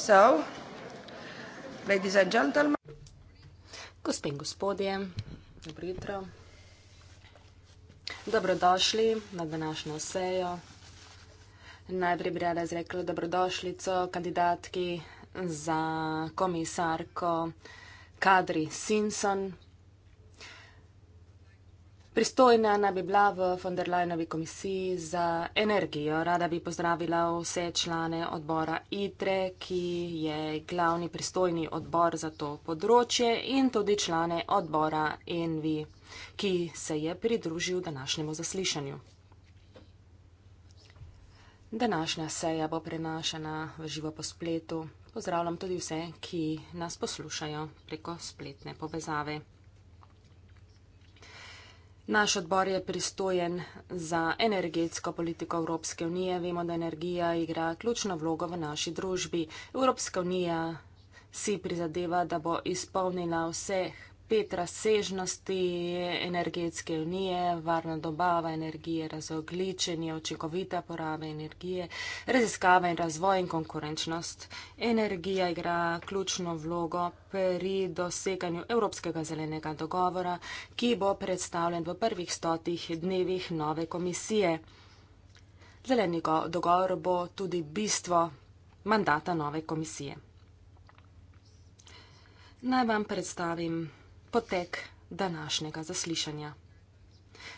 So, ladies and gentlemen. Gospe in gospodje, dobro jutro. Dobrodošli na današnjo sejo. Najprej bi rada izrekla dobrodošlico kandidatki za komisarko Kadri Simpson, Pristojna naj bi bila v von der Leyenovi komisiji za energijo. Rada bi pozdravila vse člane odbora ITRE, ki je glavni pristojni odbor za to področje in tudi člane odbora ENVI, ki se je pridružil današnjemu zaslišanju. Današnja seja bo prenašana v živo po spletu. Pozdravljam tudi vse, ki nas poslušajo preko spletne povezave. Naš odbor je pristojen za energetsko politiko Evropske unije. Vemo, da energija igra ključno vlogo v naši družbi. Evropska unija si prizadeva, da bo izpolnila vseh pet razsežnosti energetske unije, varna dobava energije, razogličenje, očekovita porabe energije, raziskave in razvoj in konkurenčnost. Energija igra ključno vlogo pri doseganju Evropskega zelenega dogovora, ki bo predstavljen v prvih stotih dnevih nove komisije. Zeleni dogovor bo tudi bistvo mandata nove komisije. Naj vam predstavim potek današnjega zaslišanja.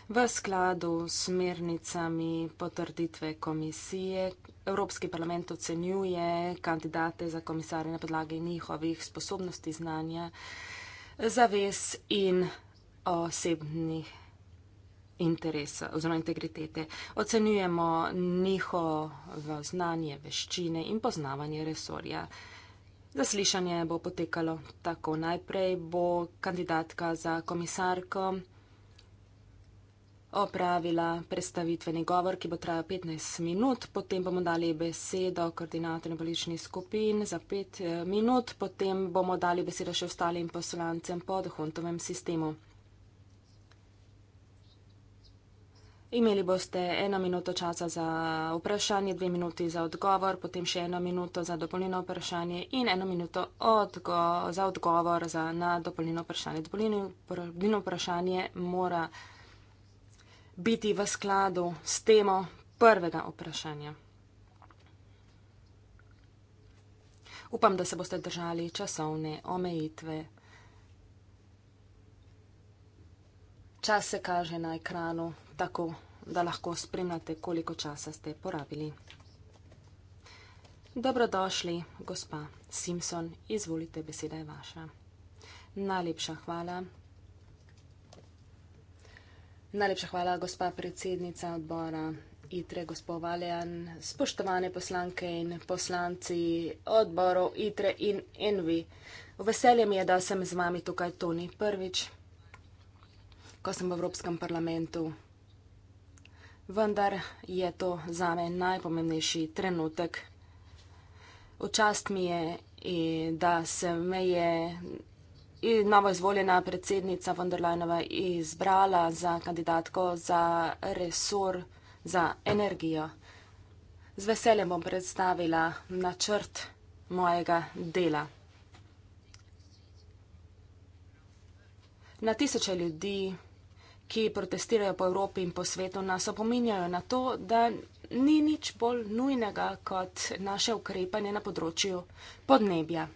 V skladu s smernicami potrditve komisije Evropski parlament ocenjuje kandidate za komisarje na podlagi njihovih sposobnosti, znanja, zavez in osebnih interesa oziroma integritete. Ocenjujemo njihovo znanje, veščine in poznavanje resorja. Zaslišanje bo potekalo tako. Najprej bo kandidatka za komisarko opravila predstavitveni govor, ki bo trajal 15 minut, potem bomo dali besedo koordinatorju političnih skupin za 5 eh, minut, potem bomo dali besedo še ostalim poslancem pod huntovem sistemu. Imeli boste eno minuto časa za vprašanje, dve minuti za odgovor, potem še eno minuto za dopolnjeno vprašanje in eno minuto odgo za odgovor za na dopolnjeno vprašanje. Dopolnjeno vprašanje mora biti v skladu s temo prvega vprašanja. Upam, da se boste držali časovne omejitve. Čas se kaže na ekranu, tako, da lahko spremljate, koliko časa ste porabili. Dobrodošli, gospa Simpson, izvolite, beseda je vaša. Najlepša hvala. Najlepša hvala, gospa predsednica odbora ITRE, gospod Valjan, spoštovane poslanke in poslanci odborov ITRE in ENVI. Veselje mi je, da sem z vami tukaj, to ni prvič, ko sem v Evropskem parlamentu vendar je to zame najpomembnejši trenutek. Včast mi je, da se me je novo izvoljena predsednica von der Leinova izbrala za kandidatko za resor za energijo. Z veseljem bom predstavila načrt mojega dela. Na tisoče ljudi ki protestirajo po Evropi in po svetu, nas opominjajo na to, da ni nič bolj nujnega kot naše ukrepanje na področju podnebja.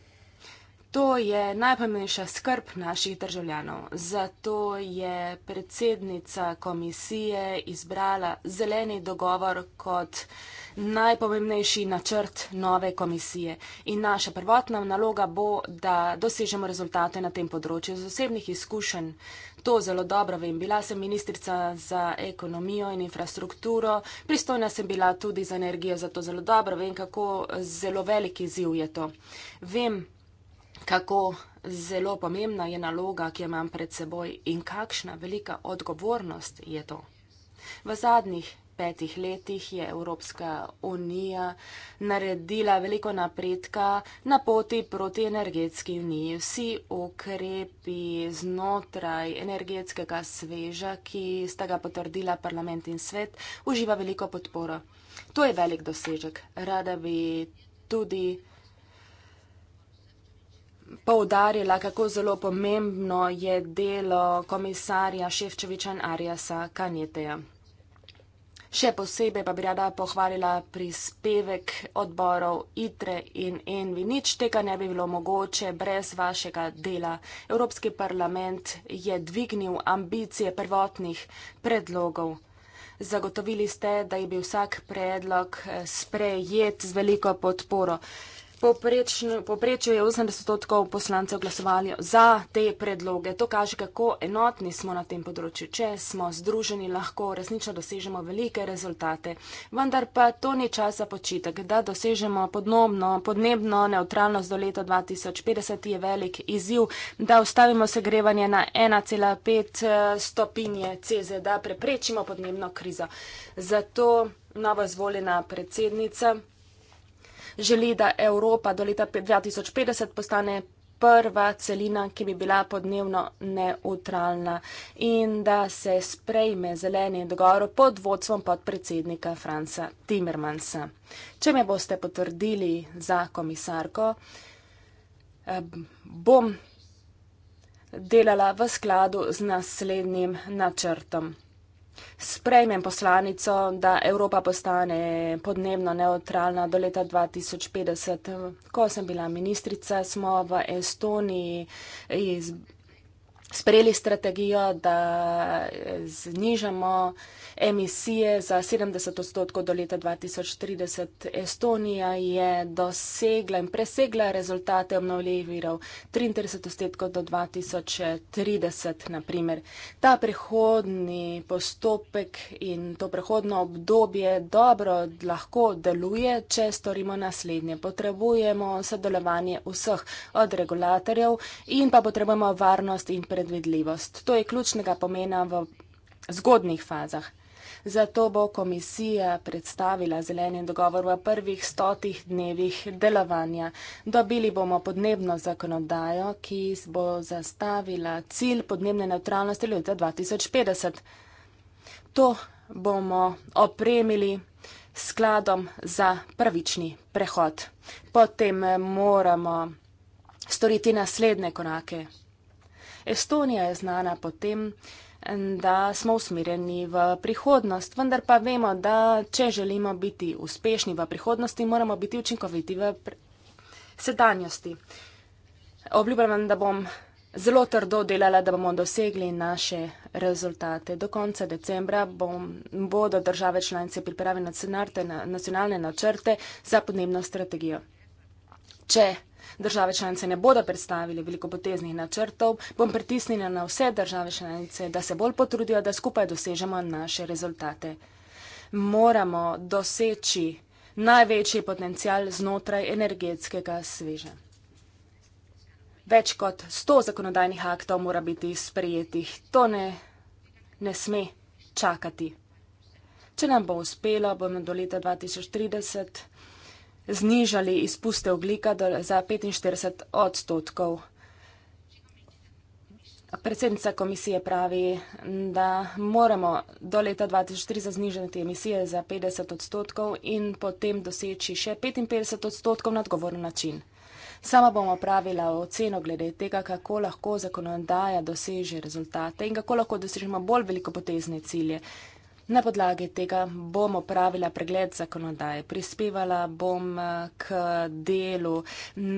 To je najpomembnejša skrb naših državljanov. Zato je predsednica komisije izbrala zeleni dogovor kot najpomembnejši načrt nove komisije. In naša prvotna naloga bo, da dosežemo rezultate na tem področju. Z osebnih izkušenj to zelo dobro vem. Bila sem ministrica za ekonomijo in infrastrukturo, pristojna sem bila tudi za energijo, zato zelo dobro vem, kako zelo veliki ziv je to. Vem, kako zelo pomembna je naloga, ki jo imam pred seboj in kakšna velika odgovornost je to. V zadnjih petih letih je Evropska unija naredila veliko napredka na poti proti energetski uniji. Vsi ukrepi znotraj energetskega sveža, ki sta ga potrdila parlament in svet, uživa veliko podporo. To je velik dosežek. Rada bi tudi poudarila, kako zelo pomembno je delo komisarja Ševčeviča in Arijasa Kanjeteja. Še posebej pa bi rada pohvalila prispevek odborov ITRE in ENVI. Nič tega ne bi bilo mogoče brez vašega dela. Evropski parlament je dvignil ambicije prvotnih predlogov. Zagotovili ste, da je bil vsak predlog eh, sprejet z veliko podporo. Poprečju je 80 odstotkov poslancev glasovali za te predloge. To kaže, kako enotni smo na tem področju. Če smo združeni, lahko resnično dosežemo velike rezultate. Vendar pa to ni čas za počitek. Da dosežemo podnobno, podnebno neutralnost do leta 2050 je velik izziv, da ustavimo segrevanje na 1,5 eh, stopinje CZ, da preprečimo podnebno krizo. Zato novo izvoljena predsednica želi, da Evropa do leta 2050 postane prva celina, ki bi bila podnebno neutralna in da se sprejme zeleni dogovor pod vodstvom podpredsednika Franca Timmermansa. Če me boste potrdili za komisarko, eh, bom delala v skladu z naslednjim načrtom sprejmem poslanico, da Evropa postane podnebno neutralna do leta 2050. Ko sem bila ministrica, smo v Estoniji iz, sprejeli strategijo, da znižamo emisije za 70 odstotkov do leta 2030. Estonija je dosegla in presegla rezultate obnovljivih virov 33 odstotkov do 2030, naprimer. Ta prehodni postopek in to prehodno obdobje dobro lahko deluje, če storimo naslednje. Potrebujemo sodelovanje vseh od regulatorjev in pa potrebujemo varnost in predvidljivost. To je ključnega pomena v zgodnih fazah zato bo komisija predstavila zeleni dogovor v prvih stotih dnevih delovanja. Dobili bomo podnebno zakonodajo, ki bo zastavila cilj podnebne neutralnosti leta 2050. To bomo opremili skladom za pravični prehod. Potem moramo storiti naslednje korake. Estonija je znana potem, da smo usmerjeni v prihodnost. Vendar pa vemo, da če želimo biti uspešni v prihodnosti, moramo biti učinkoviti v sedanjosti. Obljubljam vam, da bom zelo trdo delala, da bomo dosegli naše rezultate. Do konca decembra bom, bodo države članice pripravili nacionalne načrte za podnebno strategijo. Če države članice ne bodo predstavili velikopoteznih načrtov, bom pritisnila na vse države članice, da se bolj potrudijo, da skupaj dosežemo naše rezultate. Moramo doseči največji potencial znotraj energetskega sveža. Več kot 100 zakonodajnih aktov mora biti sprejetih. To ne, ne sme čakati. Če nam bo uspelo, bomo do leta 2030 znižali izpuste oglika za 45 odstotkov. Predsednica komisije pravi, da moramo do leta 2030 znižati emisije za 50 odstotkov in potem doseči še 55 odstotkov na odgovoren način. Sama bomo pravila oceno glede tega, kako lahko zakonodaja doseže rezultate in kako lahko dosežemo bolj velikopotezne cilje. Na podlagi tega bom opravila pregled zakonodaje, prispevala bom eh, k delu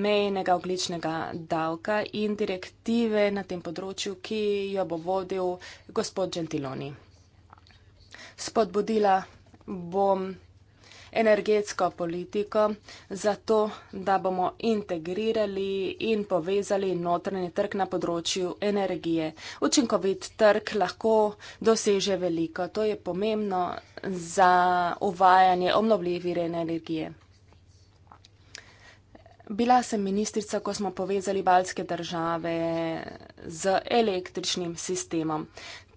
mejnega ogličnega davka in direktive na tem področju, ki jo bo vodil gospod Gentiloni. Spodbudila bom energetsko politiko, zato da bomo integrirali in povezali notranji trg na področju energije. Učinkovit trg lahko doseže veliko. To je pomembno za uvajanje obnovljivire energije. Bila sem ministrica, ko smo povezali balske države z električnim sistemom.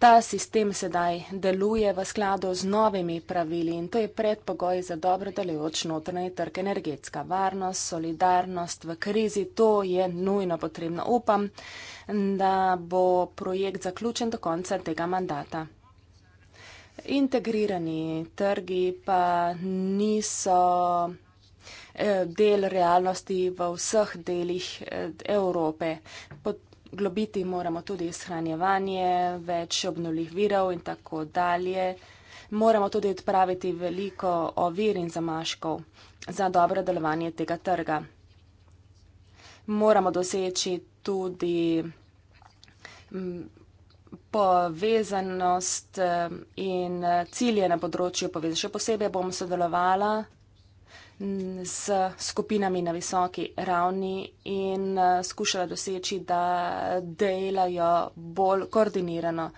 Ta sistem sedaj deluje v skladu z novimi pravili in to je predpogoj za dobro delujoč notranji trg. Energetska varnost, solidarnost v krizi, to je nujno potrebno. Upam, da bo projekt zaključen do konca tega mandata. Integrirani trgi pa niso eh, del realnosti v vseh delih eh, Evrope globiti moramo tudi izhranjevanje, več obnovljih virov in tako dalje. Moramo tudi odpraviti veliko ovir in zamaškov za dobro delovanje tega trga. Moramo doseči tudi mm, povezanost eh, in eh, cilje na področju povezanosti. Še posebej bom sodelovala s skupinami na visoki ravni in eh, skušala doseči, da delajo bolj koordinirano.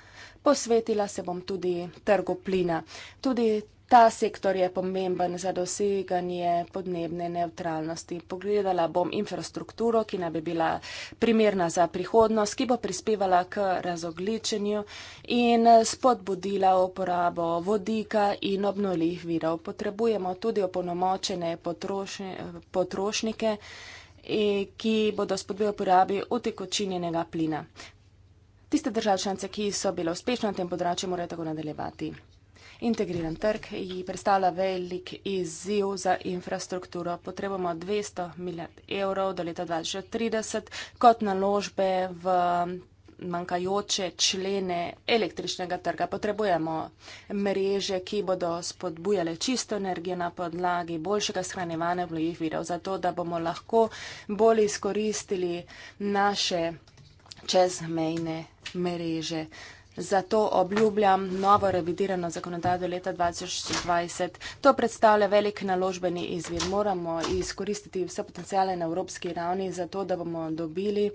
Posvetila se bom tudi trgu plina. Tudi Ta sektor je pomemben za doseganje podnebne neutralnosti. Pogledala bom infrastrukturo, ki naj bi bila primerna za prihodnost, ki bo prispevala k razogličenju in spodbudila uporabo vodika in obnoljih virov. Potrebujemo tudi opolnomočene potrošnje, potrošnike, e, ki bodo spodbili uporabi utekočinjenega plina. Tiste države članice, ki so bile uspešne na tem področju, morajo tako nadaljevati. Integriran trg ji predstavlja velik izziv za infrastrukturo. Potrebujemo 200 milijard evrov do leta 2030 kot naložbe v manjkajoče člene električnega trga. Potrebujemo mreže, ki bodo spodbujale čisto energijo na podlagi boljšega shranjevanja vlojih virov, zato da bomo lahko bolj izkoristili naše čezmejne mreže. Zato obljubljam novo revidirano zakonodajo do leta 2020. To predstavlja velik naložbeni izvir. Moramo izkoristiti vse potencijale na evropski ravni, zato da bomo dobili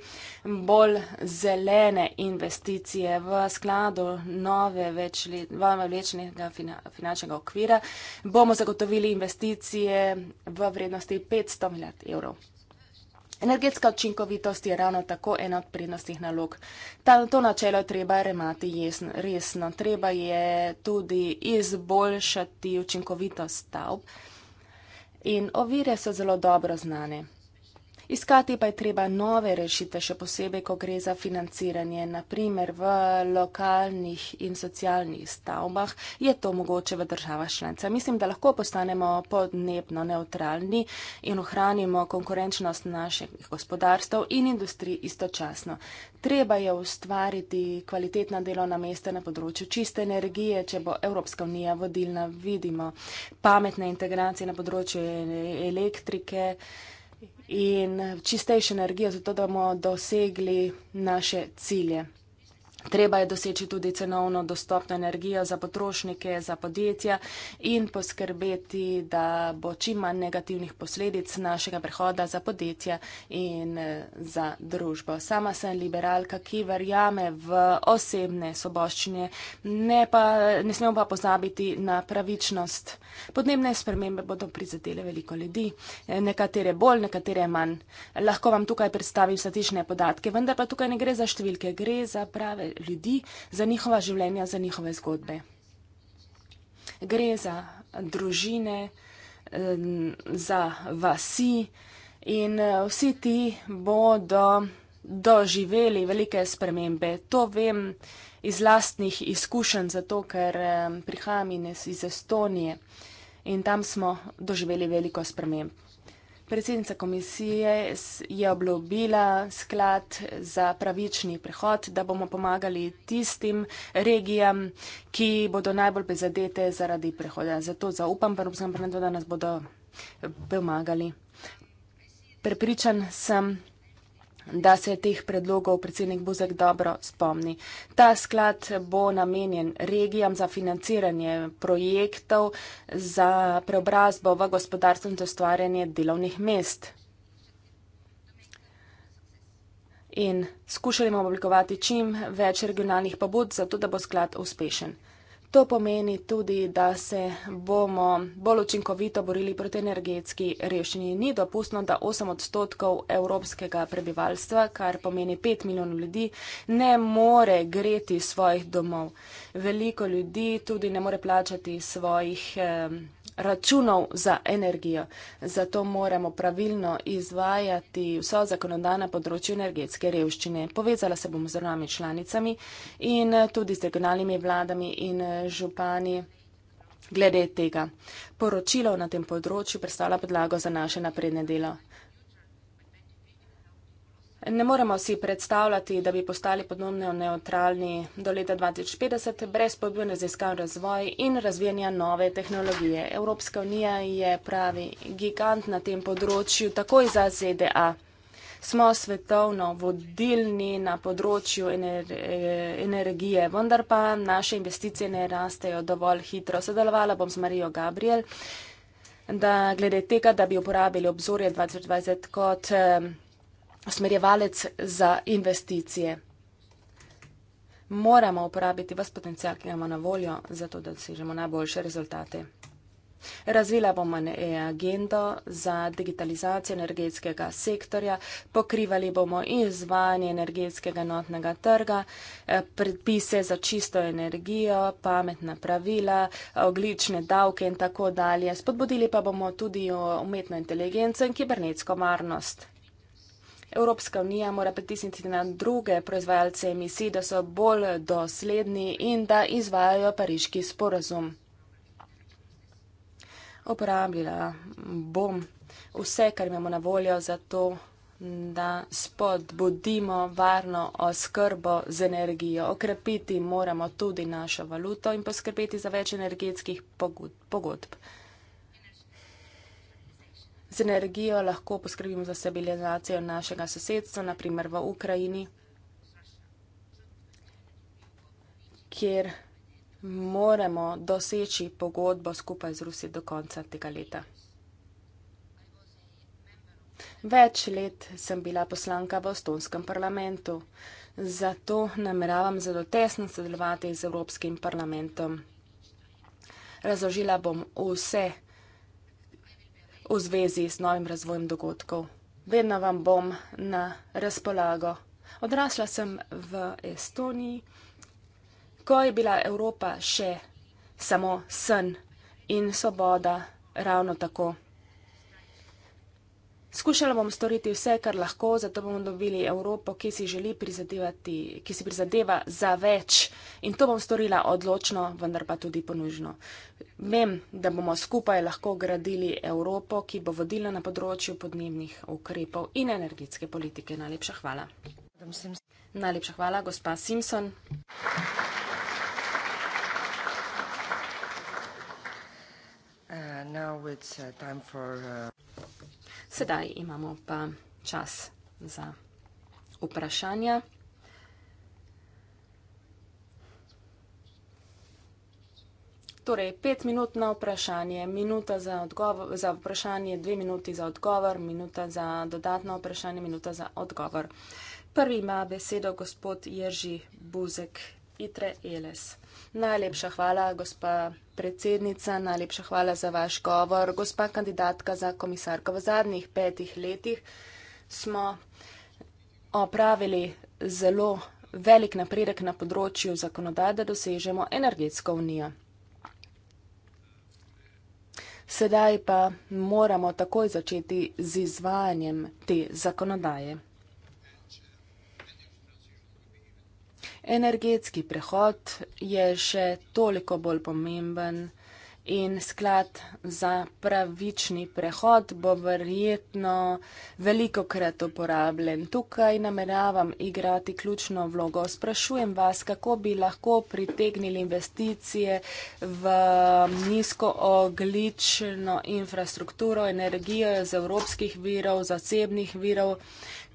bolj zelene investicije v skladu nove večnega fina, finančnega okvira. Bomo zagotovili investicije v vrednosti 500 milijard evrov. Energetska učinkovitost je ravno tako ena od prednostih nalog. Ta, to načelo treba remati jesno, resno. Treba je tudi izboljšati učinkovitost stavb. In ovire so zelo dobro znane. Iskati pa je treba nove rešitve, še posebej, ko gre za financiranje. Naprimer, v lokalnih in socialnih stavbah je to mogoče v državah šlenca. Mislim, da lahko postanemo podnebno neutralni in ohranimo konkurenčnost naših gospodarstv in industrij istočasno. Treba je ustvariti kvalitetna delovna mesta na področju čiste energije, če bo Evropska unija vodilna, vidimo pametne integracije na področju e-, elektrike in čistejšo energijo, zato da bomo dosegli naše cilje. Treba je doseči tudi cenovno dostopno energijo za potrošnike, za podjetja in poskrbeti, da bo čim manj negativnih posledic našega prehoda za podjetja in eh, za družbo. Sama sem liberalka, ki verjame v osebne soboščine, ne, pa, ne smemo pa pozabiti na pravičnost. Podnebne spremembe bodo prizadele veliko ljudi, eh, nekatere bolj, nekatere manj. Lahko vam tukaj predstavim statične podatke, vendar pa tukaj ne gre za številke, gre za prave ljudi, za njihova življenja, za njihove zgodbe. Gre za družine, za vasi in eh, vsi ti bodo doživeli velike spremembe. To vem iz lastnih izkušenj, zato ker prihajam iz Estonije in tam smo doživeli veliko spremembe. Predsednica komisije je obljubila sklad za pravični prehod, da bomo pomagali tistim regijam, ki bodo najbolj prizadete zaradi prehoda. Zato zaupam Evropskem parlamentu, da nas bodo pomagali. Prepričan sem, da se teh predlogov predsednik Buzek dobro spomni. Ta sklad bo namenjen regijam za financiranje projektov za preobrazbo v gospodarstvo in ustvarjanje delovnih mest. In skušali bomo oblikovati čim več regionalnih pobud, zato da bo sklad uspešen. To pomeni tudi, da se bomo bolj učinkovito borili proti energetski revščini. Ni dopustno, da 8 odstotkov evropskega prebivalstva, kar pomeni 5 milijonov ljudi, ne more greti svojih domov. Veliko ljudi tudi ne more plačati svojih. Eh, računov za energijo. Zato moramo pravilno izvajati vso zakonodajno področje energetske revščine. Povezala se bom z novimi članicami in tudi z regionalnimi vladami in eh, župani. Glede tega, poročilo na tem področju predstavlja podlago za naše napredne delo. Ne moremo si predstavljati, da bi postali podnebno neutralni do leta 2050 brez pobudne raziskav, razvoj in razvijanja nove tehnologije. Evropska unija je pravi gigant na tem področju, takoj za ZDA. Smo svetovno vodilni na področju ener energije, vendar pa naše investicije ne rastejo dovolj hitro. Sodelovala bom z Marijo Gabriel, da glede tega, da bi uporabili obzorje 2020 kot. Eh, usmerjevalec za investicije. Moramo uporabiti vas potencijal, ki imamo na voljo, zato da dosežemo najboljše rezultate. Razvila bomo e-agendo za digitalizacijo energetskega sektorja, pokrivali bomo izvajanje energetskega notnega trga, eh, predpise za čisto energijo, pametna pravila, oglične davke in tako dalje. Spodbudili pa bomo tudi umetno inteligenco in kibernetsko varnost. Evropska unija mora pritisniti na druge proizvajalce emisij, da so bolj dosledni in da izvajajo pariški sporazum. Uporabljala bom vse, kar imamo na voljo za to, da spodbudimo varno oskrbo z energijo. Okrepiti moramo tudi našo valuto in poskrbeti za več energetskih pogodb. Z energijo lahko poskrbimo za stabilizacijo našega sosedstva, naprimer v Ukrajini, kjer moramo doseči pogodbo skupaj z Rusi do konca tega leta. Več let sem bila poslanka v Estonskem parlamentu, zato nameravam zelo tesno sodelovati z Evropskim parlamentom. Razložila bom vse v zvezi s novim razvojem dogodkov. Vedno vam bom na razpolago. Odrasla sem v Estoniji, ko je bila Evropa še samo sen in svoboda ravno tako. Skušali bomo storiti vse, kar lahko, zato bomo dobili Evropo, ki si želi prizadevati, ki si prizadeva za več. In to bom storila odločno, vendar pa tudi ponužno. Vem, da bomo skupaj lahko gradili Evropo, ki bo vodila na področju podnebnih ukrepov in energetske politike. Najlepša hvala. Najlepša hvala, gospa Simpson. Uh, uh, Sedaj imamo pa čas za vprašanja. Torej, pet minut na vprašanje, minuta za, odgovor, za vprašanje, dve minuti za odgovor, minuta za dodatno vprašanje, minuta za odgovor. Prvi ima besedo gospod Jerži Buzek, Itre Eles. Najlepša hvala, gospa predsednica, najlepša hvala za vaš govor. Gospa kandidatka za komisarko, v zadnjih petih letih smo opravili zelo velik napredek na področju zakonodaje, da dosežemo energetsko unijo. Sedaj pa moramo takoj začeti z izvajanjem te zakonodaje. Energetski prehod je še toliko bolj pomemben in sklad za pravični prehod bo verjetno veliko krat uporabljen. Tukaj nameravam igrati ključno vlogo. Sprašujem vas, kako bi lahko pritegnili investicije v nizkooglično infrastrukturo, energijo iz evropskih virov, zasebnih virov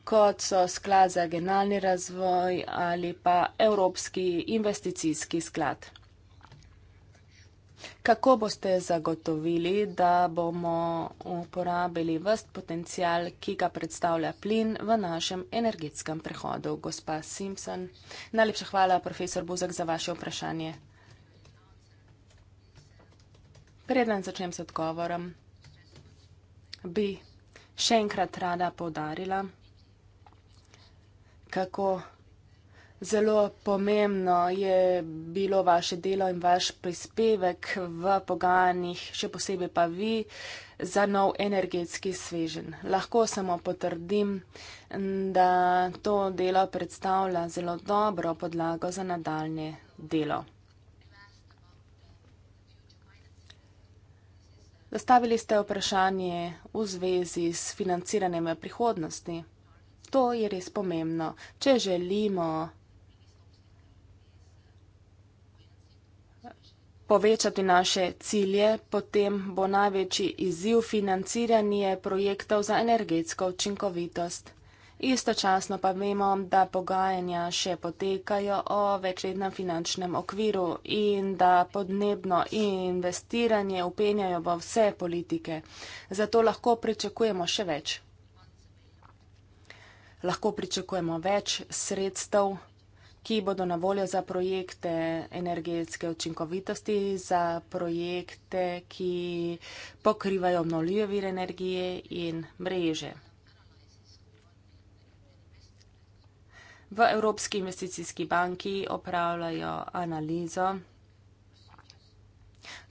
kot so sklad za generalni razvoj ali pa Evropski investicijski sklad. Kako boste zagotovili, da bomo uporabili vst potencial, ki ga predstavlja plin v našem energetskem prehodu? Gospa Simpson, najlepša hvala, profesor Buzek, za vaše vprašanje. Preden začnem s odgovorom, bi še enkrat rada podarila, kako zelo pomembno je bilo vaše delo in vaš prispevek v pogajanjih, še posebej pa vi, za nov energetski svežen. Lahko samo potrdim, da to delo predstavlja zelo dobro podlago za nadaljne delo. Zastavili ste vprašanje v zvezi s financiranjem prihodnosti. To je res pomembno. Če želimo povečati naše cilje, potem bo največji izziv financiranje projektov za energetsko učinkovitost. Istočasno pa vemo, da pogajanja še potekajo o večletnem finančnem okviru in da podnebno investiranje upenjajo v vse politike. Zato lahko pričakujemo še več lahko pričakujemo več sredstev, ki bodo na voljo za projekte energetske učinkovitosti, za projekte, ki pokrivajo obnovljive vire energije in mreže. V Evropski investicijski banki opravljajo analizo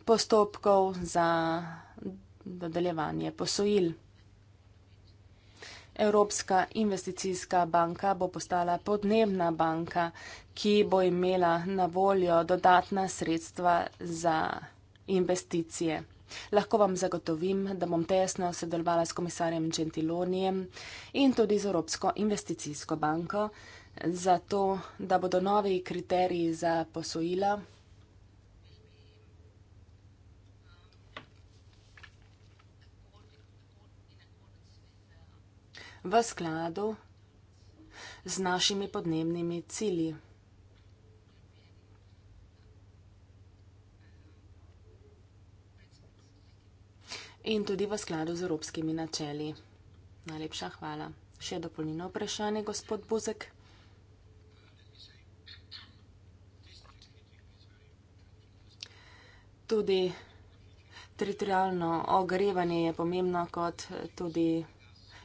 postopkov za dodeljevanje posojil. Evropska investicijska banka bo postala podnebna banka, ki bo imela na voljo dodatna sredstva za investicije. Lahko vam zagotovim, da bom tesno sodelovala s komisarjem Gentilonijem in tudi z Evropsko investicijsko banko, zato da bodo novi kriteriji za posojila v skladu z našimi podnebnimi cilji. In tudi v skladu z evropskimi načeli. Najlepša hvala. Še dopolnjeno vprašanje, gospod Buzek. Tudi teritorijalno ogrevanje je pomembno, kot tudi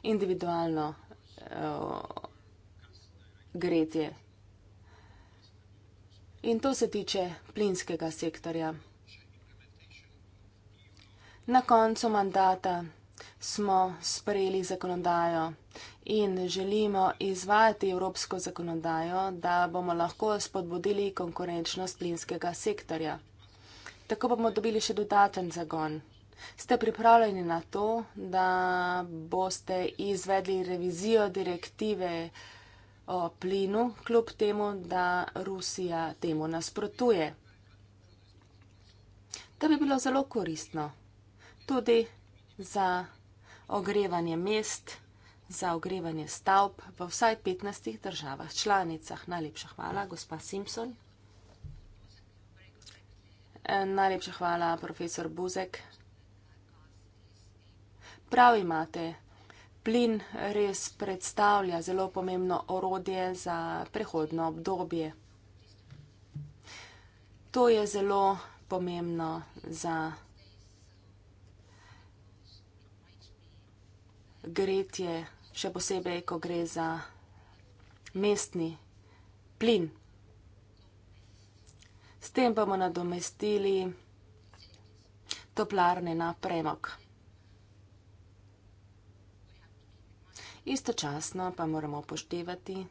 individualno uh, gretje. In to se tiče plinskega sektorja. Na koncu mandata smo sprejeli zakonodajo in želimo izvajati evropsko zakonodajo, da bomo lahko spodbudili konkurenčnost plinskega sektorja. Tako bomo dobili še dodaten zagon. Ste pripravljeni na to, da boste izvedli revizijo direktive o plinu, kljub temu, da Rusija temu nasprotuje? To bi bilo zelo koristno tudi za ogrevanje mest, za ogrevanje stavb v vsaj 15 državah članicah. Najlepša hvala, gospa Simpson. Najlepša hvala, profesor Buzek. Prav imate. Plin res predstavlja zelo pomembno orodje za prehodno obdobje. To je zelo pomembno za gretje, še posebej, ko gre za mestni plin. S tem bomo nadomestili toplarne na premok. istočasno pa moramo upoštevati,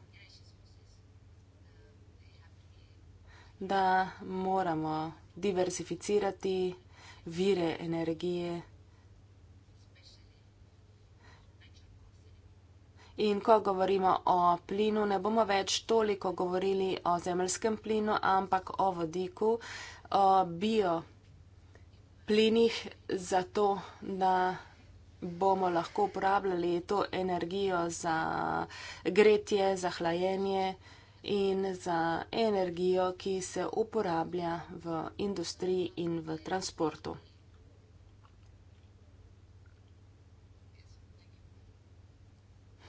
da moramo diversificirati vire energije. In ko govorimo o plinu, ne bomo več toliko govorili o zemljskem plinu, ampak o vodiku, o bioplinih, zato da bomo lahko uporabljali to energijo za gretje, za hlajenje in za energijo, ki se uporablja v industriji in v transportu.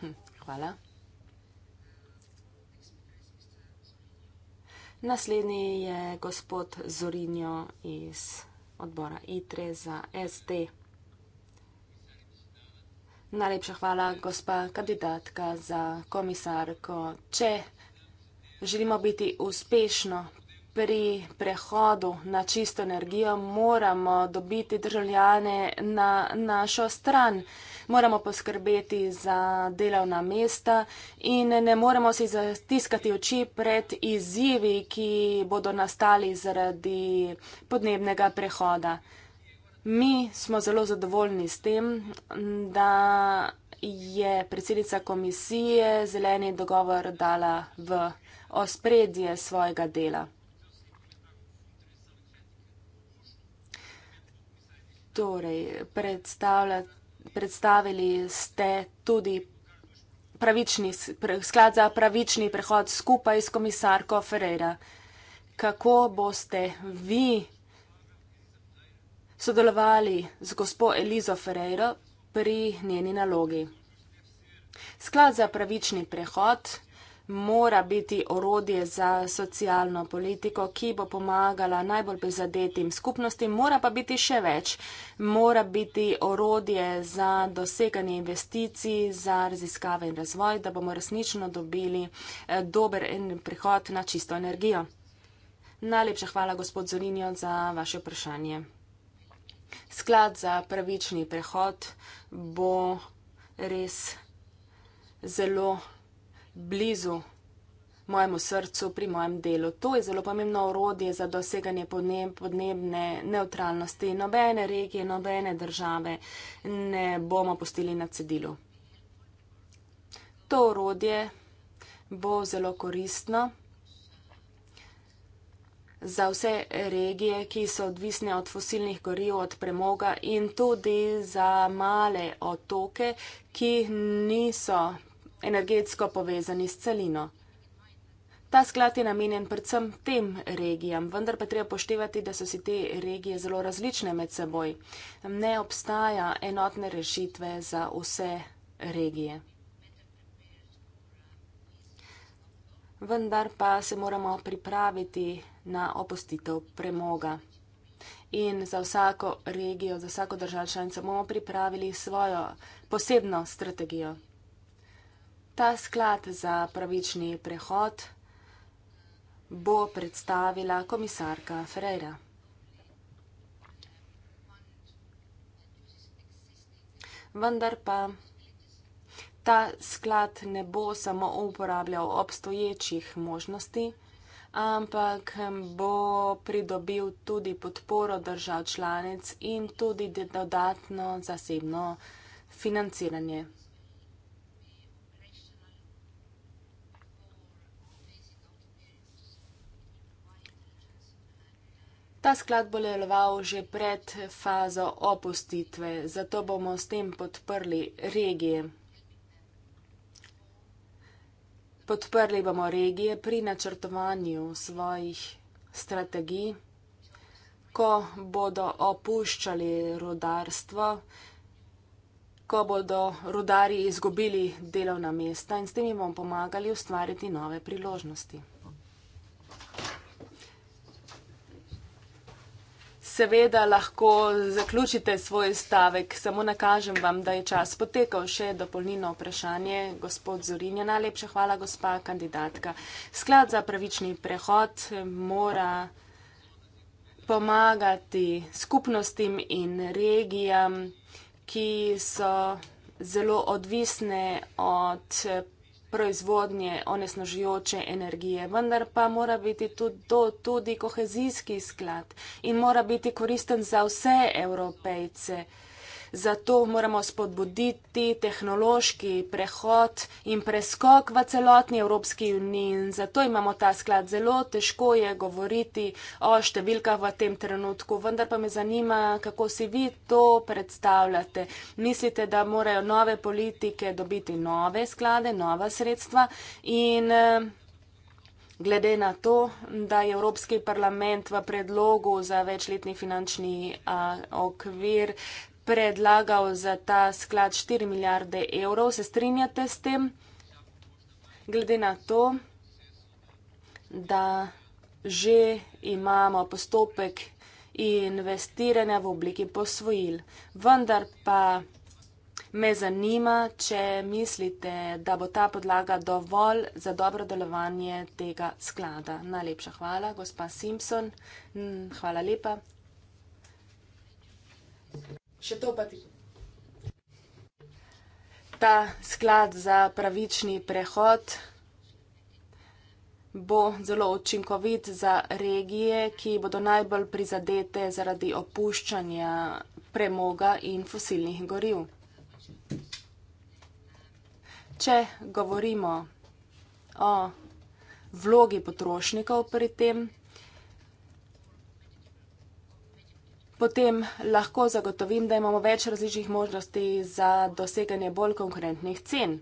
Hm, hvala. Naslednji je gospod Zorinjo iz odbora ITRE za SD. Najlepša hvala, gospa kandidatka za komisarko. Če želimo biti uspešno pri prehodu na čisto energijo, moramo dobiti državljane na našo stran. Moramo poskrbeti za delovna mesta in ne moremo si zatiskati oči pred izzivi, ki bodo nastali zaradi podnebnega prehoda. Mi smo zelo zadovoljni s tem, da je predsednica komisije zeleni dogovor dala v ospredje svojega dela. Torej, predstavili ste tudi pravični, sklad za pravični prehod skupaj s komisarko Ferreira. Kako boste vi? sodelovali z gospo Elizo Ferreiro pri njeni nalogi. Sklad za pravični prehod mora biti orodje za socialno politiko, ki bo pomagala najbolj prizadetim skupnostim, mora pa biti še več. Mora biti orodje za doseganje investicij, za raziskave in razvoj, da bomo resnično dobili eh, dober prehod na čisto energijo. Najlepša hvala, gospod Zorinjo, za vaše vprašanje. Sklad za pravični prehod bo res zelo blizu mojemu srcu pri mojem delu. To je zelo pomembno orodje za doseganje podneb, podnebne neutralnosti. Nobene regije, nobene države ne bomo pustili na cedilu. To orodje bo zelo koristno za vse regije, ki so odvisne od fosilnih goriv, od premoga in tudi za male otoke, ki niso energetsko povezani s celino. Ta sklad je namenjen predvsem tem regijam, vendar pa treba poštevati, da so si te regije zelo različne med seboj. Ne obstaja enotne rešitve za vse regije. vendar pa se moramo pripraviti na opustitev premoga. In za vsako regijo, za vsako državo članico bomo pripravili svojo posebno strategijo. Ta sklad za pravični prehod bo predstavila komisarka Ferreira. Vendar pa ta sklad ne bo samo uporabljal obstoječih možnosti, ampak bo pridobil tudi podporo držav članic in tudi dodatno zasebno financiranje. Ta sklad bo deloval že pred fazo opustitve, zato bomo s tem podprli regije. Podprli bomo regije pri načrtovanju svojih strategij, ko bodo opuščali rodarstvo, ko bodo rodari izgubili delovna mesta in s tem jim bomo pomagali ustvariti nove priložnosti. seveda lahko zaključite svoj stavek. Samo nakažem vam, da je čas potekal še dopolnino vprašanje. Gospod Zorin je ja, najlepša hvala, gospa kandidatka. Sklad za pravični prehod mora pomagati skupnostim in regijam, ki so zelo odvisne od proizvodnje onesnažujoče energije, vendar pa mora biti to tudi kohezijski sklad in mora biti koristen za vse evropejce. Zato moramo spodbuditi tehnološki prehod in preskok v celotni Evropski uniji in zato imamo ta sklad. Zelo težko je govoriti o številkah v tem trenutku, vendar pa me zanima, kako si vi to predstavljate. Mislite, da morajo nove politike dobiti nove sklade, nova sredstva in. Eh, glede na to, da je Evropski parlament v predlogu za večletni finančni a, eh, okvir predlagal za ta sklad 4 milijarde evrov. Se strinjate s tem? Glede na to, da že imamo postopek investiranja v obliki posvojil. Vendar pa me zanima, če mislite, da bo ta podlaga dovolj za dobro delovanje tega sklada. Najlepša hvala, gospa Simpson. Hvala lepa. Še to pa ti. Ta sklad za pravični prehod bo zelo učinkovit za regije, ki bodo najbolj prizadete zaradi opuščanja premoga in fosilnih goriv. Če govorimo o vlogi potrošnikov pri tem, potem lahko zagotovim, da imamo več različnih možnosti za doseganje bolj konkurentnih cen.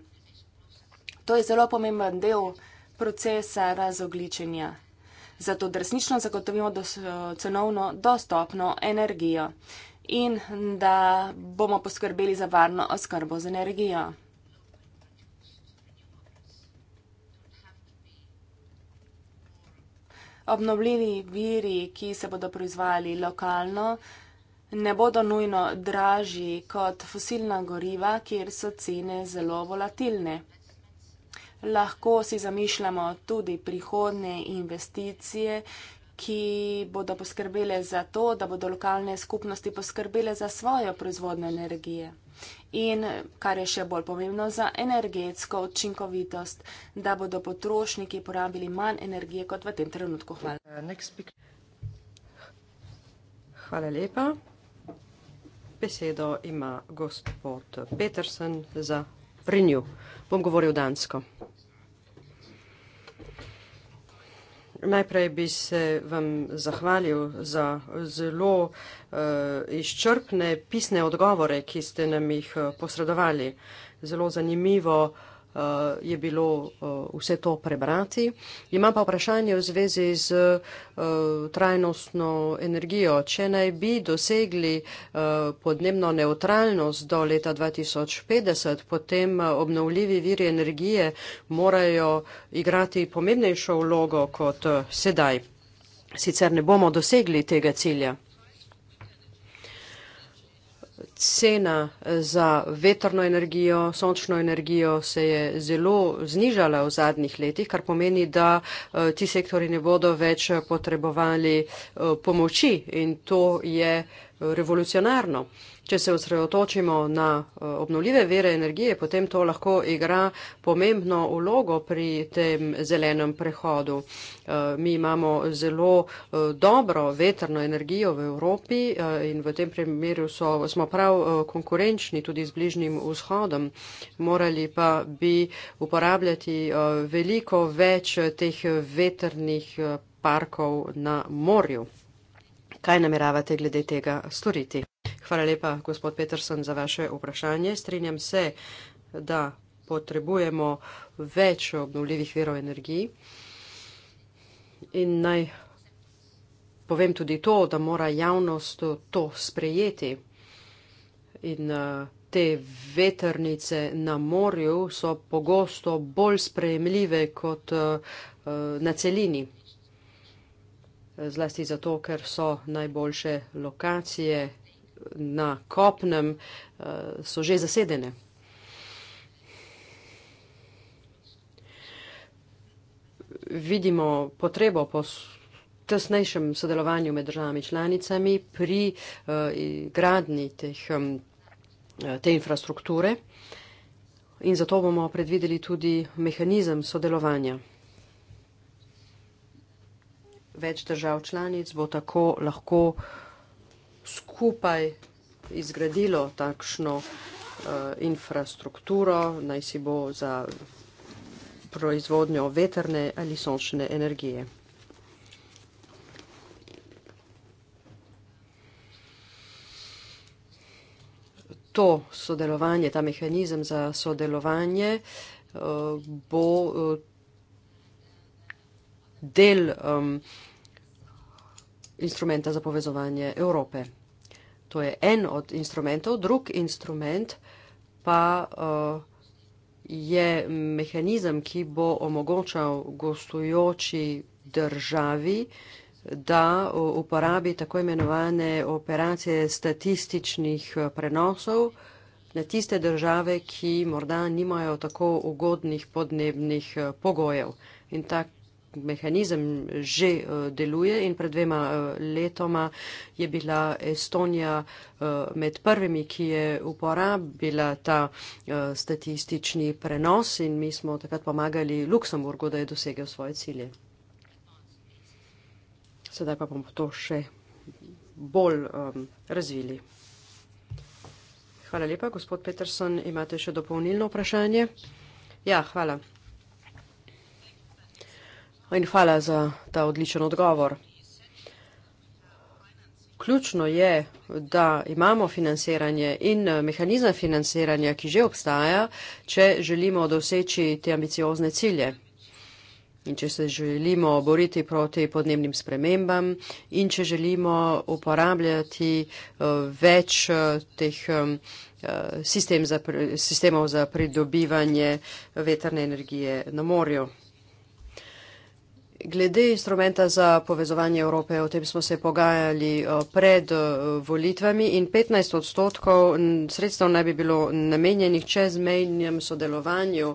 To je zelo pomemben del procesa razogličenja. Zato, da resnično zagotovimo dos cenovno dostopno energijo in da bomo poskrbeli za varno oskrbo z energijo. obnovljivi viri, ki se bodo proizvajali lokalno, ne bodo nujno dražji kot fosilna goriva, kjer so cene zelo volatilne. Lahko si zamišljamo tudi prihodne investicije, ki bodo poskrbele za to, da bodo lokalne skupnosti poskrbele za svojo proizvodno energije in, kar je še bolj pomembno, za energetsko učinkovitost, da bodo potrošniki porabili manj energije kot v tem trenutku. Hvala. Uh, Hvala lepa. Besedo ima gospod Petersen za Renew. Bom govoril dansko. Najprej bi se vam zahvalil za zelo uh, izčrpne pisne odgovore, ki ste nam jih eh, posredovali. Zelo zanimivo uh, je bilo eh, vse to prebrati. Imam pa vprašanje v zvezi z eh, trajnostno energijo. Če naj bi dosegli eh, podnebno neutralnost do leta 2050, potem obnovljivi viri energije morajo igrati pomembnejšo vlogo kot sedaj. Sicer ne bomo dosegli tega cilja cena eh, za vetrno energijo, sončno energijo se je zelo znižala v zadnjih letih, kar pomeni, da eh, ti sektori ne bodo več potrebovali eh, pomoči in to je revolucionarno če se osredotočimo na eh, obnovljive vere energije, potem to lahko igra pomembno vlogo pri tem zelenem prehodu. Eh, mi imamo zelo eh, dobro vetrno energijo v Evropi in v tem primeru so, smo prav konkurenčni tudi z bližnjim vzhodom. Morali pa bi uporabljati veliko več teh vetrnih parkov na morju. Kaj nameravate glede tega storiti? Hvala lepa, gospod Peterson, za vaše vprašanje. Strenjam se, da potrebujemo več obnovljivih verov energiji. In naj povem tudi to, da mora javnost to sprejeti. In eh, te veternice na morju so pogosto bolj sprejemljive kot eh, na celini. Zlasti zato, ker so najboljše lokacije na kopnem eh, so že zasedene. Vidimo potrebo po tesnejšem sodelovanju med državami članicami pri eh, gradni teh, eh, te infrastrukture in zato bomo predvideli tudi mehanizem sodelovanja. Več držav članic bo tako lahko uh, skupaj izgradilo takšno uh, infrastrukturo, naj si bo za proizvodnjo veterne ali sončne energije. To sodelovanje, ta mehanizem za sodelovanje eh, bo eh, del um, instrumenta za povezovanje Evrope. To je en od instrumentov, drug instrument pa eh, je mehanizem, ki bo omogočal gostujoči državi, da eh, uporabi tako imenovane operacije statističnih eh, prenosov na tiste države, ki morda nimajo tako ugodnih podnebnih pogojev. In tak mehanizem že eh, deluje in pred dvema eh, letoma je bila Estonija eh, med prvimi, ki je uporabila ta statistični prenos in mi smo takrat pomagali Luksemburgu, da je dosegel svoje cilje. Sedaj pa bomo to še bolj ehm, razvili. Hvala lepa, gospod Peterson, imate še dopolnilno vprašanje? Ja, hvala. In hvala za ta odličen odgovor. Ključno je, da imamo financiranje in eh, mehanizem financiranja, ki že obstaja, če želimo doseči te ambiciozne cilje. In če se želimo boriti proti podnebnim spremembam in če želimo uporabljati eh, več eh, teh sistemov za pridobivanje veterne energije na morju. Glede instrumenta za povezovanje Evrope, o tem smo se pogajali eh, pred eh, volitvami in 15 odstotkov sredstev naj bi bilo namenjenih čezmejnjem sodelovanju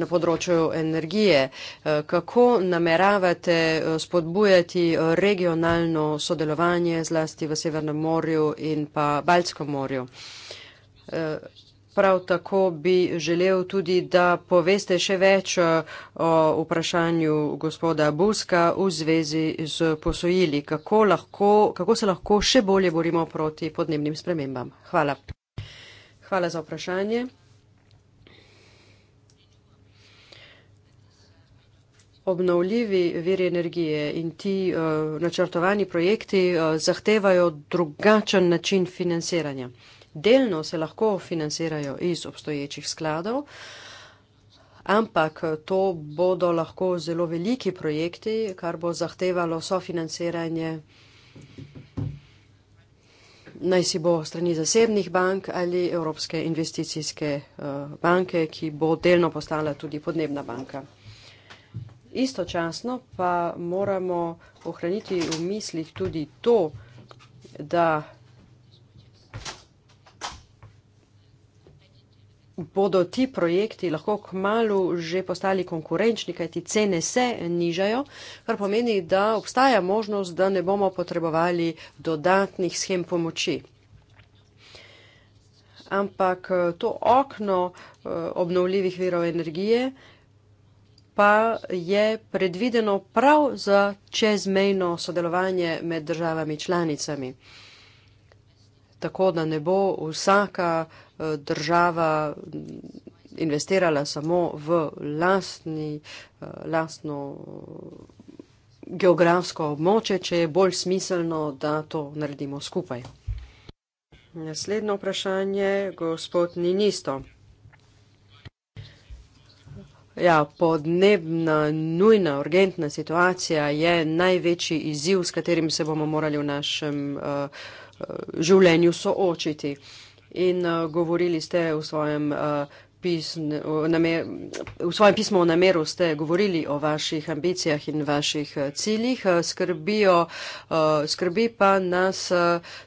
na področju energije. Eh, kako nameravate spodbujati regionalno sodelovanje zlasti v Severnem morju in pa Baljskem morju? Prav tako bi želel tudi, da poveste še več eh, o vprašanju gospoda Buska v zvezi z posojili, kako, lahko, kako se lahko še bolje borimo proti podnebnim spremembam. Hvala. Hvala za vprašanje. Obnovljivi viri energije in ti uh, načrtovani projekti uh, zahtevajo drugačen način financiranja delno se lahko financirajo iz obstoječih skladov, ampak to bodo lahko zelo veliki projekti, kar bo zahtevalo sofinanciranje naj si bo strani zasebnih bank ali Evropske investicijske eh, banke, ki bo delno postala tudi podnebna banka. Istočasno pa moramo ohraniti v mislih tudi to, da bodo ti projekti lahko k malu že postali konkurenčni, kajti cene se nižajo, kar pomeni, da obstaja možnost, da ne bomo potrebovali dodatnih schem pomoči. Ampak eh, to okno eh, obnovljivih virov energije pa je predvideno prav za čezmejno sodelovanje med državami članicami. Tako da ne bo vsaka uh, država investirala samo v lastni, eh, lastno geografsko območje, če je bolj smiselno, da to naredimo skupaj. Naslednje vprašanje, gospod Ninisto. Ja, podnebna nujna, urgentna situacija je največji izziv, s katerim se bomo morali v našem uh, življenju soočiti. Uh, in uh, govorili ste v svojem. Uh, V svojem pismu o nameru ste govorili o vaših ambicijah in vaših eh, ciljih. Skrbijo, skrbi pa nas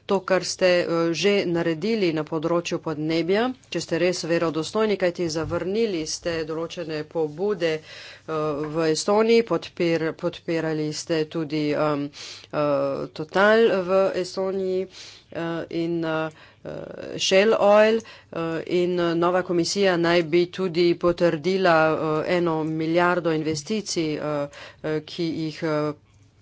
to, kar ste že naredili na področju podnebja, če ste res verodostojni, kajti zavrnili ste določene pobude, v Estoniji, podpir, podpirali ste tudi um, uh, Total v Estoniji uh, in uh, Shell Oil uh, in nova komisija naj bi tudi potrdila uh, eno milijardo investicij, uh, uh, ki jih uh,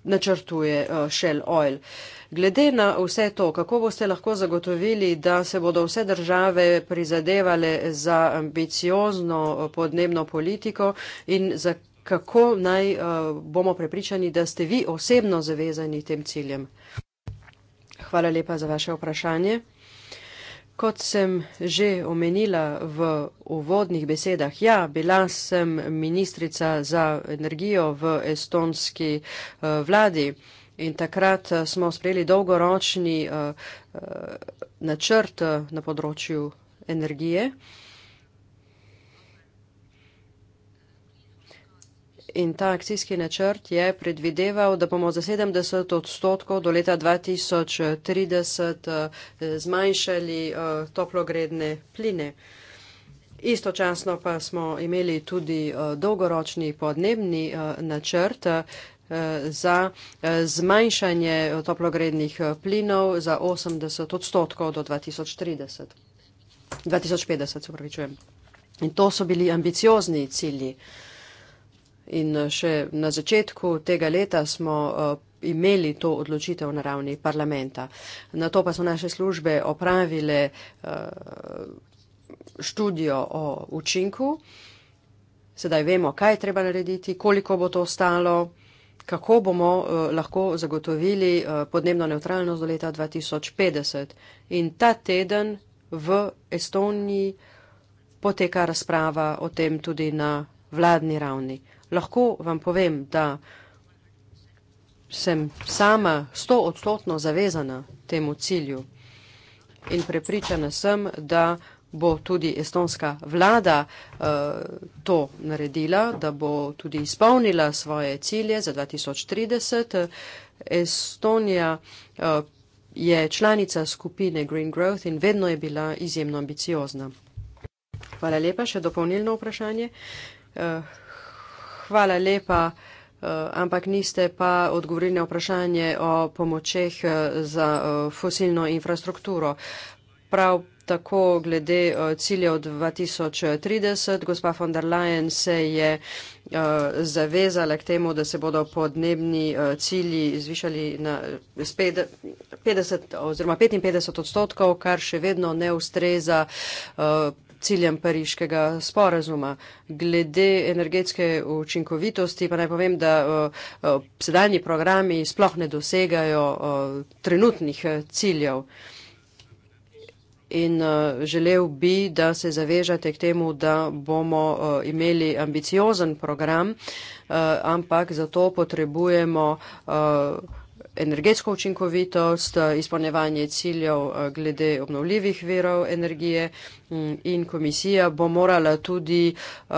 načrtuje uh, Shell Oil. Uh, Glede na vse to, kako boste lahko zagotovili, da se bodo vse države prizadevale za ambiciozno eh, podnebno politiko in za kako naj uh, bomo prepričani, da ste vi osebno zavezani tem ciljem? Hvala lepa za vaše vprašanje. Kot sem že omenila v uvodnih besedah, ja, bila sem ministrica za energijo v estonski uh, vladi. Uh, In takrat eh, smo sprejeli dolgoročni eh, eh, načrt na področju energije. In ta akcijski načrt je predvideval, da bomo za 70 odstotkov do leta 2030 zmanjšali toplogredne pline. Istočasno pa smo imeli tudi dolgoročni podnebni načrt, za eh, zmanjšanje toplogrednih eh, plinov za 80 odstotkov do 2030. 2050, se upravičujem. In to so bili ambiciozni cilji. In eh, še na začetku tega leta smo imeli to odločitev na ravni parlamenta. Na to pa so naše službe opravile študijo o učinku. Sedaj vemo, kaj je treba narediti, koliko bo to stalo kako bomo eh, lahko zagotovili eh, podnebno neutralnost do leta 2050. In ta teden v Estoniji poteka razprava o tem tudi na vladni ravni. Lahko vam povem, da sem sama sto odstotno zavezana temu cilju in prepričana sem, da bo tudi estonska vlada uh, to naredila, da bo tudi izpolnila svoje cilje za 2030. Estonija. Uh, je članica skupine Green Growth in vedno je bila izjemno ambiciozna. Hvala lepa. Še dopolnilno vprašanje. Eh, hvala lepa, ampak niste pa odgovorili na vprašanje o pomočeh za fosilno infrastrukturo. Prav tako glede eh, ciljev 2030. Gospa von der Leyen se je eh, zavezala k temu, da se bodo podnebni eh, cilji zvišali na 50 oziroma 55 odstotkov, kar še vedno ne ustreza ciljem pariškega sporazuma. Glede energetske učinkovitosti pa naj povem, da sedajni programi sploh ne dosegajo trenutnih ciljev. In uh, želel bi, da se zavežate k temu, da bomo uh, imeli ambiciozen program, uh, ampak za to potrebujemo uh, energetsko učinkovitost, uh, izpolnjevanje ciljev uh, glede obnovljivih virov energije um, in komisija bo morala tudi. Uh,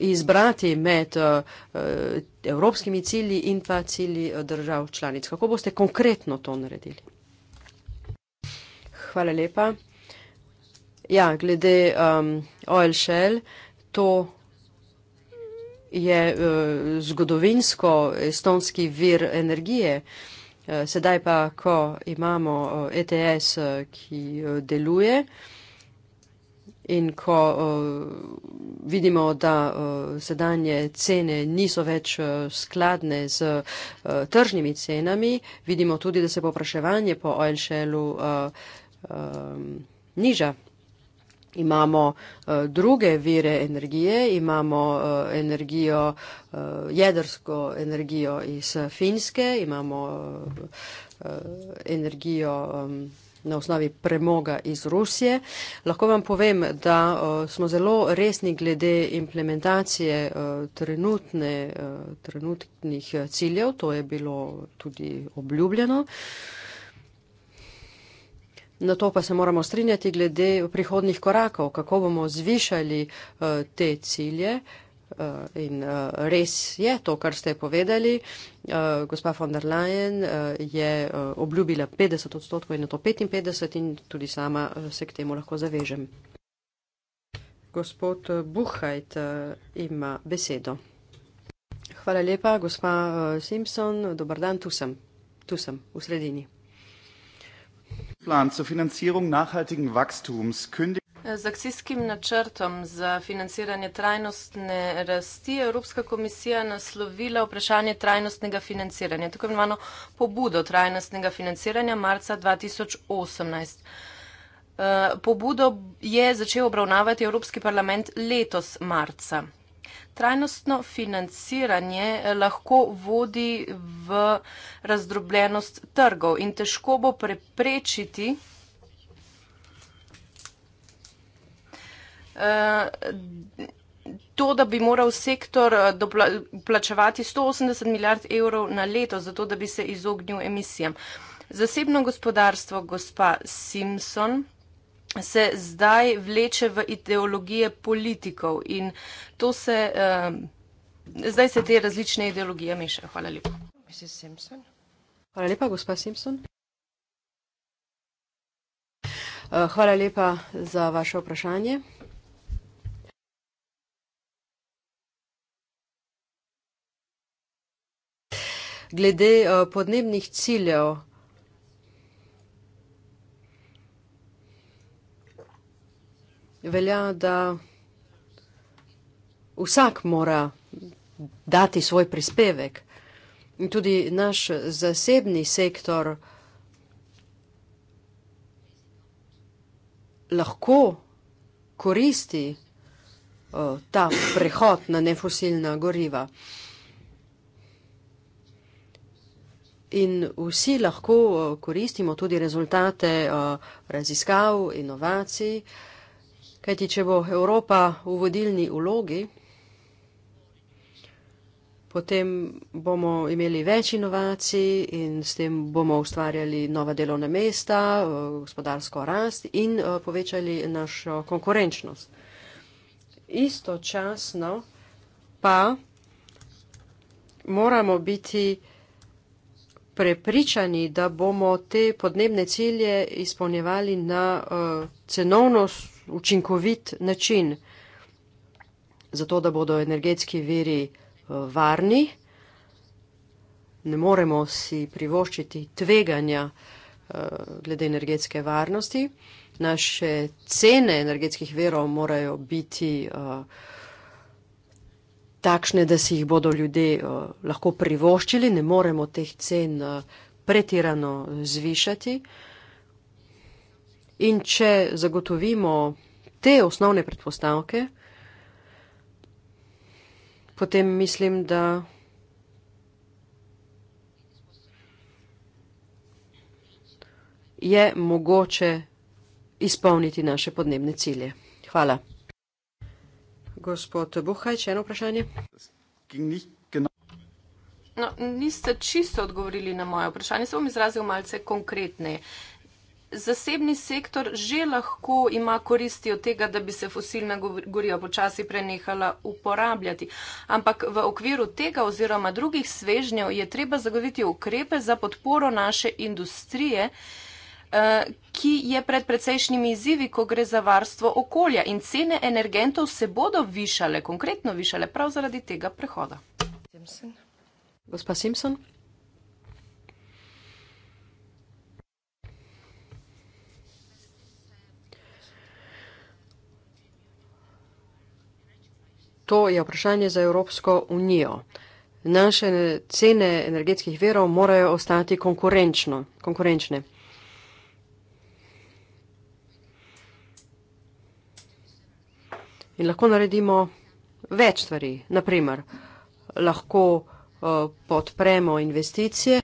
izbrati med uh, uh evropskimi cilji in pa cilji uh, držav članic. Kako boste konkretno to naredili? Hvala lepa. Ja, glede um, Oil Shell, to je uh, zgodovinsko estonski vir energije. Uh, sedaj pa, ko imamo uh, ETS, uh, ki uh, deluje in ko uh, vidimo, da uh, sedanje cene niso več uh, skladne z uh, tržnimi cenami, vidimo tudi, da se popraševanje po Oil Shellu uh, um, niža imamo uh, druge vire energije, imamo uh, energijo, uh, jedrsko energijo iz Finske, imamo uh, energijo um, na osnovi premoga iz Rusije. Lahko vam povem, da uh, smo zelo resni glede implementacije uh, trenutne, uh, trenutnih ciljev, to je bilo tudi obljubljeno. Uh, Na to pa se moramo strinjati glede prihodnih korakov, kako bomo zvišali uh, te cilje. Uh, in uh, res je to, kar ste povedali. Uh, gospa von der Leyen uh, je uh, obljubila 50 odstotkov in na to 55 in tudi sama uh, se k temu lahko zavežem. Gospod Buhajt uh, ima besedo. Hvala lepa, gospa uh, Simpson. Dobar dan, tu sem. Tu sem, v sredini. Z akcijskim načrtom za financiranje trajnostne rasti je Evropska komisija naslovila vprašanje trajnostnega financiranja, tako imenovano pobudo trajnostnega financiranja marca 2018. Eh, pobudo je začel obravnavati Evropski parlament letos marca trajnostno financiranje lahko vodi v razdrobljenost trgov in težko bo preprečiti, eh, to, da bi moral sektor eh, plačevati 180 milijard evrov na leto, zato da bi se izognil emisijam. Zasebno gospodarstvo, gospa Simpson, se zdaj vleče v ideologije politikov in to se, uh, zdaj se te različne ideologije mešajo. Hvala lepa. Hvala lepa, gospa Simpson. Eh, hvala lepa za vaše vprašanje. Glede eh, podnebnih ciljev, velja, da vsak mora dati svoj prispevek. In tudi naš zasebni sektor lahko koristi o, ta prehod na nefosilna goriva. In vsi lahko koristimo tudi rezultate o, raziskav, inovacij. O, Kajti, če bo Evropa v vodilni ulogi, potem bomo imeli več inovacij in s tem bomo ustvarjali nova delovna mesta, eh, gospodarsko rast in eh, povečali našo konkurenčnost. Istočasno pa moramo biti prepričani, da bomo te podnebne cilje izpolnjevali na eh, cenovnost učinkovit način za to, da bodo energetski viri eh, varni. Ne moremo si privoščiti tveganja eh, glede energetske varnosti. Naše cene energetskih verov morajo biti eh, takšne, da si jih bodo ljudje lahko privoščili. Ne moremo teh cen pretirano zvišati. In če zagotovimo te osnovne predpostavke, potem mislim, da. je mogoče izpolniti naše podnebne cilje. Hvala. Gospod Buhaj, če eno vprašanje? No, niste čisto odgovorili na moje vprašanje, se bom izrazil malce konkretneje zasebni sektor že lahko ima koristi od tega, da bi se fosilna goriva počasi prenehala uporabljati. Ampak v okviru tega oziroma drugih svežnjev je treba zagoditi ukrepe za podporo naše industrije, eh, ki je pred precejšnjimi izzivi, ko gre za varstvo okolja in cene energentov se bodo višale, konkretno višale, prav zaradi tega prehoda. Simpson. Gospa Simpson. to je vprašanje za Evropsko unijo. Naše cene energetskih verov morajo ostati konkurenčne. In lahko naredimo več stvari. Naprimer, lahko uh, podpremo investicije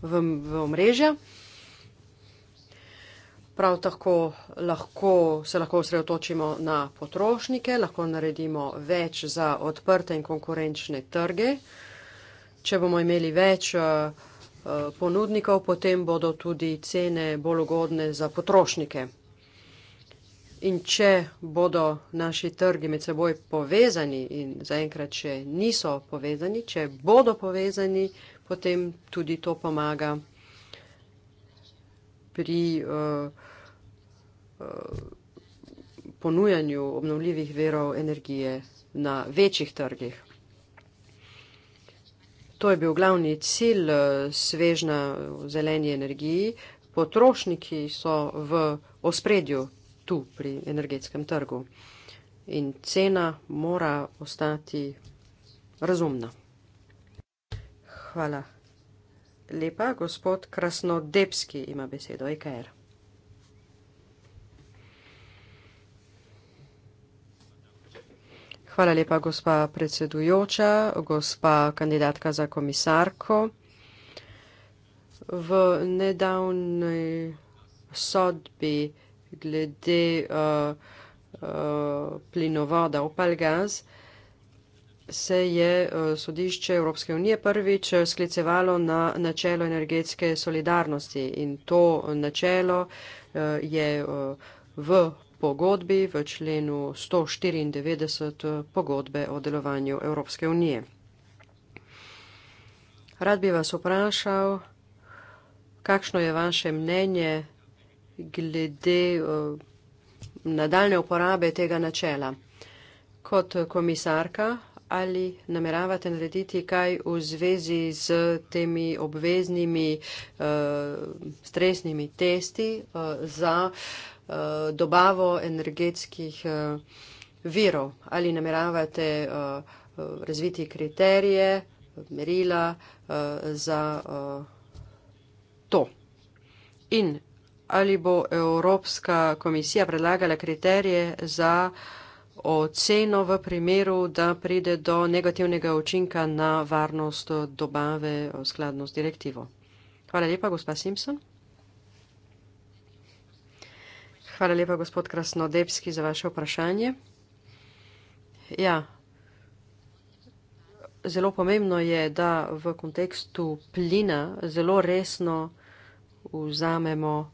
v, v omrežja. Prav tako lahko, se lahko osredotočimo na potrošnike, lahko naredimo več za odprte in konkurenčne trge. Če bomo imeli več eh, eh, ponudnikov, potem bodo tudi cene bolj ugodne za potrošnike. In če bodo naši trgi med seboj povezani in zaenkrat, če niso povezani, če bodo povezani, potem tudi to pomaga pri eh, eh, ponujanju obnovljivih verov energije na večjih trgih. To je bil glavni cilj eh, svežna v zeleni energiji. Potrošniki so v ospredju tu pri energetskem trgu in cena mora ostati razumna. Hvala lepa. Gospod Krasnodebski ima besedo, IKR. E Hvala lepa, gospa predsedujoča, gospa kandidatka za komisarko. V nedavni sodbi glede uh, uh, plinovoda Opalgaz uh, se je eh, sodišče Evropske unije prvič eh, sklicevalo na načelo energetske solidarnosti in to načelo eh, je v pogodbi v členu 194 pogodbe o delovanju Evropske unije. Rad bi vas vprašal, kakšno je vaše mnenje glede nadaljne uporabe tega načela. Kot komisarka ali nameravate narediti kaj v zvezi z temi obveznimi uh, stresnimi testi uh, za uh, dobavo energetskih uh, virov? Ali nameravate uh, razviti kriterije, merila uh, za uh, to? In ali bo Evropska komisija predlagala kriterije za uh, oceno v primeru, da pride do negativnega učinka na varnost dobave v eh, skladno s direktivo. Hvala lepa, gospa Simpson. Hvala lepa, gospod Krasnodebski, za vaše vprašanje. Ja, zelo pomembno je, da v kontekstu plina zelo resno vzamemo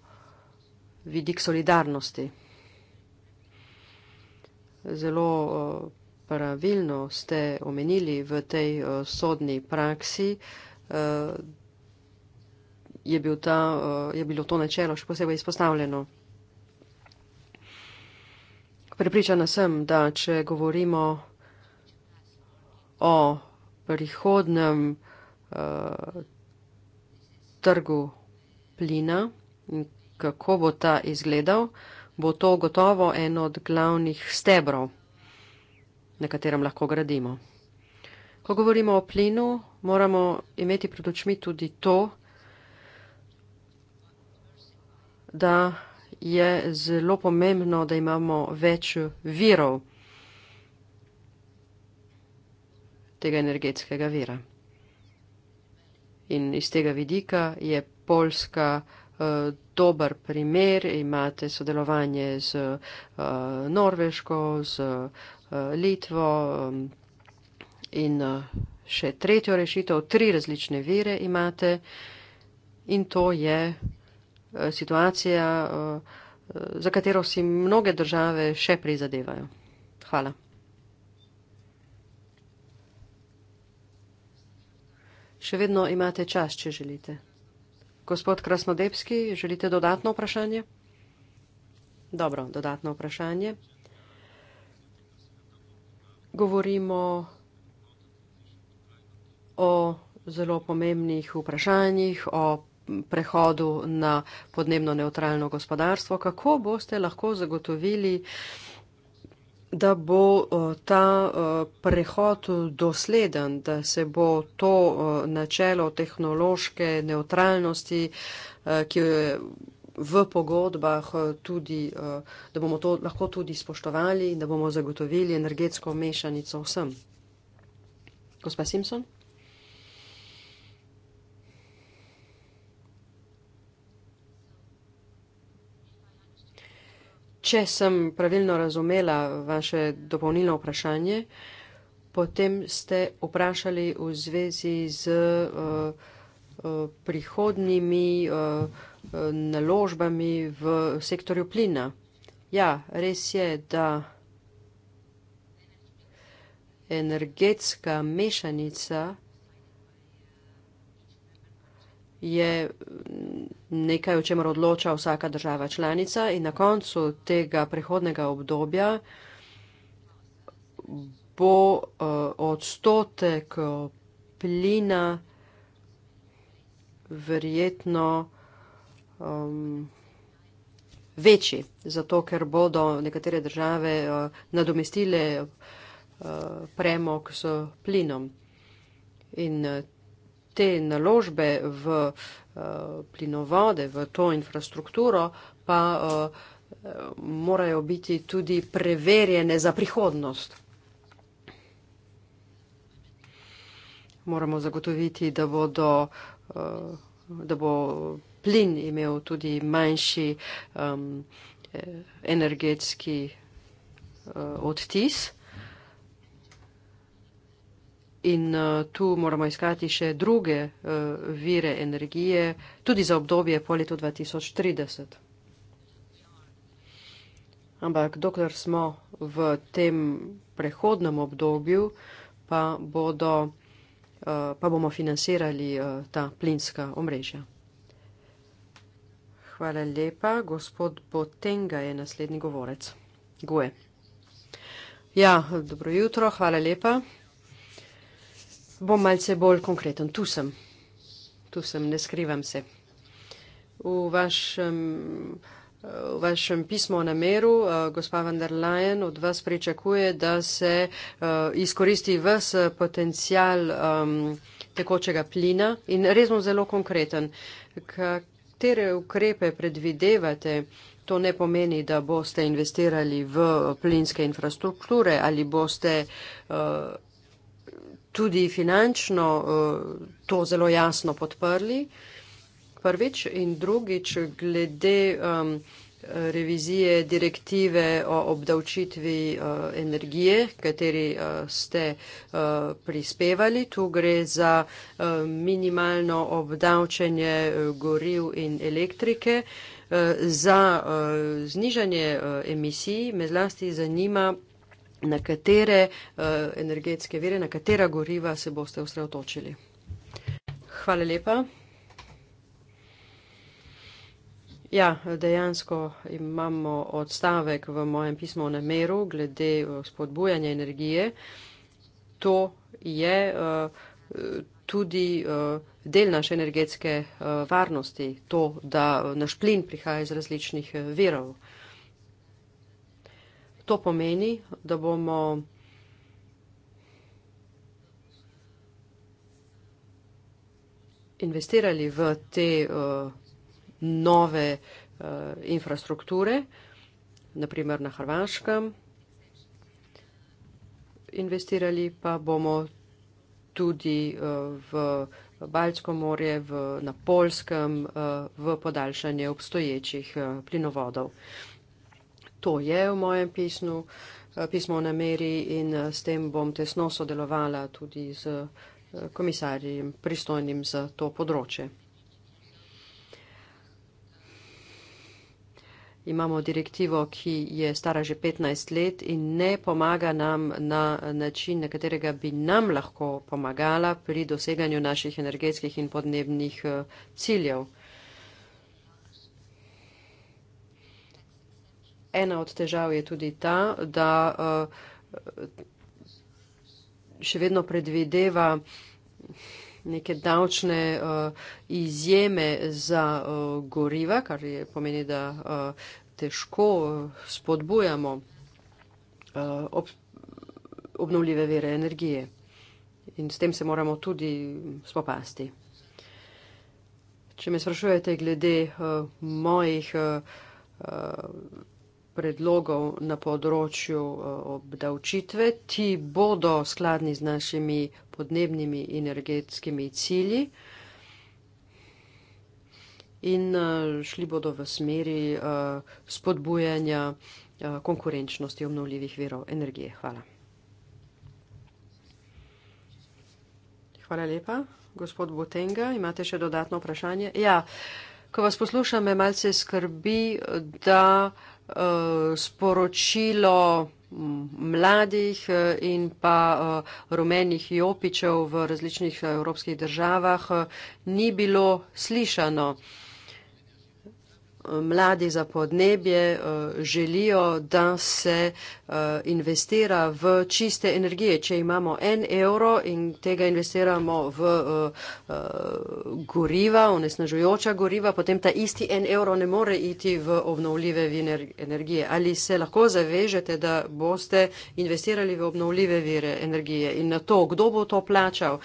vidik solidarnosti zelo pravilno ste omenili v tej sodni praksi, je, bil ta, je bilo to načelo še posebej izpostavljeno. Prepričana sem, da če govorimo o prihodnem uh, trgu plina in kako bo ta izgledal, uh, bo to gotovo en od glavnih stebrov, na katerem lahko gradimo. Ko govorimo o plinu, moramo imeti pred očmi tudi to, da je zelo pomembno, da imamo več virov tega energetskega vira. In iz tega vidika je Poljska Eh, dober primer, imate sodelovanje z uh, Norveško, z uh, Litvo um, in uh, še tretjo rešitev, tri različne vire imate in to je uh, situacija, uh, za katero si mnoge države še prizadevajo. Hvala. Še vedno imate čas, če želite. Gospod Krasnodebski, želite dodatno vprašanje? Dobro, dodatno vprašanje. Govorimo o zelo pomembnih vprašanjih, o prehodu na podnebno neutralno gospodarstvo. Kako boste lahko zagotovili da bo eh, ta eh, prehod dosleden, da se bo to eh, načelo tehnološke neutralnosti, ki je v pogodbah tudi, da bomo to lahko tudi spoštovali in da bomo zagotovili energetsko mešanico vsem. Gospa Simpson? če sem pravilno razumela vaše dopolnilno vprašanje, potem ste vprašali v zvezi z uh, uh, prihodnimi uh, uh, naložbami v sektorju plina. Ja, res je, da energetska mešanica je mm, nekaj, o čemer odloča vsaka država članica in na koncu tega prehodnega obdobja bo eh, odstotek plina verjetno um, večji, zato ker bodo nekatere države uh, nadomestile uh, premog s plinom. In te naložbe v uh, plinovode, v to infrastrukturo, pa uh, morajo biti tudi preverjene za prihodnost. Moramo zagotoviti, da, bodo, uh, da bo plin imel tudi manjši um, energetski uh, odtis in uh, tu moramo iskati še druge uh, vire energije, tudi za obdobje po letu 2030. Ampak dokler smo v tem prehodnem obdobju, pa, bodo, uh, pa bomo financirali uh, ta plinska omrežja. Hvala lepa. Gospod Botenga je naslednji govorec. Gue. Ja, dobro jutro. Hvala lepa bom malce bolj konkreten. Tu sem. Tu sem, ne skrivam se. V vašem, v vašem pismu o nameru, eh, gospa van der Leyen od vas pričakuje, da se eh, izkoristi ves potencial ehm, tekočega plina. In res bom zelo konkreten. Katere ukrepe predvidevate? To ne pomeni, da boste investirali v plinske infrastrukture ali boste uh, tudi finančno eh, to zelo jasno podprli. Prvič in drugič, glede um, revizije direktive o obdavčitvi uh, energije, kateri uh, ste uh, prispevali, tu gre za uh, minimalno obdavčenje uh, goril in elektrike. Uh, za uh, znižanje uh, emisij me zlasti zanima na katere uh, energetske vire, na katera goriva se boste osredotočili. Hvala lepa. Ja, dejansko imamo odstavek v mojem pismu o nameru glede eh, spodbujanja energije. To je eh, tudi del naše energetske varnosti, to, da naš plin prihaja iz različnih virov. To pomeni, da bomo investirali v te uh, nove uh, infrastrukture, naprimer na Hrvaškem. Investirali pa bomo tudi uh, v Baljsko morje, v, na Polskem, uh, v podaljšanje obstoječih uh, plinovodov. Uh, to je v mojem pismu, eh, pismo o nameri in eh, s tem bom tesno sodelovala tudi z eh, komisarjem pristojnim za to področje. Imamo direktivo, ki je stara že 15 let in ne pomaga nam na način, na katerega bi nam lahko pomagala pri doseganju naših energetskih in podnebnih ciljev. ena od težav je tudi ta, da eh, še vedno predvideva neke davčne eh, izjeme za eh, goriva, kar je pomeni, da težko spodbujamo obnovljive vere energije. In s tem se moramo tudi spopasti. Če me sprašujete glede uh, mojih uh, predlogov na področju eh, obdavčitve. Ti bodo skladni z našimi podnebnimi energetskimi cilji in eh, šli bodo v smeri eh, spodbujanja konkurenčnosti obnovljivih verov energije. Hvala. Hvala lepa. Gospod Botenga, imate še dodatno vprašanje? Ja, ko vas poslušam, me malce skrbi, da Eh, sporočilo mm, mladih eh, in pa eh, rumenih jopičev v različnih evropskih državah ni bilo slišano mladi za podnebje eh, želijo, da se eh, investira v čiste energije. Če imamo en evro in tega investiramo v eh, goriva, onesnažujoča goriva, potem ta isti en evro ne more iti v obnovljive vire energije. Ali se lahko zavežete, da boste investirali v obnovljive vire energije in na to, kdo bo to plačal?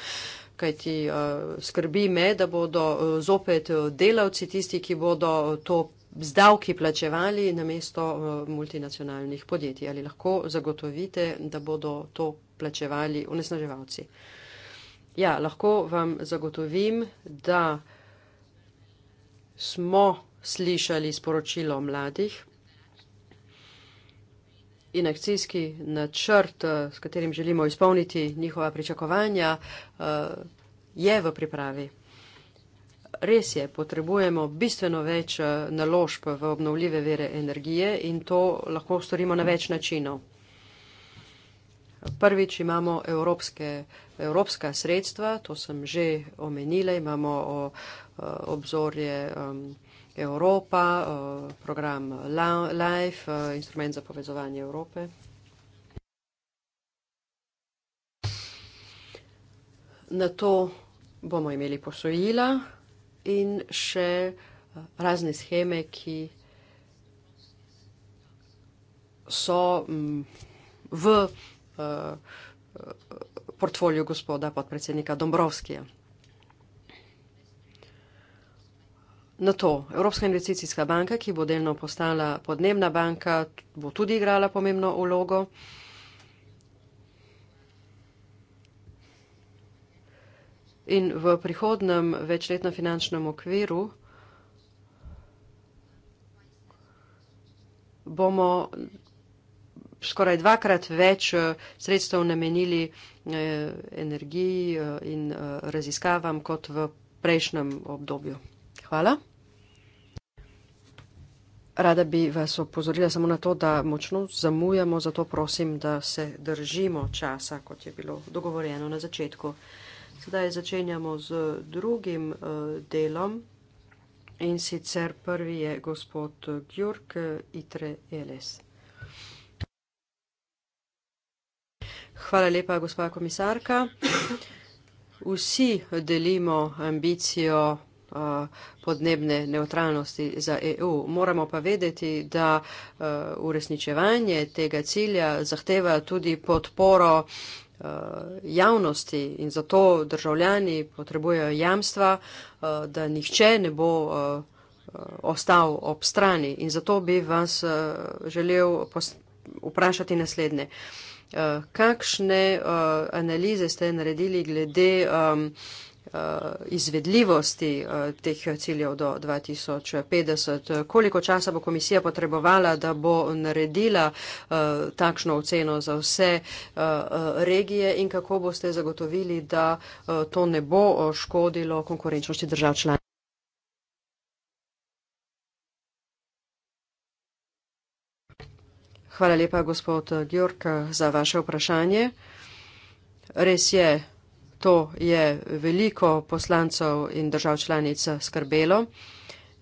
kajti eh, skrbi me, da bodo eh, zopet eh, delavci tisti, ki bodo to z davki plačevali na mesto multinacionalnih podjetij. Ali lahko zagotovite, da bodo to plačevali unesnaževalci? Ja, lahko vam zagotovim, da smo slišali sporočilo mladih, in akcijski načrt, eh, s katerim želimo izpolniti njihova pričakovanja, eh, je v pripravi. Res je, potrebujemo bistveno več eh, naložb v obnovljive vere energije in to lahko storimo na več načinov. Prvič imamo evropske, evropska sredstva, to sem že omenila, imamo o, o, obzorje. Um, Evropa, eh, program LIFE, eh, instrument za povezovanje Evrope. Na to bomo imeli posojila in še eh, razne scheme, ki so mm, v portfolju gospoda podpredsednika Dombrovskega. Na to Evropska investicijska banka, ki bo delno postala podnebna banka, bo tudi igrala pomembno ulogo. In v prihodnem večletnem finančnem okviru bomo skoraj dvakrat več eh, sredstev namenili eh, energiji eh, in raziskavam kot v prejšnjem obdobju. Hvala. Rada bi vas opozorila samo na to, da močno zamujamo, zato prosim, da se držimo časa, kot je bilo dogovorjeno na začetku. Sedaj začenjamo z drugim uh, delom in sicer prvi je gospod Gjurk eh, Itre Eles. Hvala lepa, gospa komisarka. Vsi delimo ambicijo podnebne neutralnosti za EU. Moramo pa vedeti, da uresničevanje tega cilja zahteva tudi podporo javnosti in zato državljani potrebujejo jamstva, da nihče ne bo ostal ob strani. In zato bi vas želel vprašati naslednje. Kakšne analize ste naredili glede Eh, izvedljivosti eh, teh ciljev do 2050. Koliko časa bo komisija potrebovala, da bo naredila eh, takšno oceno za vse regije in kako boste zagotovili, da to ne bo škodilo konkurenčnosti držav članic? Hvala lepa, gospod Gjork, za vaše vprašanje. Res je, to je veliko poslancev in držav članic skrbelo,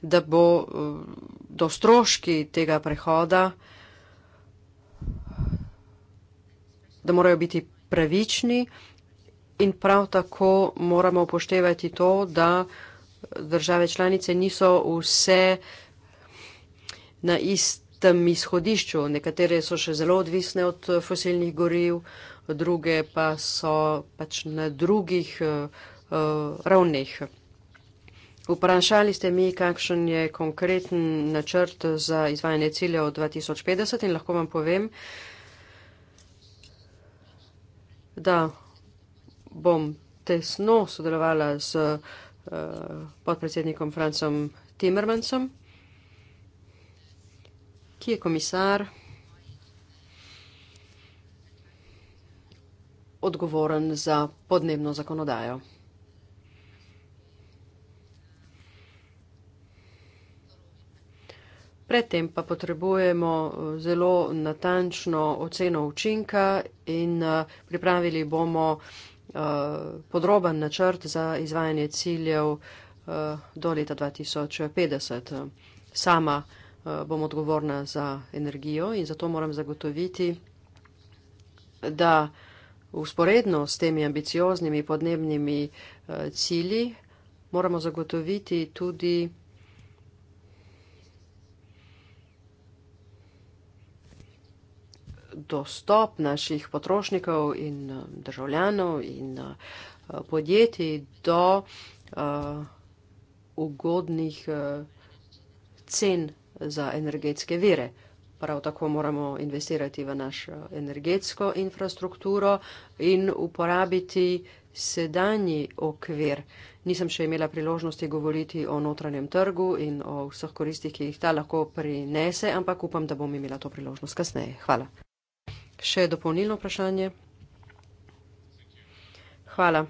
da bo do stroški tega prehoda, da morajo biti pravični in prav tako moramo upoštevati to, da države članice niso vse na istem izhodišču. Nekatere so še zelo odvisne od fosilnih goriv, druge pa so pač na drugih uh, ravneh. Vprašali ste mi, kakšen je konkreten načrt za izvajanje ciljev 2050 in lahko vam povem, da bom tesno sodelovala z uh, podpredsednikom Francom Timmermansom, ki je komisar. odgovoren za podnebno zakonodajo. Predtem pa potrebujemo eh, zelo natančno oceno učinka in eh, pripravili bomo eh, podroben načrt za izvajanje ciljev do leta 2050. Sama bom odgovorna za energijo in zato moram zagotoviti, da Usporedno s temi ambicioznimi podnebnimi eh, cilji moramo zagotoviti tudi dostop naših potrošnikov in eh, državljanov in eh, podjetij do ugodnih cen za energetske vire. Prav tako moramo investirati v našo eh, energetsko infrastrukturo in uporabiti sedanji okvir. Nisem še imela priložnosti govoriti o notranjem trgu in o vseh koristih, ki jih ta lahko prinese, ampak upam, da bom imela to priložnost kasneje. Hvala. Še dopolnilno vprašanje. Hvala.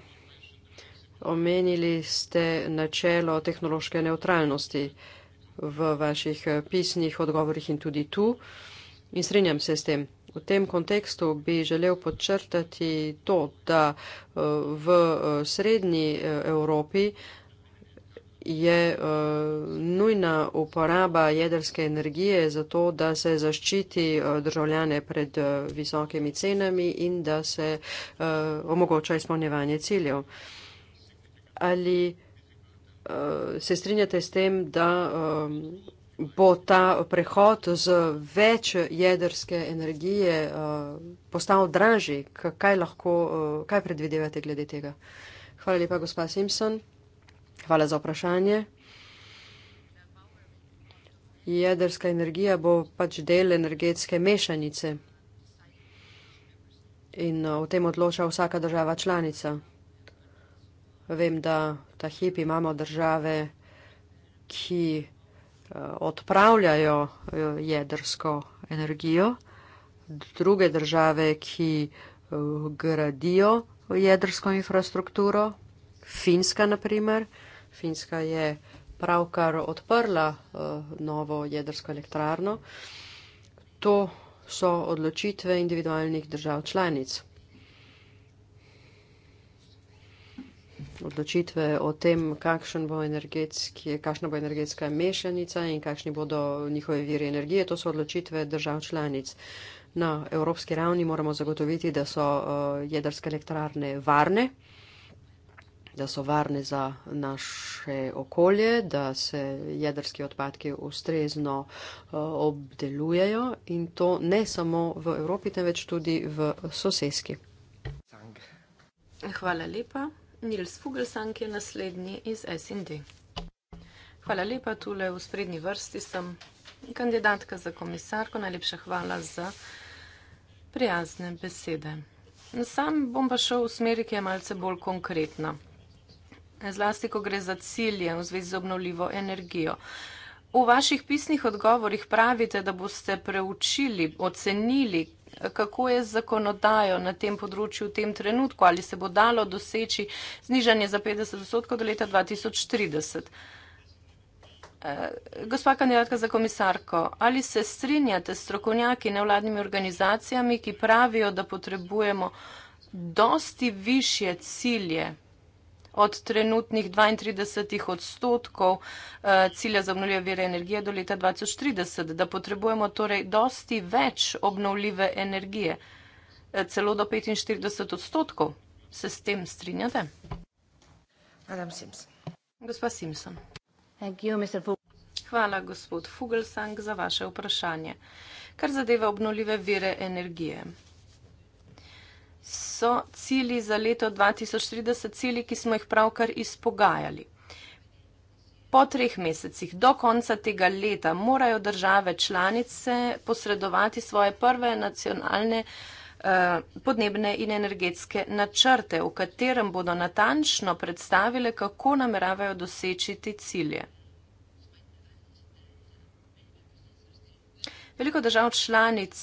Omenili ste načelo tehnološke neutralnosti. Uh, v vaših eh, pisnih odgovorih in tudi tu. In strinjam se s tem. V tem kontekstu bi želel podčrtati to, da eh, v eh, srednji Evropi je nujna uporaba jedrske energije za to, da se zaščiti državljane pred visokimi cenami in da se omogoča izpolnjevanje ciljev. Ali uh, se strinjate s tem, da um, bo ta prehod z več jedrske energije uh, postal dražji? Kaj, lahko, uh, kaj predvidevate glede tega? Hvala lepa, gospa Simpson. Hvala za vprašanje. Jedrska energija bo pač del energetske mešanice in o tem odloča vsaka država članica. Vem, da ta hip imamo države, ki eh, odpravljajo eh, jedrsko energijo, druge države, ki eh, gradijo jedrsko infrastrukturo, Finska naprimer. Finska je pravkar odprla novo jedrsko elektrarno. To so odločitve individualnih držav članic. odločitve o tem, bo kakšna bo energetska mešanica in kakšni bodo njihove viri energije. To so odločitve držav članic. Na evropski ravni moramo zagotoviti, da so uh, jedrske elektrarne varne, da so varne za naše okolje, da se jedrski odpadki ustrezno uh, obdelujejo in to ne samo v Evropi, temveč tudi v soseski. Hvala lepa. Nils Fugelsang je naslednji iz SND. Hvala lepa, tule v sprednji vrsti sem kandidatka za komisarko. Najlepša hvala za prijazne besede. Sam bom pa šel v smeri, ki je malce bolj konkretna. Zlasti, ko gre za cilje v zvezi z obnovljivo energijo. V vaših pisnih odgovorih pravite, da boste preučili, ocenili, kako je zakonodajo na tem področju v tem trenutku, ali se bo dalo doseči znižanje za 50 odstotkov do leta 2030. Eh, gospa kandidatka za komisarko, ali se strinjate s strokovnjaki nevladnimi organizacijami, ki pravijo, da potrebujemo dosti više cilje od trenutnih 32 odstotkov eh, cilja za obnovljive vire energije do leta 2030, da potrebujemo torej dosti več obnovljive energije, eh, celo do 45 odstotkov. Se s tem strinjate? Adam Simpson. Gospa Simpson. Hvala, gospod Fugelsang, za vaše vprašanje. Kar zadeva obnovljive vire energije so cilji za leto 2030 cilji, ki smo jih pravkar izpogajali. Po treh mesecih do konca tega leta morajo države članice posredovati svoje prve nacionalne eh, podnebne in energetske načrte, v katerem bodo natančno predstavile, kako nameravajo doseči te cilje. Veliko držav članic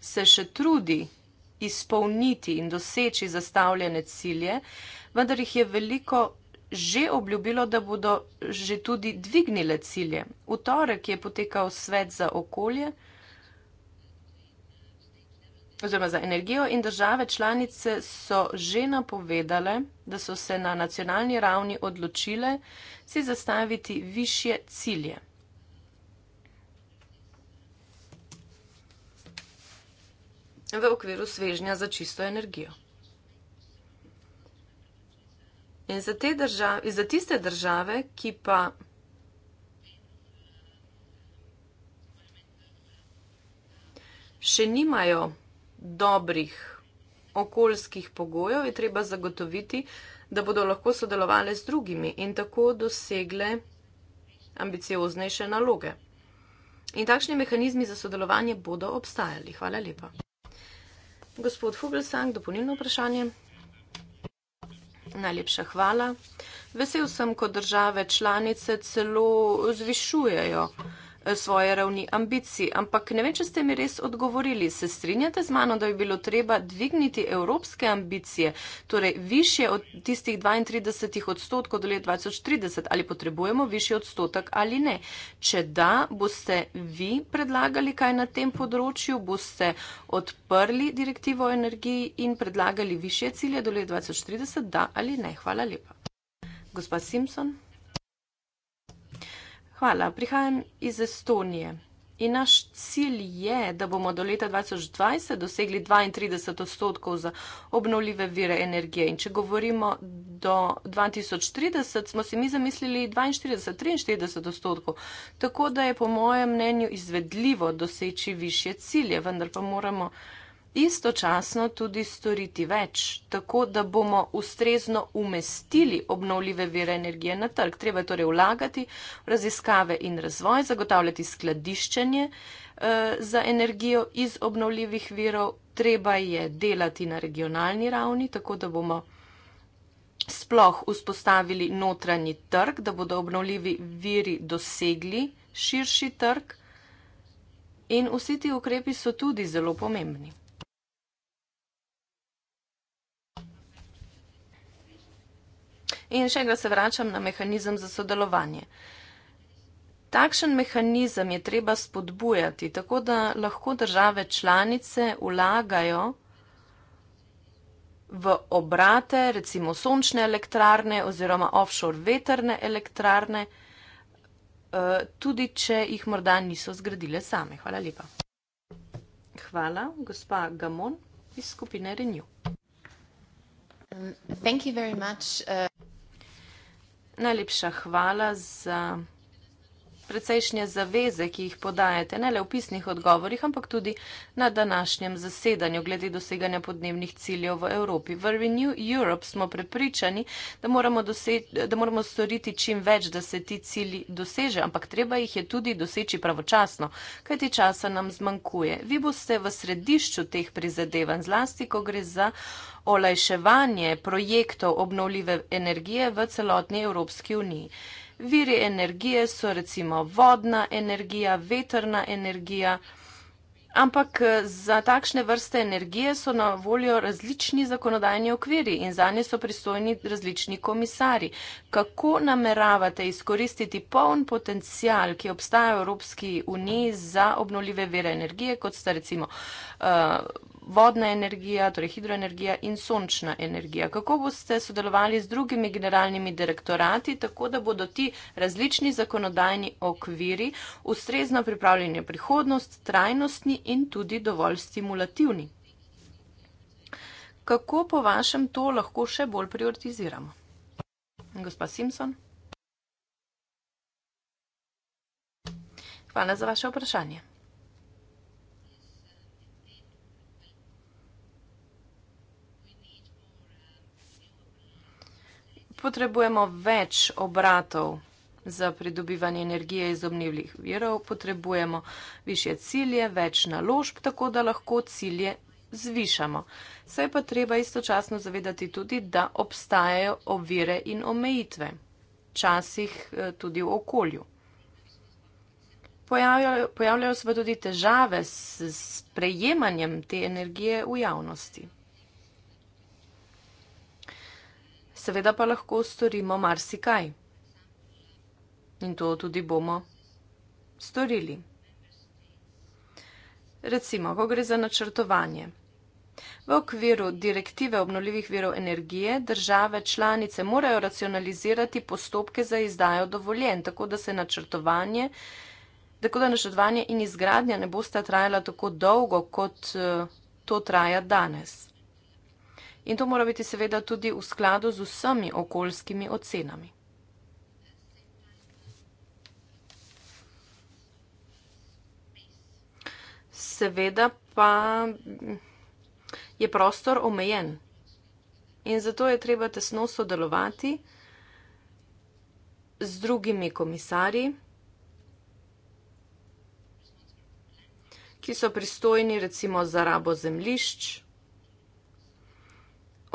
se še trudi izpolniti in doseči zastavljene cilje, vendar jih je veliko že obljubilo, da bodo že tudi dvignile cilje. V torek je potekal svet za okolje oziroma za energijo in države članice so že napovedale, da so se na nacionalni ravni odločile si zastaviti više cilje. v okviru svežnja za čisto energijo. In za, te države, in za tiste države, ki pa še nimajo dobrih okoljskih pogojev, je treba zagotoviti, da bodo lahko sodelovali z drugimi in tako dosegle ambicioznejše naloge. In takšni mehanizmi za sodelovanje bodo obstajali. Hvala lepa. Gospod Fugelsang, dopolnilno vprašanje. Najlepša hvala. Vesel sem, ko države članice celo zvišujejo svoje ravni ambicij. Ampak ne vem, če ste mi res odgovorili. Se strinjate z mano, da bi bilo treba dvigniti evropske ambicije, torej više od tistih 32 odstotkov do leta 2030, ali potrebujemo više odstotek ali ne? Če da, boste vi predlagali kaj na tem področju, boste odprli direktivo o energiji in predlagali više cilje do leta 2030, da ali ne? Hvala lepa. Gospa Simpson. Hvala. Prihajam iz Estonije. In naš cilj je, da bomo do leta 2020 dosegli 32 odstotkov za obnovljive vire energije. In če govorimo do 2030, smo si mi zamislili 42-43 odstotkov. Tako da je po mojem mnenju izvedljivo doseči više cilje, vendar pa moramo istočasno tudi storiti več, tako da bomo ustrezno umestili obnovljive vire energije na trg. Treba je torej vlagati v raziskave in razvoj, zagotavljati skladiščenje eh, za energijo iz obnovljivih virov, treba je delati na regionalni ravni, tako da bomo sploh vzpostavili notranji trg, da bodo obnovljivi viri dosegli širši trg. In vsi ti ukrepi so tudi zelo pomembni. In še enkrat se vračam na mehanizem za sodelovanje. Takšen mehanizem je treba spodbujati, tako da lahko države članice ulagajo v obrate, recimo sončne elektrarne oziroma offshore veterne elektrarne, eh, tudi če jih morda niso zgradile same. Hvala lepa. Hvala, gospa Gamon iz skupine Renew. Um, Najlepša hvala za precejšnje zaveze, ki jih podajate, ne le v pisnih odgovorih, ampak tudi na današnjem zasedanju glede doseganja podnebnih ciljev v Evropi. V Renew Europe smo prepričani, da moramo, dose, da moramo storiti čim več, da se ti cilji doseže, ampak treba jih je tudi doseči pravočasno, kajti časa nam zmanjkuje. Vi boste v središču teh prizadevanj, zlasti, ko gre za olajševanje projektov obnovljive energije v celotni Evropski uniji. Viri energije so recimo vodna energija, veterna energija, ampak eh, za takšne vrste energije so na voljo različni zakonodajni okviri in za nje so pristojni različni komisari. Kako nameravate izkoristiti poln potencial, ki obstaja v Evropski uniji za obnoljive vere energije, kot sta recimo uh, vodna energija, torej hidroenergija in sončna energija. Kako boste sodelovali z drugimi generalnimi direktorati, tako da bodo ti različni zakonodajni okviri ustrezno pripravljeni v prihodnost, trajnostni in tudi dovolj stimulativni? Kako po vašem to lahko še bolj prioritiziramo? Gospa Simpson. Hvala za vaše vprašanje. potrebujemo več obratov za pridobivanje energije iz obnevljih virov, potrebujemo više cilje, več naložb, tako da lahko cilje zvišamo. Se je pa treba istočasno zavedati tudi, da obstajajo ovire in omejitve, časih eh, tudi v okolju. Pojavljajo se pa tudi težave s sprejemanjem te energije v javnosti. Seveda pa lahko storimo marsikaj. In to tudi bomo storili. Recimo, ko gre za načrtovanje. V okviru direktive obnovljivih virov energije države članice morajo racionalizirati postopke za izdajo dovoljen, tako da se načrtovanje, tako da načrtovanje in izgradnja ne bosta trajala tako dolgo, kot eh, to traja danes in to mora biti seveda tudi v skladu z vsemi okoljskimi ocenami. Seveda pa je prostor omejen in zato je treba tesno sodelovati z drugimi komisarji, ki so pristojni recimo za rabo zemlišč,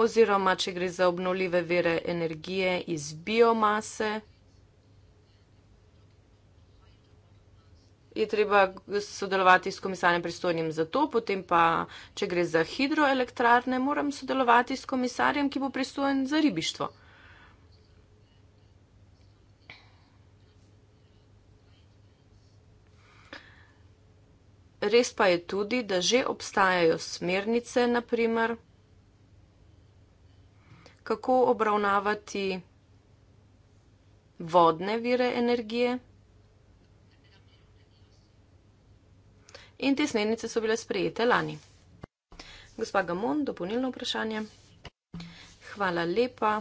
oziroma če gre za obnovljive vire energije iz biomase. Je treba sodelovati s komisarjem pristojnim za to, potem pa, če gre za hidroelektrarne, moram sodelovati s komisarjem, ki bo pristojen za ribištvo. Res pa je tudi, da že obstajajo smernice, naprimer kako obravnavati vodne vire energije. In te smernice so bile sprejete lani. Gospa Gamon, dopolnilno vprašanje. Hvala lepa.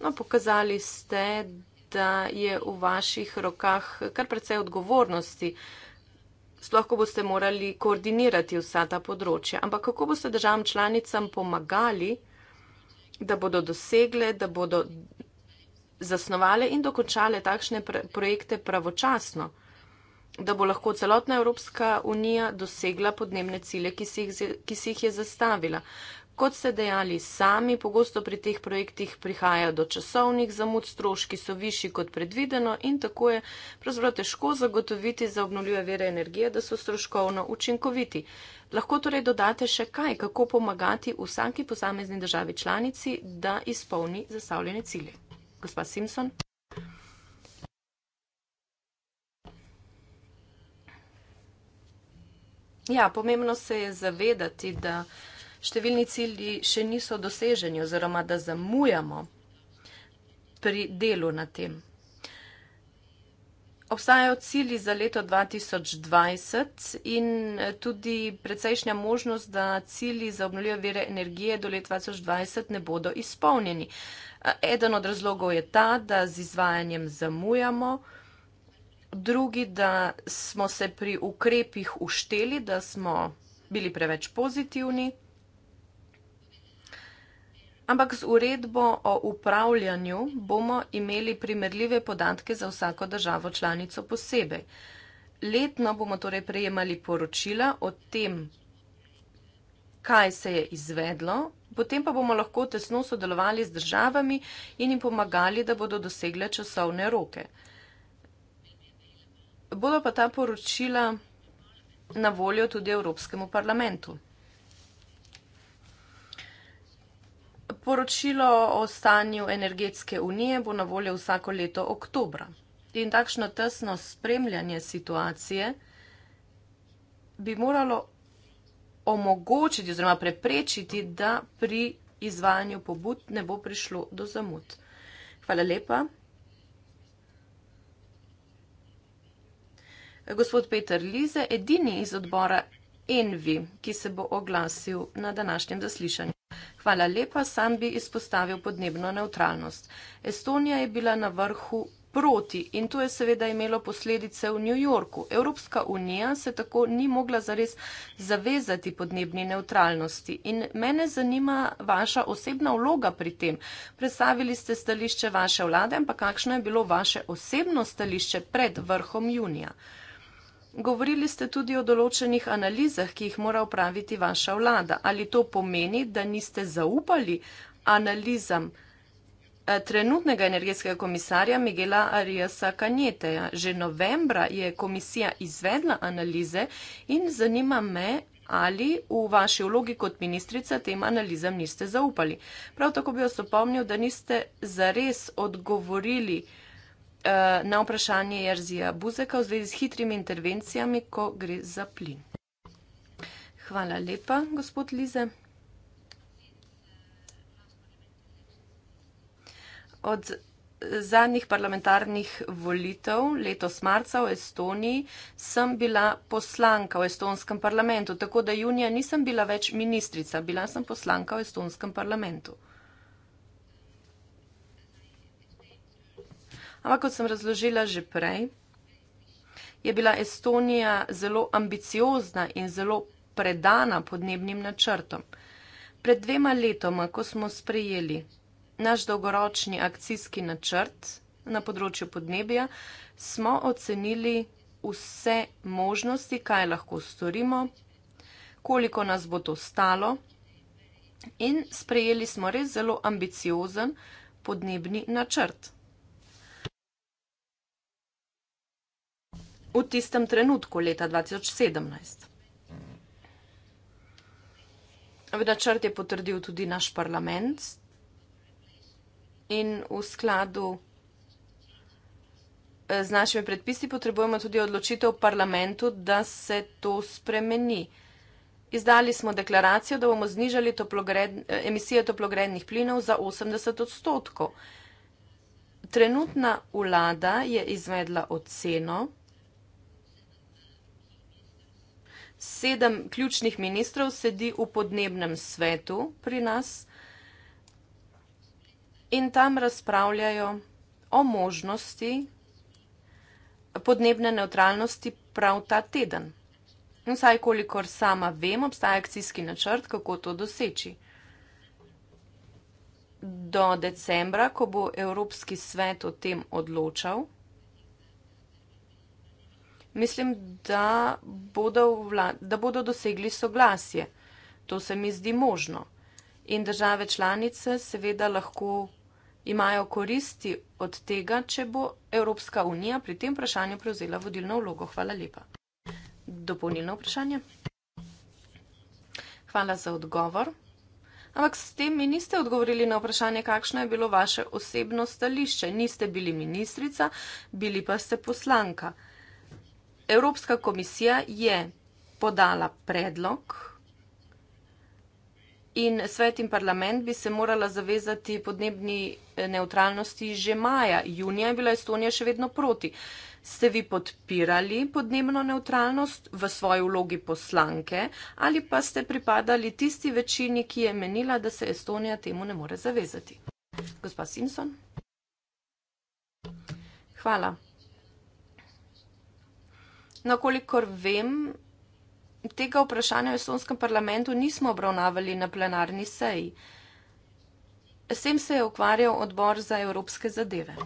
No, pokazali ste, da je v vaših rokah kar precej odgovornosti. Sploh, ko boste morali koordinirati vsa ta področja. Ampak kako boste državam članicam pomagali da bodo dosegle, da bodo zasnovale in dokončale takšne projekte pravočasno, da bo lahko celotna Evropska unija dosegla podnebne cilje, ki si jih, ki si jih je zastavila. Kot ste dejali sami, pogosto pri teh projektih prihaja do časovnih zamud, stroški so višji kot predvideno in tako je pravzaprav težko zagotoviti za obnovljive vere energije, da so stroškovno učinkoviti. Lahko torej dodate še kaj, kako pomagati vsaki posamezni državi članici, da izpolni zastavljene cilje. Gospa Simpson. Ja, pomembno se je zavedati, da številni cilji še niso doseženi oziroma da zamujamo pri delu na tem. Obstajajo cilji za leto 2020 in tudi precejšnja možnost, da cilji za obnovljive vere energije do leta 2020 ne bodo izpolnjeni. Eden od razlogov je ta, da z izvajanjem zamujamo, drugi, da smo se pri ukrepih ušteli, da smo bili preveč pozitivni ampak z uredbo o upravljanju bomo imeli primerljive podatke za vsako državo članico posebej. Letno bomo torej prejemali poročila o tem, kaj se je izvedlo, potem pa bomo lahko tesno sodelovali z državami in jim pomagali, da bodo dosegle časovne roke. Bodo pa ta poročila na voljo tudi Evropskemu parlamentu. Poročilo o stanju energetske unije bo na voljo vsako leto oktobra. In takšno tesno spremljanje situacije bi moralo omogočiti oziroma preprečiti, da pri izvajanju pobud ne bo prišlo do zamud. Hvala lepa. Gospod Peter Lize, edini iz odbora Envi, ki se bo oglasil na današnjem zaslišanju. Hvala lepa, sam bi izpostavil podnebno neutralnost. Estonija je bila na vrhu proti in to je seveda imelo posledice v New Yorku. Evropska unija se tako ni mogla zares zavezati podnebni neutralnosti in mene zanima vaša osebna vloga pri tem. Predstavili ste stališče vaše vlade, ampak kakšno je bilo vaše osebno stališče pred vrhom junija? Uh, Govorili ste tudi o določenih analizah, ki jih mora upraviti vaša vlada. Ali to pomeni, da niste zaupali analizam eh, trenutnega energetskega komisarja Miguela Ariasa Kanjeteja? Že novembra je komisija izvedla analize in zanima me, ali v vaši vlogi kot ministrica tem analizam niste zaupali. Prav tako bi vas opomnil, da niste zares odgovorili vsega, Eh, na vprašanje Jerzija Buzeka v zvezi s hitrimi intervencijami, ko gre za plin. Hvala lepa, gospod Lize. Od eh, zadnjih parlamentarnih volitev letos marca v Estoniji sem bila poslanka v estonskem parlamentu, tako da junija nisem bila več ministrica, bila sem poslanka v estonskem parlamentu. Ampak kot sem razložila že prej, je bila Estonija zelo ambiciozna in zelo predana podnebnim načrtom. Pred dvema letoma, ko smo sprejeli naš dolgoročni akcijski načrt na področju podnebja, smo ocenili vse možnosti, kaj lahko storimo, koliko nas bo to stalo in sprejeli smo res zelo ambiciozen podnebni načrt. v tistem trenutku, leta 2017. V načrt je potrdil tudi naš parlament in v skladu eh, z našimi predpisi potrebujemo tudi odločitev parlamentu, da se to spremeni. Izdali smo deklaracijo, da bomo znižali toplogred, eh, emisije toplogrednih plinov za 80 odstotkov. Trenutna vlada je izvedla oceno, sedem ključnih ministrov sedi v podnebnem svetu pri nas in tam razpravljajo o možnosti podnebne neutralnosti prav ta teden. Vsaj kolikor sama vem, obstaja akcijski načrt, kako to doseči. Do decembra, ko bo Evropski svet o tem odločal, mislim, da bodo, vla, da bodo dosegli soglasje. To se mi zdi možno. In države članice seveda lahko imajo koristi od tega, če bo Evropska unija pri tem vprašanju prevzela vodilno vlogo. Hvala lepa. Dopolnilno vprašanje. Hvala za odgovor. Ampak s tem mi niste odgovorili na vprašanje, kakšno je bilo vaše osebno stališče. Niste bili ministrica, bili pa ste poslanka. Evropska komisija je podala predlog in svet in parlament bi se morala zavezati podnebni eh, neutralnosti že maja. Junija je bila Estonija še vedno proti. Ste vi podpirali podnebno neutralnost v svoji vlogi poslanke ali pa ste pripadali tisti večini, ki je menila, da se Estonija temu ne more zavezati? Gospa Simpson. Hvala nakolikor no, vem, tega vprašanja v Estonskem parlamentu nismo obravnavali na plenarni seji. S tem se je ukvarjal odbor za evropske zadeve.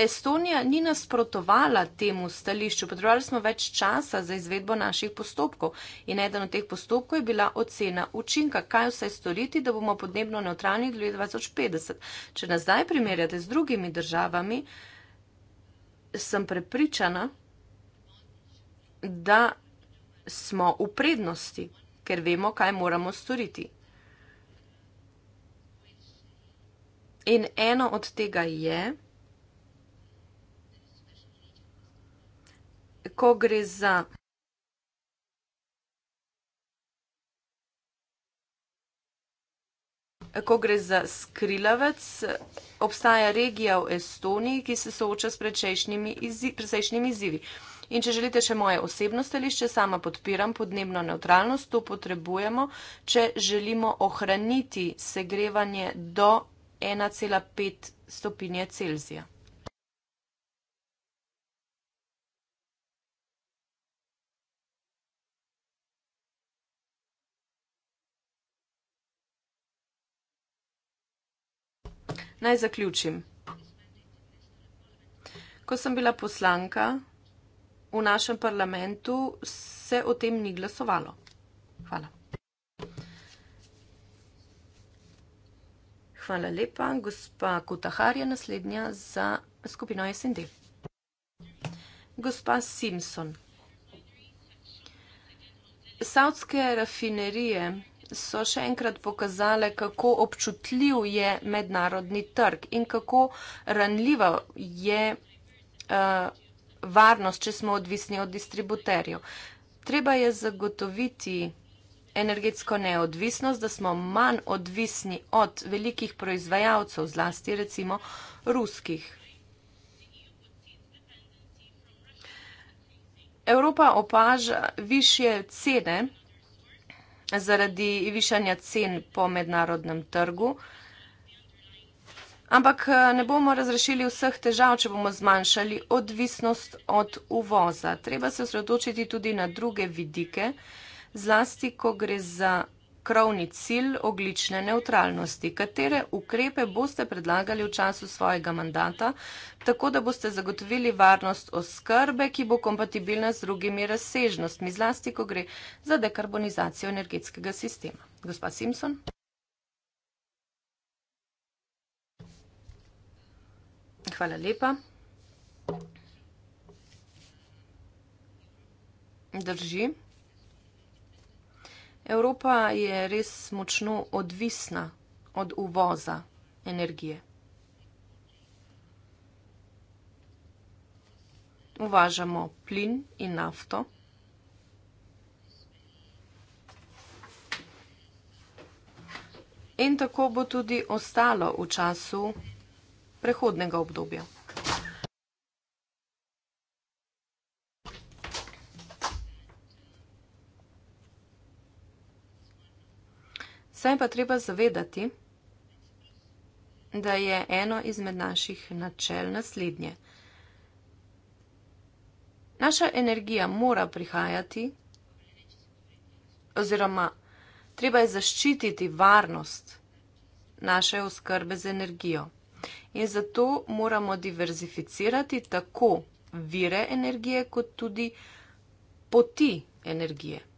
Estonija ni nasprotovala temu stališču, potrebovali smo več časa za izvedbo naših postopkov in eden od teh postopkov je bila ocena učinka, kaj vse storiti, da bomo podnebno neutralni do leta 2050. Če nas zdaj primerjate z drugimi državami, sem prepričana, da smo v prednosti, ker vemo, kaj moramo storiti. In eno od tega je, ko gre za Ko gre za skrilavec, obstaja regija v Estoniji, ki se sooča s precejšnjimi izzivi. In če želite še moje osebno stališče, sama podpiram podnebno neutralnost, to potrebujemo, če želimo ohraniti segrevanje do 1,5 stopinje Celzija. Naj zaključim. Ko sem bila poslanka v našem parlamentu, se o tem ni glasovalo. Hvala. Hvala lepa, gospa Kutahar je naslednja za skupino SND. Gospa Simpson. Saudske rafinerije so še enkrat pokazale, kako občutljiv je mednarodni trg in kako ranljiva je uh, varnost, če smo odvisni od distributerjev. Treba je zagotoviti energetsko neodvisnost, da smo manj odvisni od velikih proizvajalcev, zlasti recimo ruskih. Evropa opaža višje cene zaradi višanja cen po mednarodnem trgu. Ampak eh, ne bomo razrešili vseh težav, če bomo zmanjšali odvisnost od uvoza. Treba se osredotočiti tudi na druge vidike, zlasti, ko gre za krovni cilj oglične neutralnosti. Katere ukrepe boste predlagali v času svojega mandata, tako da boste zagotovili varnost oskrbe, ki bo kompatibilna z drugimi razsežnostmi, zlasti, ko gre za dekarbonizacijo energetskega sistema? Gospa Simpson. Hvala lepa. Drži. Evropa je res močno odvisna od uvoza energije. Uvažamo plin in nafto. In tako bo tudi ostalo v času prehodnega obdobja. Se pa treba zavedati, da je eno izmed naših načel naslednje. Naša energija mora prihajati, oziroma treba je zaščititi varnost naše oskrbe z energijo. In zato moramo diverzificirati tako vire energije, kot tudi poti energije.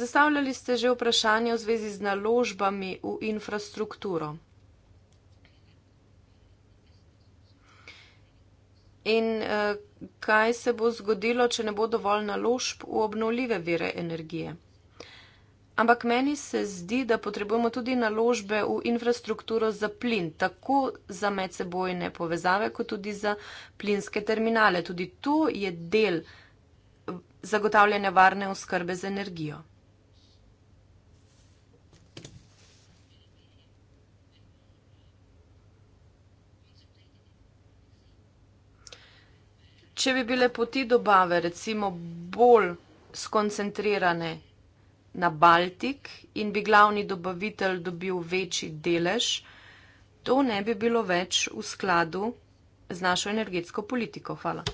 Zastavljali ste že vprašanje v zvezi z naložbami v infrastrukturo. In eh, kaj se bo zgodilo, če ne bo dovolj naložb v obnovljive vire energije? Ampak meni se zdi, da potrebujemo tudi naložbe v infrastrukturo za plin, tako za medsebojne povezave, kot tudi za plinske terminale. Tudi to je del eh, zagotavljanja varne oskrbe z energijo. če bi bile poti dobave recimo bolj skoncentrirane na Baltik in bi glavni dobavitelj dobil večji delež, to ne bi bilo več v skladu z našo energetsko politiko. Hvala.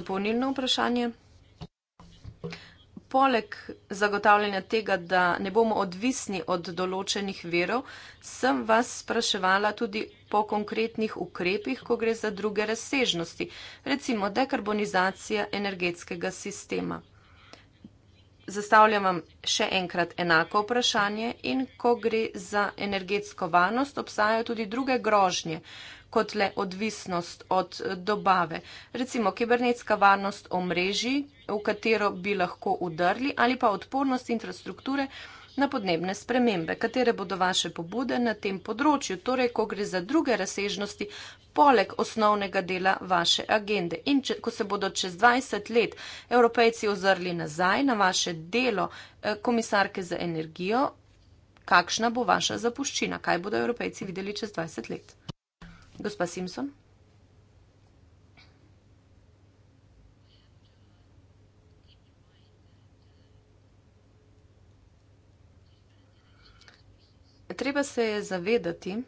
Dopolnilno vprašanje. Poleg zagotavljanja tega, da ne bomo odvisni od določenih verov, sem vas spraševala tudi po konkretnih ukrepih, ko gre za druge razsežnosti, recimo dekarbonizacija energetskega sistema. Zastavljam vam še enkrat enako vprašanje in ko gre za energetsko varnost, obstajajo tudi druge grožnje kot le odvisnost od dobave. Recimo kibernetska varnost omrežji, v katero bi lahko udrli ali pa odpornost infrastrukture, na podnebne spremembe. Katere bodo vaše pobude na tem področju, torej, ko gre za druge razsežnosti, poleg osnovnega dela vaše agende? In če, ko se bodo čez 20 let evropejci ozrli nazaj na vaše delo eh, komisarke za energijo, kakšna bo vaša zapuščina? Kaj bodo evropejci videli čez 20 let? Gospa Simpson. treba se je zavedati,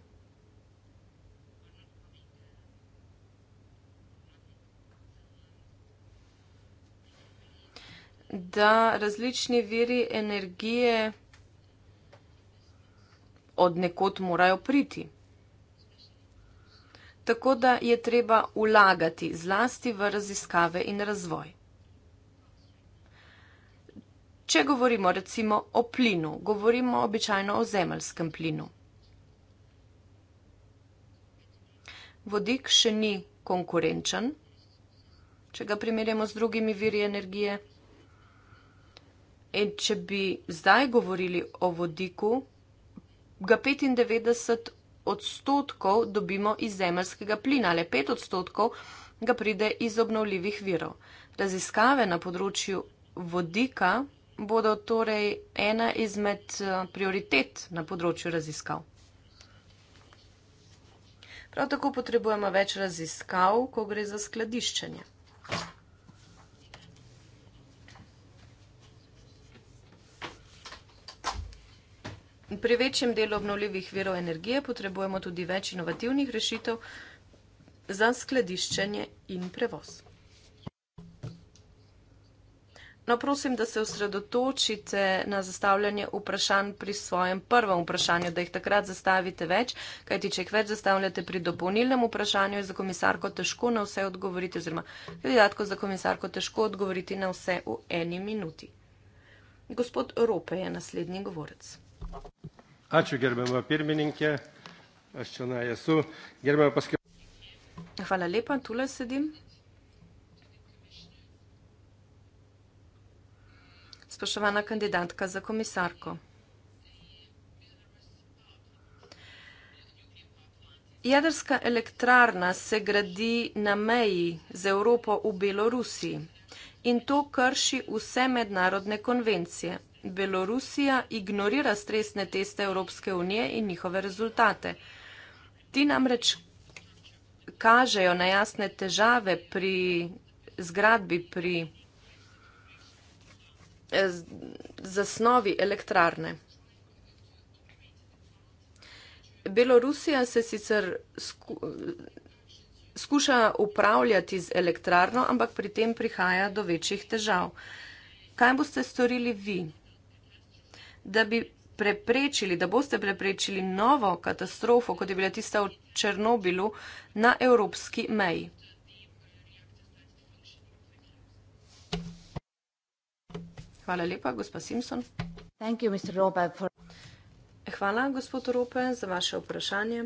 da različni viri energije od nekod morajo priti. Tako da je treba ulagati zlasti v raziskave in razvoj. Če govorimo recimo o plinu, govorimo običajno o zemeljskem plinu. Vodik še ni konkurenčen, če ga primerjamo z drugimi viri energije. In če bi zdaj govorili o vodiku, ga 95 odstotkov dobimo iz zemeljskega plina, le 5 odstotkov ga pride iz obnovljivih virov. Raziskave na področju vodika bodo torej ena izmed eh, prioritet na področju raziskav. Prav tako potrebujemo več raziskav, ko gre za skladiščenje. Pri večjem delu obnovljivih virov energije potrebujemo tudi več inovativnih rešitev za skladiščenje in prevoz. No, prosim, da se osredotočite na zastavljanje vprašanj pri svojem prvem vprašanju, da jih takrat zastavite več, kajti če jih več zastavljate pri dopolnilnem vprašanju, je za komisarko težko na vse odgovoriti, oziroma kandidatko za komisarko težko odgovoriti na vse v eni minuti. Gospod Rope je naslednji govorec. Ačiū, gerbama pirmininkė, aš čia na esu. Gerbama paskirtas. Hvala lepa, tule sedim. spoštovana kandidatka za komisarko. Jedrska elektrarna se gradi na meji z Evropo v Belorusiji in to krši vse mednarodne konvencije. Belorusija ignorira stresne teste Evropske unije in njihove rezultate. Ti namreč kažejo na jasne težave pri zgradbi, pri izgradbi, Eh, zasnovi elektrarne. Belorusija se sicer sku, skuša upravljati z elektrarno, ampak pri tem prihaja do večjih težav. Kaj boste storili vi, da bi preprečili, da boste preprečili novo katastrofo, kot je bila tista v Černobilu, na evropski meji? Hvala lepa, gospa Simpson. Hvala, gospod Rope, za vaše vprašanje.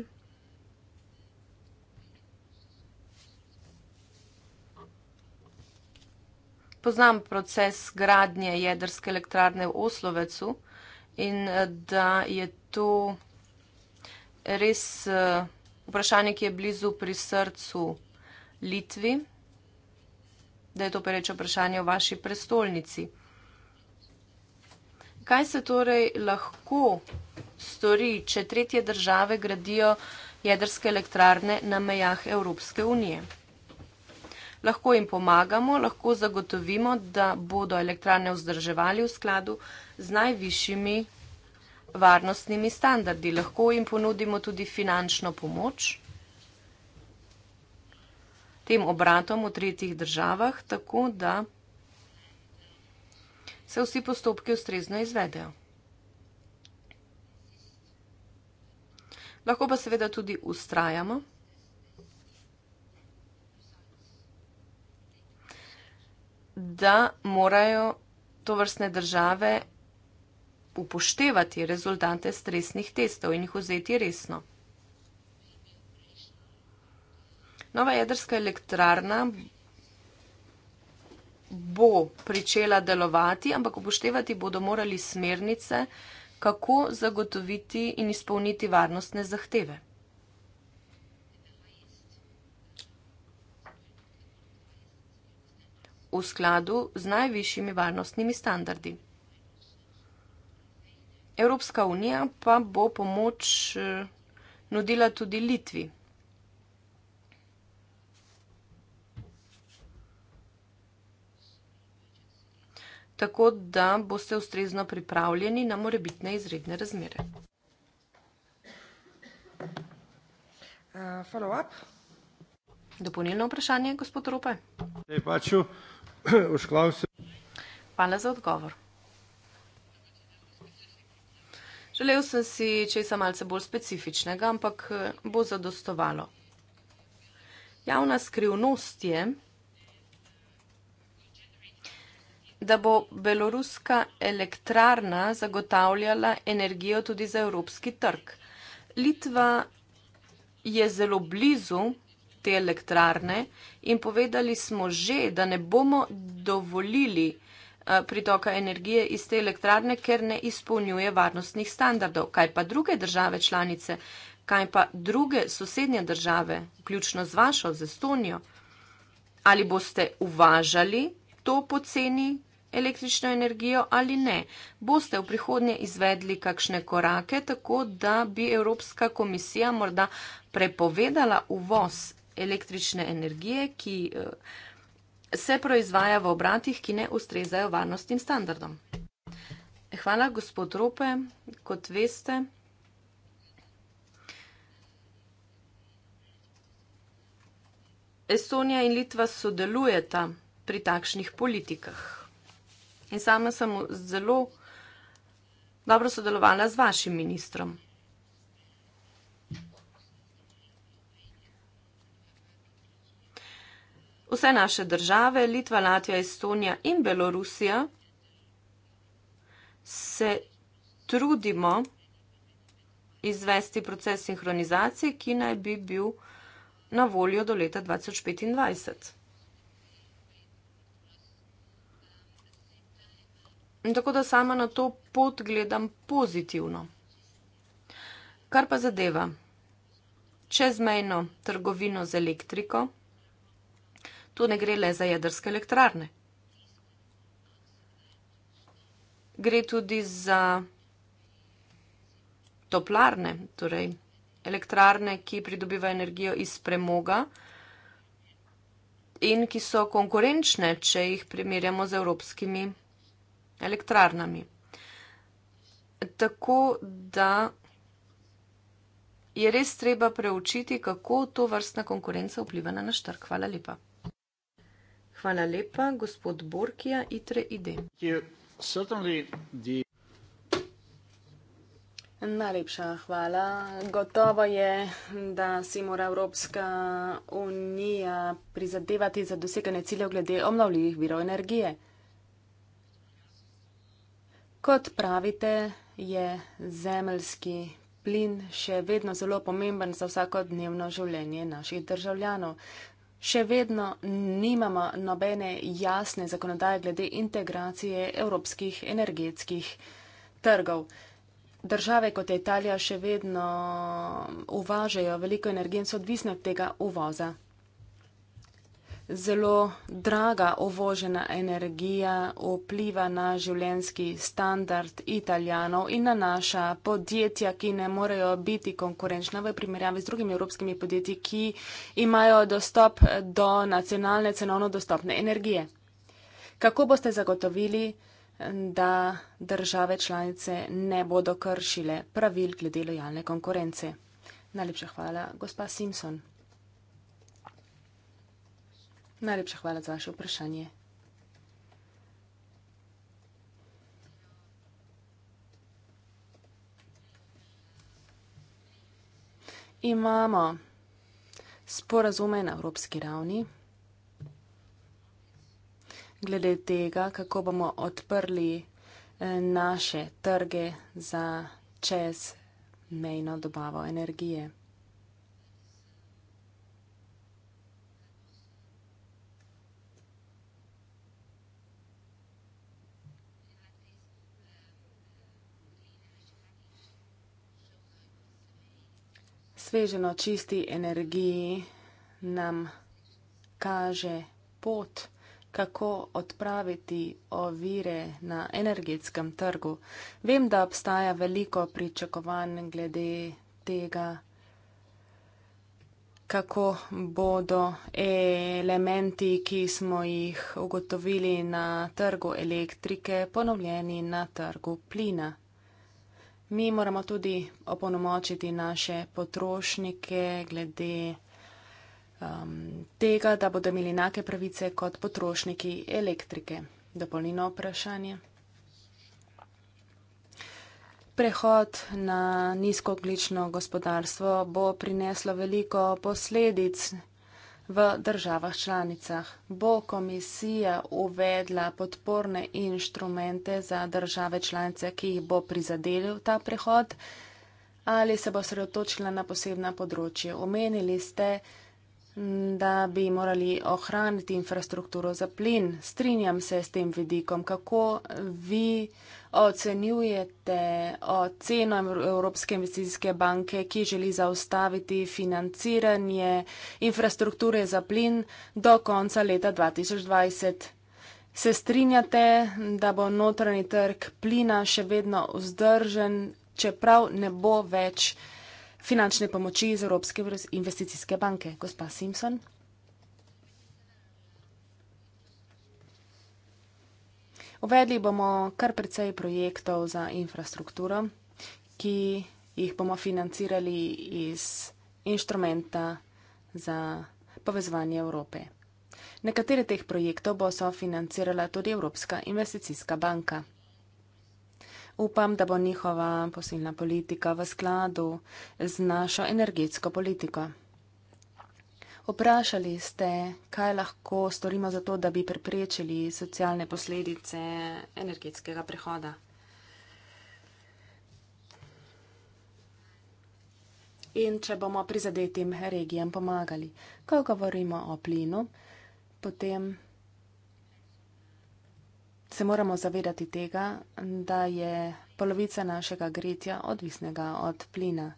Poznam proces gradnje jedrske elektrarne v Oslovecu in eh, da je to res eh, vprašanje, ki je blizu pri srcu Litvi, da je to pereče vprašanje o vaši prestolnici. Kaj se torej lahko stori, če tretje države gradijo jedrske elektrarne na mejah Evropske unije? Lahko jim pomagamo, lahko zagotovimo, da bodo elektrarne vzdrževali v skladu z najvišjimi varnostnimi standardi. Lahko jim ponudimo tudi finančno pomoč tem obratom v tretjih državah, tako da se vsi postopki ustrezno izvedejo. Lahko pa seveda tudi ustrajamo. Da morajo to vrstne države upoštevati rezultate stresnih testov in jih vzeti resno. Nova jedrska elektrarna bo pričela delovati, ampak upoštevati bodo morali smernice, kako zagotoviti in izpolniti varnostne zahteve. V skladu z najvišjimi varnostnimi standardi. Evropska unija pa bo pomoč eh, nudila tudi Litvi. tako da boste ustrezno pripravljeni na morebitne izredne razmere. Uh, follow up. Dopolnilno vprašanje, gospod Rope. Ej, paču, Hvala za odgovor. Želel sem si česa malce bolj specifičnega, ampak eh, bo zadostovalo. Javna skrivnost je, da bo beloruska elektrarna zagotavljala energijo tudi za evropski trg. Litva je zelo blizu te elektrarne in povedali smo že, da ne bomo dovolili eh, pritoka energije iz te elektrarne, ker ne izpolnjuje varnostnih standardov. Kaj pa druge države članice, kaj pa druge sosednje države, vključno z vašo, z Estonijo, ali boste uvažali to poceni električno energijo ali ne. Boste v prihodnje izvedli kakšne korake, tako da bi Evropska komisija morda prepovedala uvoz električne energije, ki eh, se proizvaja v obratih, ki ne ustrezajo varnostnim standardom. Hvala, gospod Rope. Kot veste, Estonija in Litva sodelujeta pri takšnih politikah. In sama sem zelo dobro sodelovala z vašim ministrom. Vse naše države, Litva, Latvija, Estonija in Belorusija, se trudimo izvesti proces sinhronizacije, ki naj bi bil na voljo do leta 2025. In tako da sama na to pot gledam pozitivno. Kar pa zadeva čezmejno trgovino z elektriko, tu ne gre le za jedrske elektrarne. Gre tudi za toplarne, torej elektrarne, ki pridobivajo energijo iz premoga in ki so konkurenčne, če jih primerjamo z evropskimi elektrarnami. Tako da je res treba preučiti, kako to vrstna konkurenca vpliva na naš trg. Hvala lepa. Hvala lepa, gospod Borkija, itre ide. Najlepša hvala. Gotovo je, da si mora Evropska unija prizadevati za doseganje ciljev glede omlovljivih virov energije. Kot pravite, je zemljski plin še vedno zelo pomemben za vsakodnevno življenje naših državljanov. Še vedno nimamo nobene jasne zakonodaje glede integracije evropskih energetskih trgov. Države kot je Italija še vedno uvažajo veliko energije in so odvisne od tega uvoza zelo draga ovožena energija vpliva na življenski standard italijanov in na naša podjetja, ki ne morejo biti konkurenčna v primerjavi z drugimi evropskimi podjetji, ki imajo dostop do nacionalne cenovno dostopne energije. Kako boste zagotovili, da države članice ne bodo kršile pravil glede lojalne konkurence? Najlepša hvala, gospa Simpson. Najlepša hvala za vaše vprašanje. Imamo sporazume na evropski ravni, glede tega, kako bomo odprli eh, naše trge za čezmejno dobavo energije. osveženo, čisti energiji nam kaže pot, kako odpraviti ovire na energetskem trgu. Vem, da obstaja veliko pričakovanj glede tega, kako bodo elementi, ki smo jih ugotovili na trgu elektrike, ponovljeni na trgu plina. Mi moramo tudi opolnomočiti naše potrošnike glede um, tega, da bodo imeli enake pravice kot potrošniki elektrike. Dopolnino vprašanje. Prehod na nizkooglično gospodarstvo bo prineslo veliko posledic v državah članicah. Bo komisija uvedla podporne inštrumente za države članice, ki jih bo prizadelil ta prehod, ali se bo sredotočila na posebna področja? Omenili ste, da bi morali ohraniti infrastrukturo za plin. Strinjam se s tem vidikom. Kako vi ocenjujete oceno Evropske investicijske banke, ki želi zaustaviti financiranje infrastrukture za plin do konca leta 2020? Se strinjate, da bo notranji trg plina še vedno vzdržen, čeprav ne bo več finančne pomoči iz Evropske investicijske banke? Gospa Simpson. Uvedli bomo kar precej projektov za infrastrukturo, ki jih bomo financirali iz inštrumenta za povezovanje Evrope. Nekatere teh projektov bo sofinancirala tudi Evropska investicijska banka. Upam, da bo njihova posilna politika v skladu z našo energetsko politiko. Vprašali ste, kaj lahko storimo za to, da bi preprečili socialne posledice energetskega prehoda. In če bomo prizadetim regijam pomagali, ko govorimo o plinu, potem se moramo zavedati tega, da je polovica našega gretja odvisnega od plina.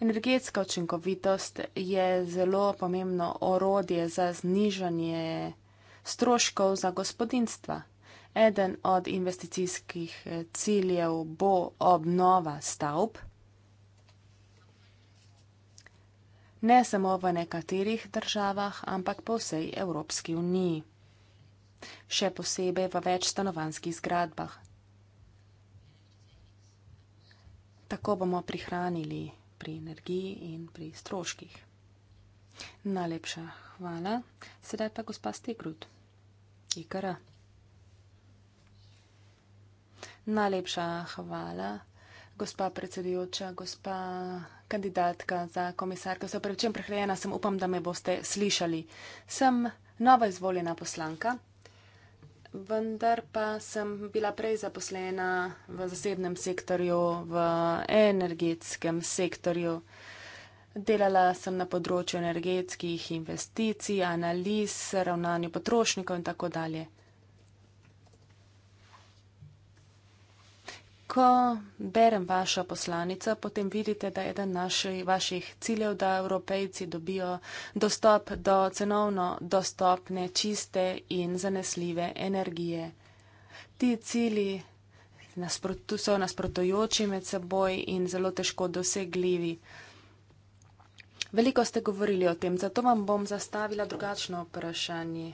Energetska učinkovitost je zelo pomembno orodje za znižanje stroškov za gospodinstva. Eden od investicijskih eh, ciljev bo obnova stavb, ne samo v nekaterih državah, ampak po vsej Evropski uniji, še posebej v večstanovanskih zgradbah. Tako bomo prihranili pri energiji in pri stroških. Najlepša hvala. Sedaj pa gospa Stegrud, Ikara. Najlepša hvala, gospa predsedujoča, gospa kandidatka za komisarko. Se opravičujem, prehrajena sem, upam, da me boste slišali. Sem nova izvoljena poslanka vendar pa sem bila prej zaposlena v zasebnem sektorju, v energetskem sektorju. Delala sem na področju energetskih investicij, analiz, ravnanju potrošnikov in tako dalje. ko berem vaša poslanica, potem vidite, da je eden naši, vaših ciljev, da evropejci dobijo dostop do cenovno dostopne, čiste in zanesljive energije. Ti cili so nasprotujoči med seboj in zelo težko dosegljivi. Veliko ste govorili o tem, zato vam bom zastavila drugačno vprašanje.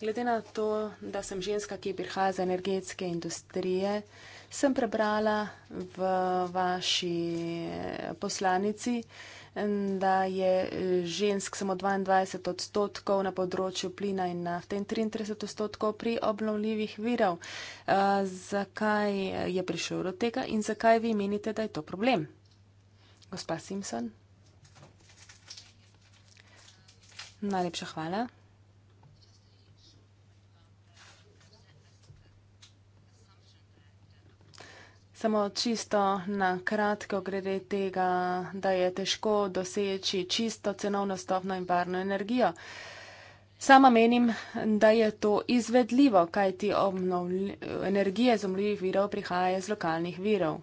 Glede na to, da sem ženska, ki prihaja iz energetske industrije, sem prebrala v vaši poslanici, da je žensk samo 22 odstotkov na področju plina in nafte in 33 odstotkov pri obnovljivih virov. Zakaj je prišel do tega in zakaj vi menite, da je to problem? Gospa Simpson. Najlepša hvala. Samo čisto na kratko glede tega, da je težko doseči čisto cenovno stopno in varno energijo. Sama menim, da je to izvedljivo, kaj ti obnovljive energije z omljivih virov prihaja iz lokalnih virov.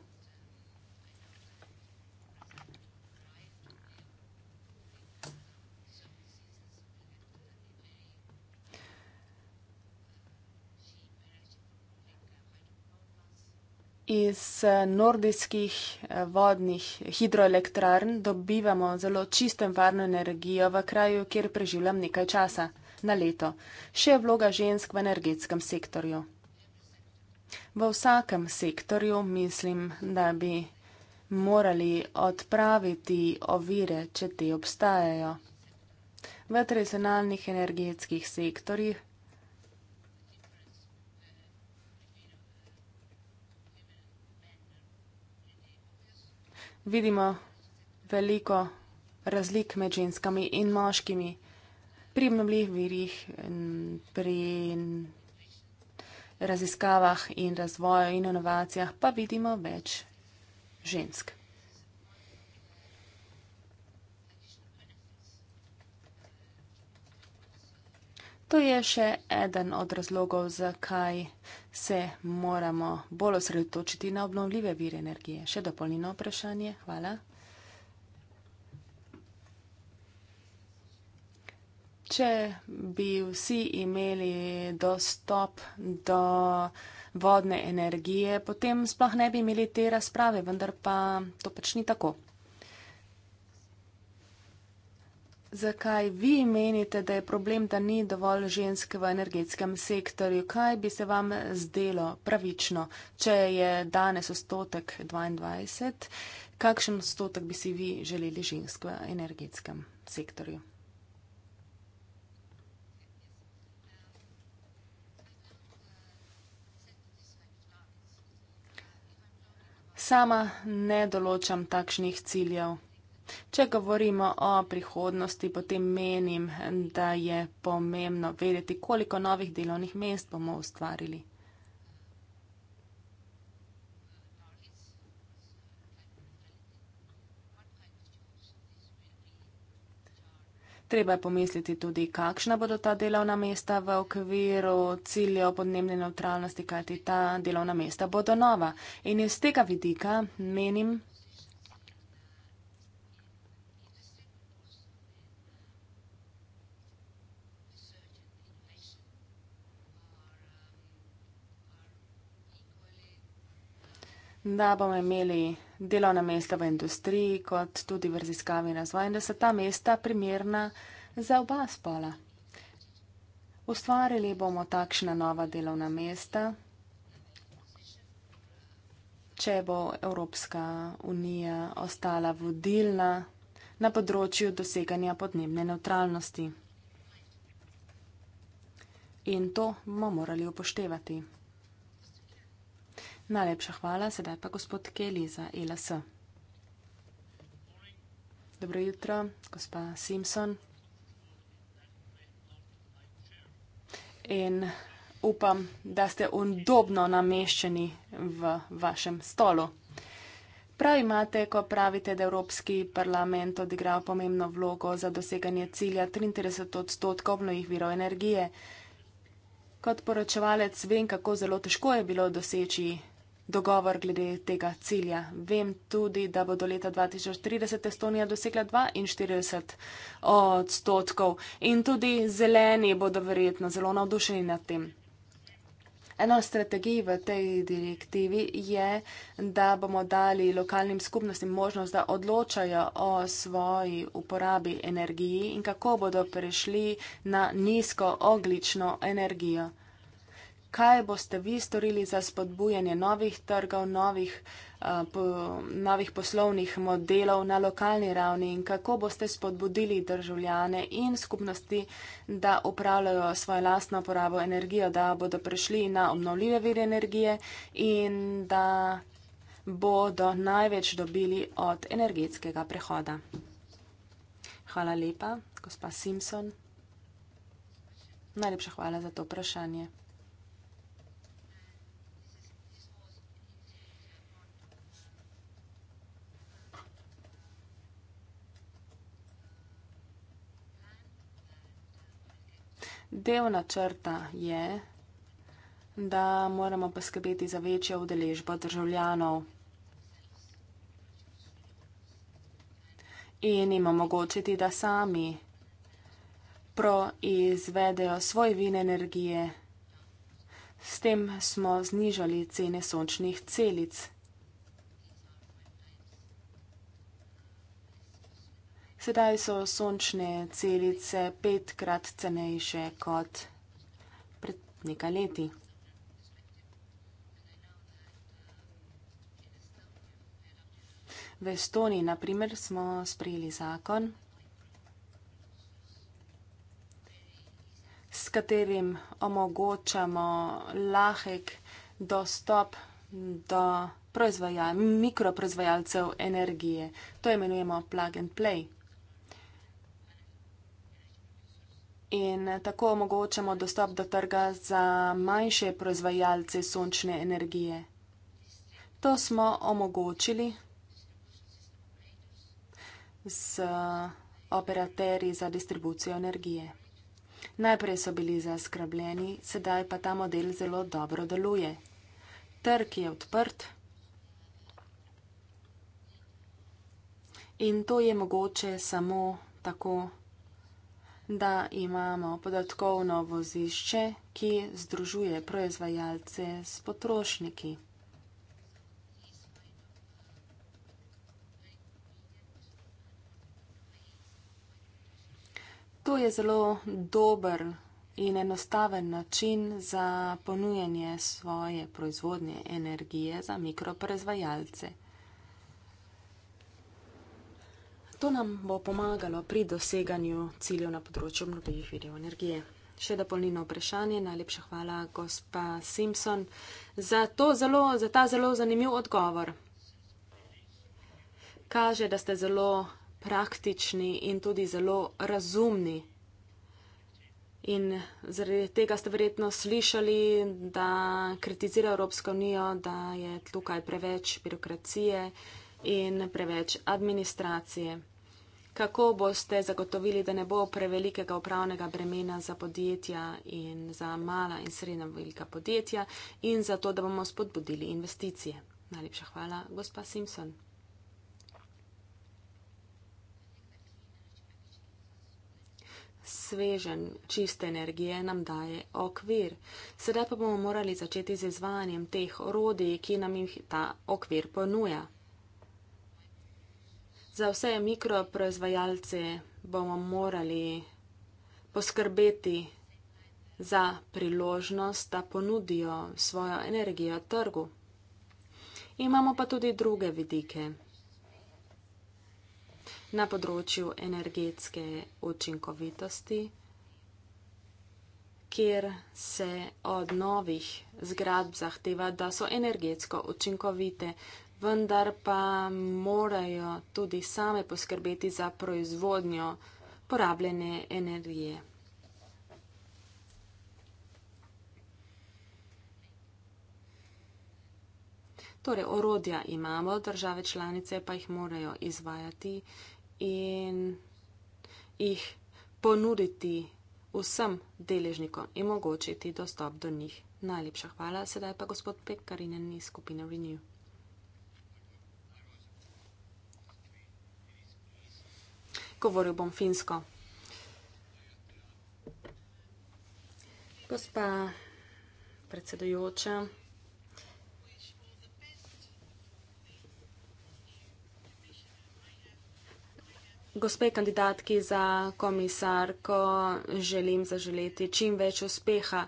iz eh, nordijskih eh, vodnih hidroelektrarn dobivamo zelo čisto in varno energijo v kraju, kjer preživljam nekaj časa na leto. Še vloga žensk v energetskem sektorju. V vsakem sektorju mislim, da bi morali odpraviti ovire, če te obstajajo. V tradicionalnih energetskih sektorjih vidimo veliko razlik med ženskami in moškimi pri mnogih virih, mm, pri raziskavah in razvoju in inovacijah pa vidimo več žensk. To je še eden od razlogov, zakaj se moramo bolj osredotočiti na obnovljive vire energije. Še dopolnjeno vprašanje. Hvala. Če bi vsi imeli dostop do vodne energije, potem sploh ne bi imeli te razprave, vendar pa to pač ni tako. Zakaj vi menite, da je problem, da ni dovolj ženske v energetskem sektorju? Kaj bi se vam zdelo pravično, če je danes ostotek 22? Kakšen ostotek bi si vi želeli žensk v energetskem sektorju? Sama ne določam takšnih ciljev. Če govorimo o prihodnosti, potem menim, da je pomembno vedeti, koliko novih delovnih mest bomo ustvarili. Treba je pomisliti tudi, kakšna bodo ta delovna mesta v okviru ciljev podnebne neutralnosti, kajti ta delovna mesta bodo nova. In iz tega vidika menim, da bomo imeli delovna mesta v industriji, kot tudi v raziskavi in razvoju, in da so ta mesta primerna za oba spola. Ustvarili bomo takšna nova delovna mesta, če bo Evropska unija ostala vodilna na področju doseganja podnebne neutralnosti. In to bomo morali upoštevati. Najlepša hvala, sedaj pa gospod Kelly za e LS. Dobro jutro, gospa Simpson. In upam, da ste udobno nameščeni v vašem stolu. Prav imate, ko pravite, da Evropski parlament odigral pomembno vlogo za doseganje cilja 33 odstotkov obnovih virov energije. Kot poročevalec vem, kako zelo težko je bilo doseči dogovor glede tega cilja. Vem tudi, da bo do leta 2030 Estonija dosegla 42 odstotkov in tudi zeleni bodo verjetno zelo navdušeni nad tem. Eno strategij v tej direktivi je, da bomo dali lokalnim skupnostim možnost, da odločajo o svoji uporabi energiji in kako bodo prešli na nizko oglično energijo kaj boste vi storili za spodbujanje novih trgov, novih, uh, po, novih poslovnih modelov na lokalni ravni in kako boste spodbudili državljane in skupnosti, da upravljajo svojo lastno porabo energijo, da bodo prišli na obnovljive vire energije in da bodo največ dobili od energetskega prehoda. Hvala lepa, gospa Simpson. Najlepša hvala za to vprašanje. Del načrta je, da moramo poskrbeti za večjo udeležbo državljanov in jim omogočiti, da sami proizvedejo svoj vin energije. S tem smo znižali cene sončnih celic. Sedaj so sončne celice petkrat cenejše kot pred nekaj leti. V Estoniji, na primer, smo sprejeli zakon, s katerim omogočamo lahek dostop do mikroproizvajalcev energije. To imenujemo plug and play. in tako omogočamo dostop do trga za manjše proizvajalce sončne energije. To smo omogočili z operaterji za distribucijo energije. Najprej so bili zaskrbljeni, sedaj pa ta model zelo dobro deluje. Trg je odprt in to je mogoče samo tako odprt da imamo podatkovno vozišče, ki združuje proizvajalce s potrošniki. To je zelo dober in enostaven način za ponujanje svoje proizvodnje energije za mikroprezvajalce. To nam bo pomagalo pri doseganju ciljev na področju obnovljivih virov energije. Še dopolnilno vprašanje, najlepša hvala, gospa Simpson, za, zelo, za ta zelo zanimiv odgovor. Kaže, da ste zelo praktični in tudi zelo razumni. In zaradi tega ste verjetno slišali, da kritizira Evropsko unijo, da je tukaj preveč birokracije in preveč administracije kako boste zagotovili, da ne bo prevelikega upravnega bremena za podjetja in za mala in srednja velika podjetja in za to, da bomo spodbudili investicije. Najlepša hvala, gospa Simpson. Svežen čiste energije nam daje okvir. Sedaj pa bomo morali začeti z izvajanjem teh orodij, ki nam jih ta okvir ponuja za vse mikroproizvajalce bomo morali poskrbeti za priložnost, da ponudijo svojo energijo trgu. Imamo pa tudi druge vidike na področju energetske učinkovitosti, kjer se od novih zgradb zahteva, da so energetsko učinkovite vendar pa morajo tudi same poskrbeti za proizvodnjo porabljene energije. Torej, orodja imamo, države članice pa jih morajo izvajati in jih ponuditi vsem deležnikom in omogočiti dostop do njih. Najlepša hvala, sedaj pa gospod Pekarinen iz skupine Renew. govoril bom finsko. Gospa predsedujoča, gospe kandidatki za komisarko, želim zaželeti čim več uspeha.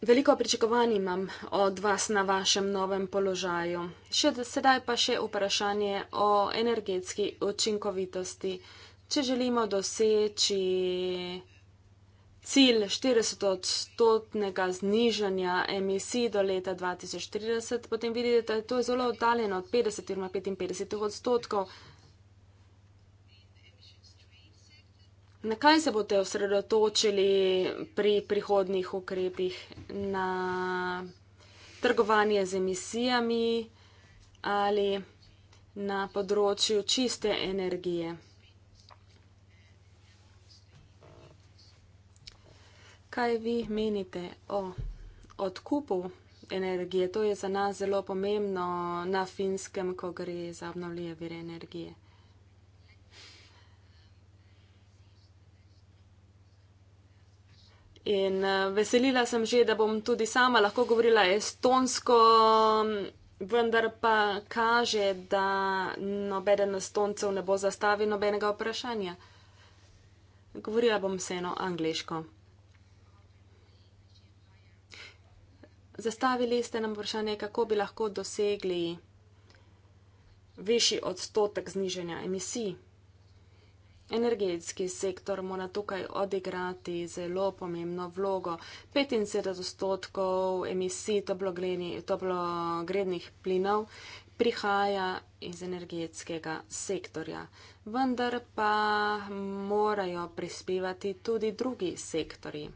Veliko pričakovanj imam od vas na vašem novem položaju. Še sedaj pa še vprašanje o energetski učinkovitosti. Če želimo doseči cilj 40-odstotnega znižanja emisij do leta 2030, potem vidite, da to je zelo oddaljeno od 50-55 odstotkov. Na kaj se boste osredotočili pri prihodnih ukrepih? Na trgovanje z emisijami ali na področju čiste energije? Kaj vi menite o odkupu energije? To je za nas zelo pomembno na finskem, ko gre za obnovljive vire energije. In uh, veselila sem že, da bom tudi sama lahko govorila estonsko, vendar pa kaže, da nobeden estoncev ne bo zastavil nobenega vprašanja. Govorila bom vseeno angliško. Zastavili ste nam vprašanje, kako bi lahko dosegli višji odstotek znižanja emisij. Energetski sektor mora tukaj odigrati zelo pomembno vlogo. 75 odstotkov emisij toplogrednih plinov prihaja iz energetskega sektorja. Vendar pa morajo prispevati tudi drugi sektori.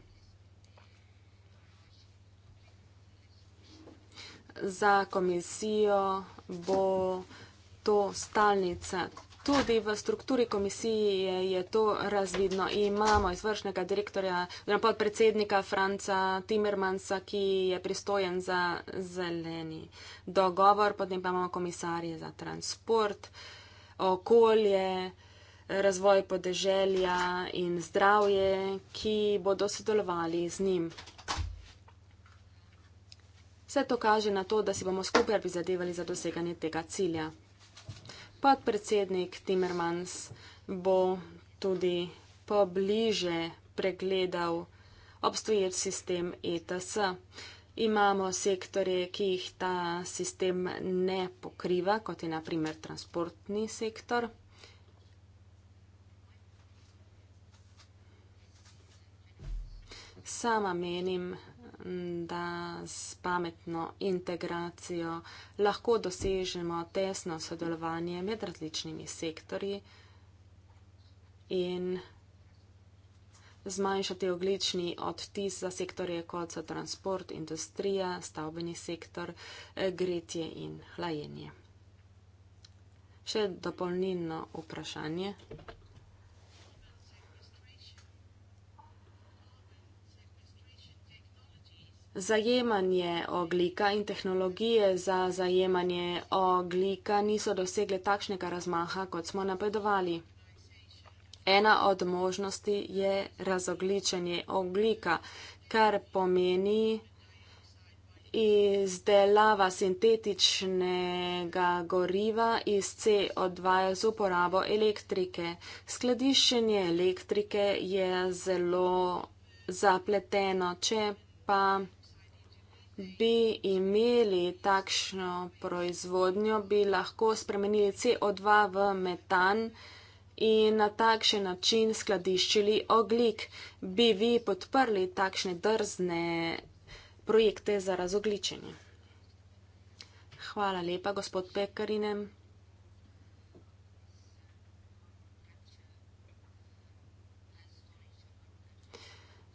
Za komisijo bo to stalnica Tudi v strukturi komisije je, je to razvidno. Imamo izvršnega direktorja, podpredsednika Franca Timmermansa, ki je pristojen za zeleni dogovor, potem pa imamo komisarje za transport, okolje, razvoj podeželja in zdravje, ki bodo sodelovali z njim. Vse to kaže na to, da si bomo skupaj prizadevali za doseganje tega cilja podpredsednik Timmermans bo tudi pobliže pregledal obstoječ sistem ETS. Imamo sektore, ki jih ta sistem ne pokriva, kot je naprimer transportni sektor. Sama menim, da s pametno integracijo lahko dosežemo tesno sodelovanje med različnimi sektorji in zmanjšati oglični odtis za sektorje kot so transport, industrija, stavbeni sektor, gretje in hlajenje. Še dopolnilno vprašanje. zajemanje oglika in tehnologije za zajemanje oglika niso dosegle takšnega razmaha, kot smo napredovali. Ena od možnosti je razogličenje oglika, kar pomeni izdelava sintetičnega goriva iz CO2 z uporabo elektrike. Skladiščenje elektrike je zelo zapleteno, če pa bi imeli takšno proizvodnjo, bi lahko spremenili CO2 v metan in na takšen način skladiščili oglik. Bi vi podprli takšne drzne projekte za razogličenje? Hvala lepa, gospod Pekarinem.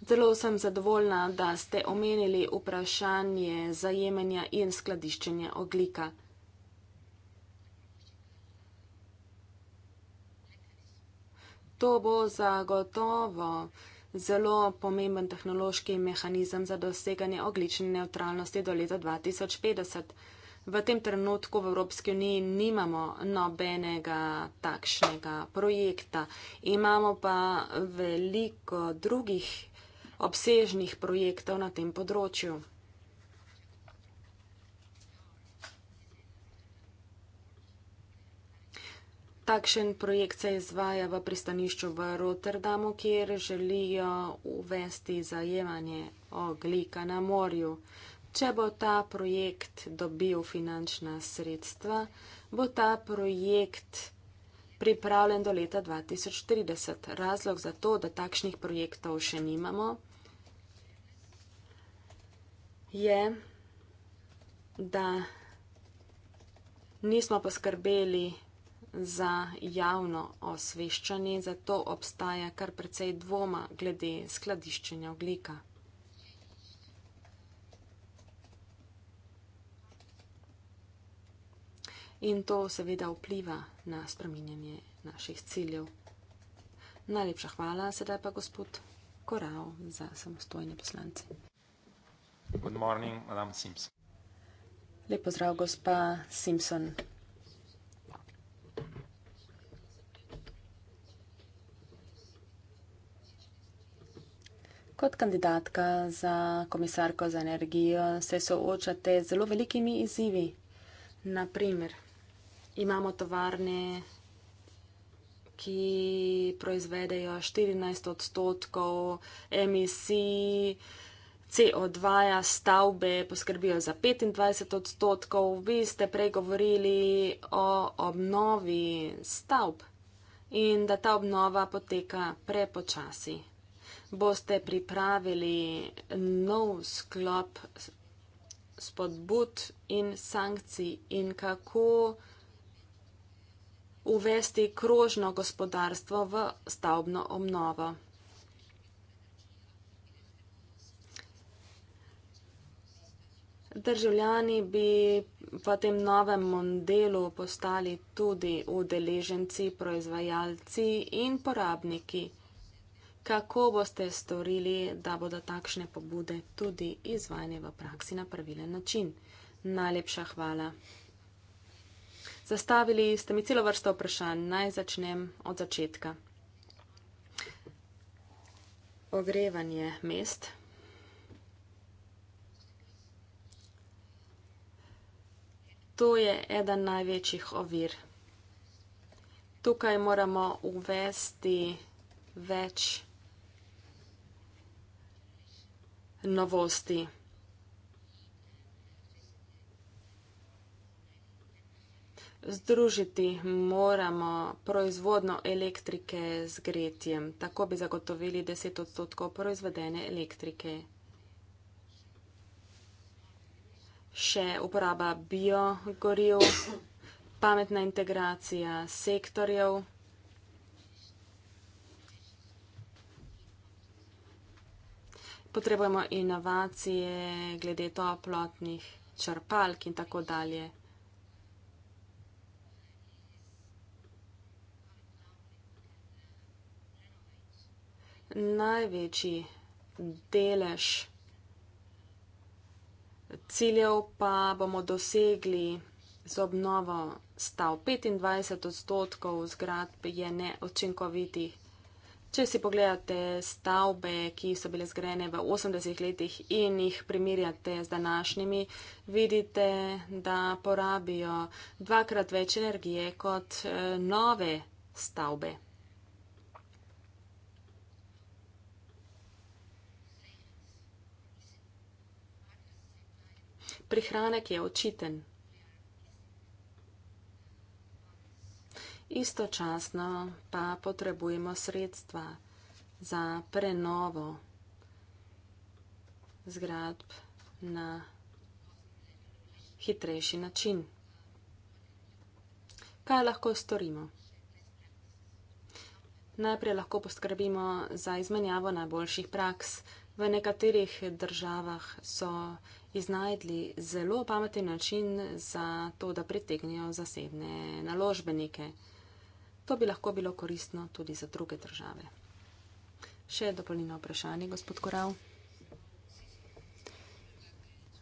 Zelo sem zadovoljna, da ste omenili vprašanje zajemanja in skladiščenja oglika. To bo zagotovo zelo pomemben tehnološki mehanizem za doseganje oglične neutralnosti do leta 2050. V tem trenutku v Evropski uniji nimamo nobenega takšnega projekta. Imamo pa veliko drugih obsežnih projektov na tem področju. Takšen projekt se izvaja v pristanišču v Rotterdamu, kjer želijo uvesti zajemanje oglika na morju. Če bo ta projekt dobil finančna sredstva, bo ta projekt pripravljen do leta 2030. Razlog za to, da takšnih projektov še nimamo, je, da nismo poskrbeli za javno osveščanje, zato obstaja kar precej dvoma glede skladiščenja oglika. In to seveda vpliva na spreminjanje naših ciljev. Najlepša hvala sedaj pa gospod Korav za samostojne poslance. Good morning, Madam Simpson. Lep pozdrav, gospa Simpson. Kot kandidatka za komisarko za energijo se soočate z zelo velikimi izzivi. Naprimer, imamo tovarne, ki proizvedejo 14 odstotkov emisij. CO2, -ja, stavbe poskrbijo za 25 odstotkov, vi ste prej govorili o obnovi stavb in da ta obnova poteka prepočasi. Boste pripravili nov sklop spodbud in sankcij in kako uvesti krožno gospodarstvo v stavbno obnovo. državljani bi po tem novem modelu postali tudi udeleženci, proizvajalci in porabniki. Kako boste storili, da bodo takšne pobude tudi izvajane v praksi na pravilen način? Najlepša hvala. Zastavili ste mi celo vrsto vprašanj. Naj začnem od začetka. Ogrevanje mest, To je eden največjih ovir. Tukaj moramo uvesti več novosti. Združiti moramo proizvodno elektrike z gretjem, tako bi zagotovili 10 odstotkov proizvedene elektrike. še uporaba biogoriv, pametna integracija sektorjev. Potrebujemo inovacije glede toplotnih črpalk in tako dalje. Največji delež ciljev pa bomo dosegli z obnovo stav. 25 odstotkov zgradb je neočinkovitih. Če si pogledate stavbe, ki so bile zgrajene v 80-ih letih in jih primerjate z današnjimi, vidite, da porabijo dvakrat več energije kot eh, nove stavbe. prihranek je očiten. Istočasno pa potrebujemo sredstva za prenovo zgradb na hitrejši način. Kaj lahko storimo? Najprej lahko poskrbimo za izmenjavo najboljših praks. V nekaterih državah so iznajdli zelo pameten način za to, da pritegnijo zasebne naložbenike. To bi lahko bilo koristno tudi za druge države. Še dopolnjeno vprašanje, gospod Korav.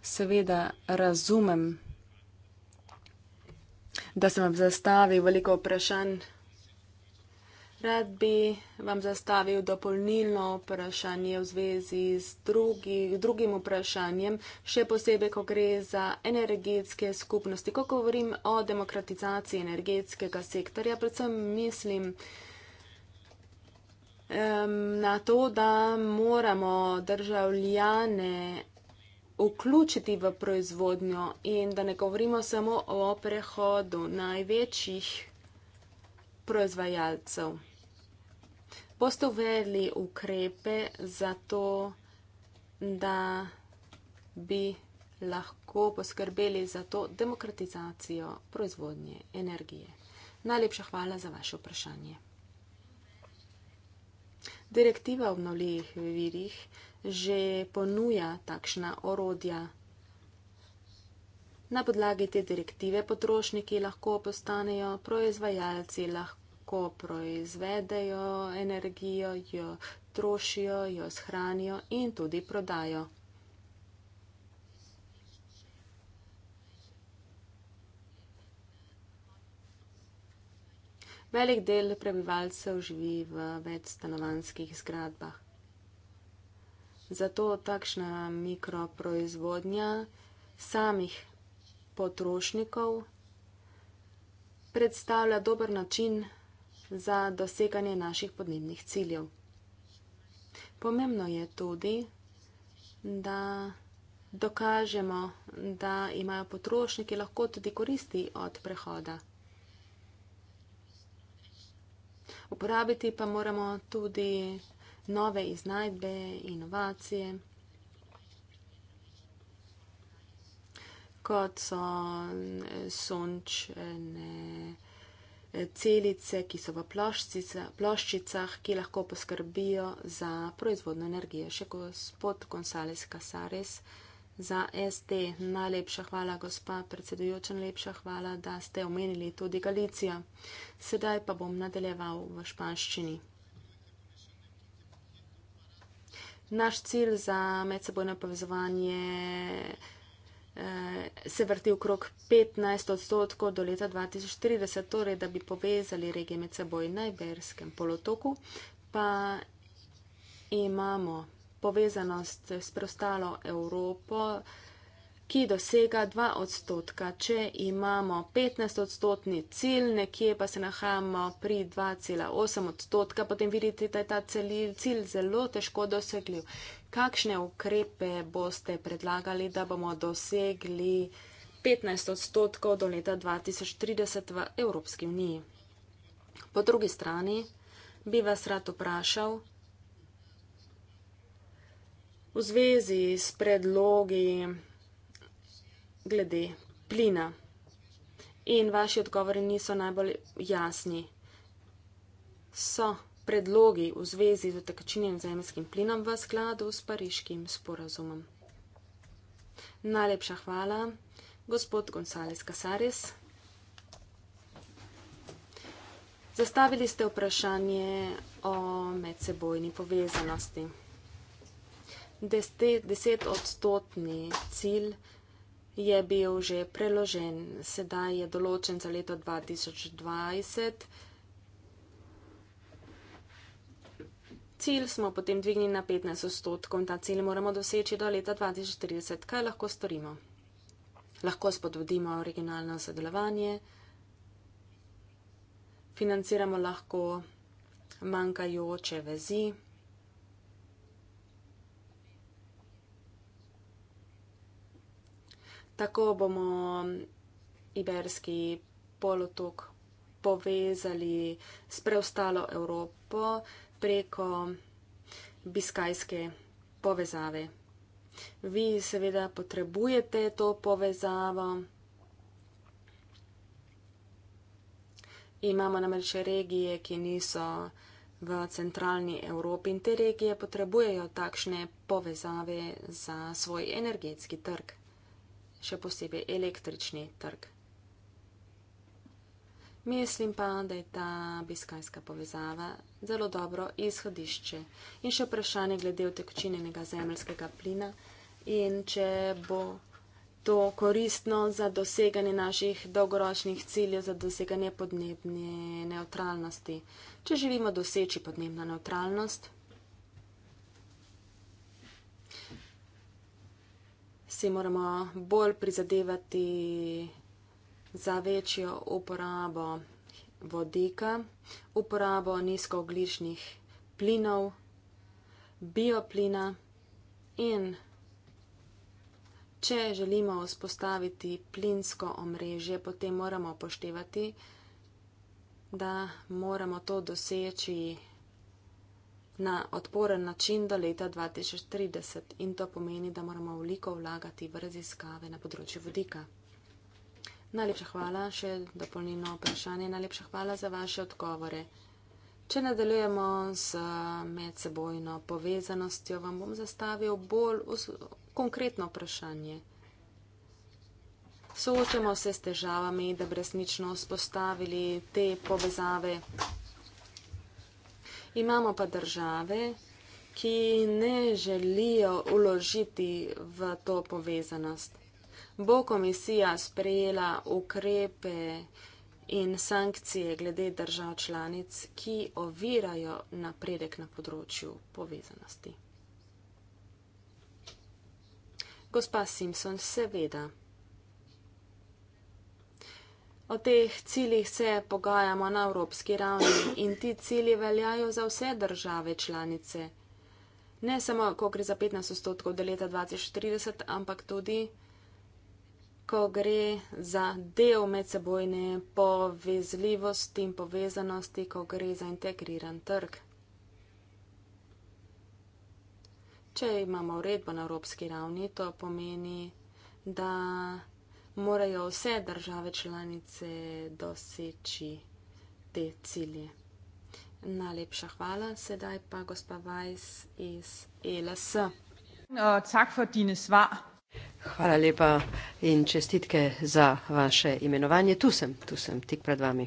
Seveda razumem, da sem vam zastavil veliko vprašanj. Rad bi vam zastavil dopolnilno vprašanje v zvezi z drugi, drugim vprašanjem, še posebej, ko gre za energetske skupnosti. Ko govorim o demokratizaciji energetskega sektorja, predvsem mislim um, na to, da moramo državljane vključiti v proizvodnjo in da ne govorimo samo o prehodu največjih proizvajalcev. Boste uvedli ukrepe za to, da bi lahko poskrbeli za to demokratizacijo proizvodnje energije. Najlepša hvala za vaše vprašanje. Direktiva o obnovljivih virih že ponuja takšna orodja Na podlagi te direktive potrošniki lahko postanejo proizvajalci, lahko proizvedejo energijo, jo trošijo, jo shranijo in tudi prodajo. Velik del prebivalcev živi v večstanovanskih zgradbah. Zato takšna mikroproizvodnja samih potrošnikov, predstavlja dober način za doseganje naših podnebnih ciljev. Pomembno je tudi, da dokažemo, da imajo potrošniki lahko tudi koristi od prehoda. Uporabiti pa moramo tudi nove iznajdbe, inovacije. kot so sončne eh, celice, ki so v ploščica, ploščicah, ki lahko poskrbijo za proizvodno energijo. Še gospod Gonzales Casares za SD. Najlepša hvala, gospa predsedujoča, najlepša hvala, da ste omenili tudi Galicijo. Sedaj pa bom nadaljeval v španščini. Naš cilj za medsebojno povezovanje je Eh, se vrti okrog 15 odstotkov do leta 2030, torej da bi povezali regije med seboj na Iberskem polotoku, pa imamo povezanost s preostalo Evropo, ki dosega 2 odstotka. Če imamo 15 odstotni cilj, nekje pa se nahajamo pri 2,8 odstotka, potem vidite, da je ta cilj zelo težko dosegljiv kakšne ukrepe boste predlagali, da bomo dosegli 15 odstotkov do leta 2030 v Evropski uniji? Po drugi strani bi vas rad vprašal v zvezi s predlogi glede plina. In vaši odgovori niso najbolj jasni. So predlogi v zvezi z utekačinjem zemljskim plinom v skladu s pariškim sporazumom. Najlepša hvala, gospod Gonzales Casares. Zastavili ste vprašanje o medsebojni povezanosti. Desetodstotni cilj je bil že preložen, sedaj je določen za leto 2020. cilj smo potem dvignili na 15 odstotkov in ta cilj moramo doseči do leta 2030. Kaj lahko storimo? Lahko spodbudimo originalno sodelovanje, financiramo lahko manjkajoče vezi. Tako bomo Iberski polotok povezali s preostalo Evropo preko biskajske povezave. Vi seveda potrebujete to povezavo. Imamo namreč regije, ki niso v centralni Evropi in te regije potrebujejo takšne povezave za svoj energetski trg, še posebej električni trg. Mislim pa, da je ta biskajska povezava zelo dobro izhodišče. In še vprašanje glede vtekočinjenega zemljskega plina in če bo to koristno za doseganje naših dolgoročnih ciljev, za doseganje podnebne neutralnosti. Če želimo doseči podnebno neutralnost, si moramo bolj prizadevati za večjo uporabo vodika, uporabo nizkoogličnih plinov, bioplina in če želimo vzpostaviti plinsko omrežje, potem moramo upoštevati, da moramo to doseči na odporen način do leta 2030 in to pomeni, da moramo veliko vlagati v raziskave na področju vodika. Najlepša hvala še dopolnino vprašanje. Najlepša hvala za vaše odgovore. Če nadaljujemo z eh, medsebojno povezanostjo, vam bom zastavil bolj konkretno vprašanje. Soočamo se s težavami, da bi resnično vzpostavili te povezave. Imamo pa države, ki ne želijo uložiti v to povezanost bo komisija sprejela ukrepe in sankcije glede držav članic, ki ovirajo napredek na področju povezanosti. Gospa Simpson, seveda. O teh ciljih se pogajamo na evropski ravni in ti cilji veljajo za vse države članice. Ne samo, ko gre za 15 odstotkov do leta 2030, ampak tudi ko gre za del medsebojne povezljivosti in povezanosti, ko gre za integriran trg. Če imamo uredbo na evropski ravni, to pomeni, da morajo vse države članice doseči te cilje. Najlepša hvala, sedaj pa gospa Vajs iz ELS. Uh, no, tak for dine svar. Hvala lepa in čestitke za vaše imenovanje. Tu sem, tu sem, tik pred vami.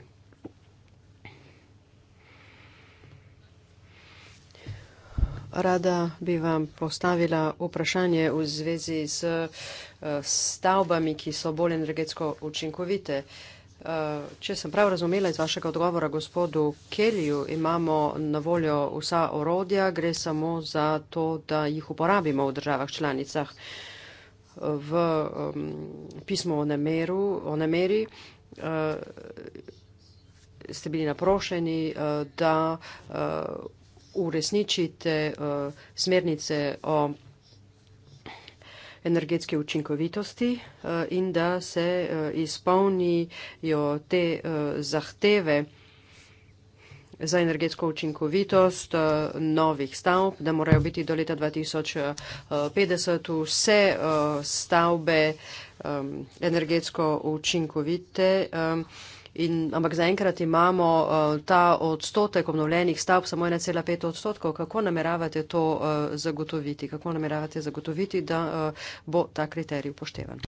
Rada bi vam postavila vprašanje v zvezi s eh, stavbami, ki so bolj energetsko učinkovite. Eh, če sem prav razumela iz vašega odgovora gospodu Kelju, imamo na voljo vsa orodja, gre samo za to, da jih uporabimo v državah članicah v um, pismo o, nameru, o nameri. Uh, eh, ste bili naprošeni, uh, da uh, uresničite uh, smernice o energetske učinkovitosti uh, in da se uh, izpolnijo te uh, zahteve za energetsko učinkovitost eh, novih stavb, da morajo biti do leta 2050 vse eh, stavbe energetsko učinkovite. In, ampak zaenkrat imamo uh, ta odstotek obnovljenih stavb samo 1,5 odstotkov. Kako nameravate to uh, zagotoviti? Kako nameravate zagotoviti, da uh, bo ta kriterij upoštevan?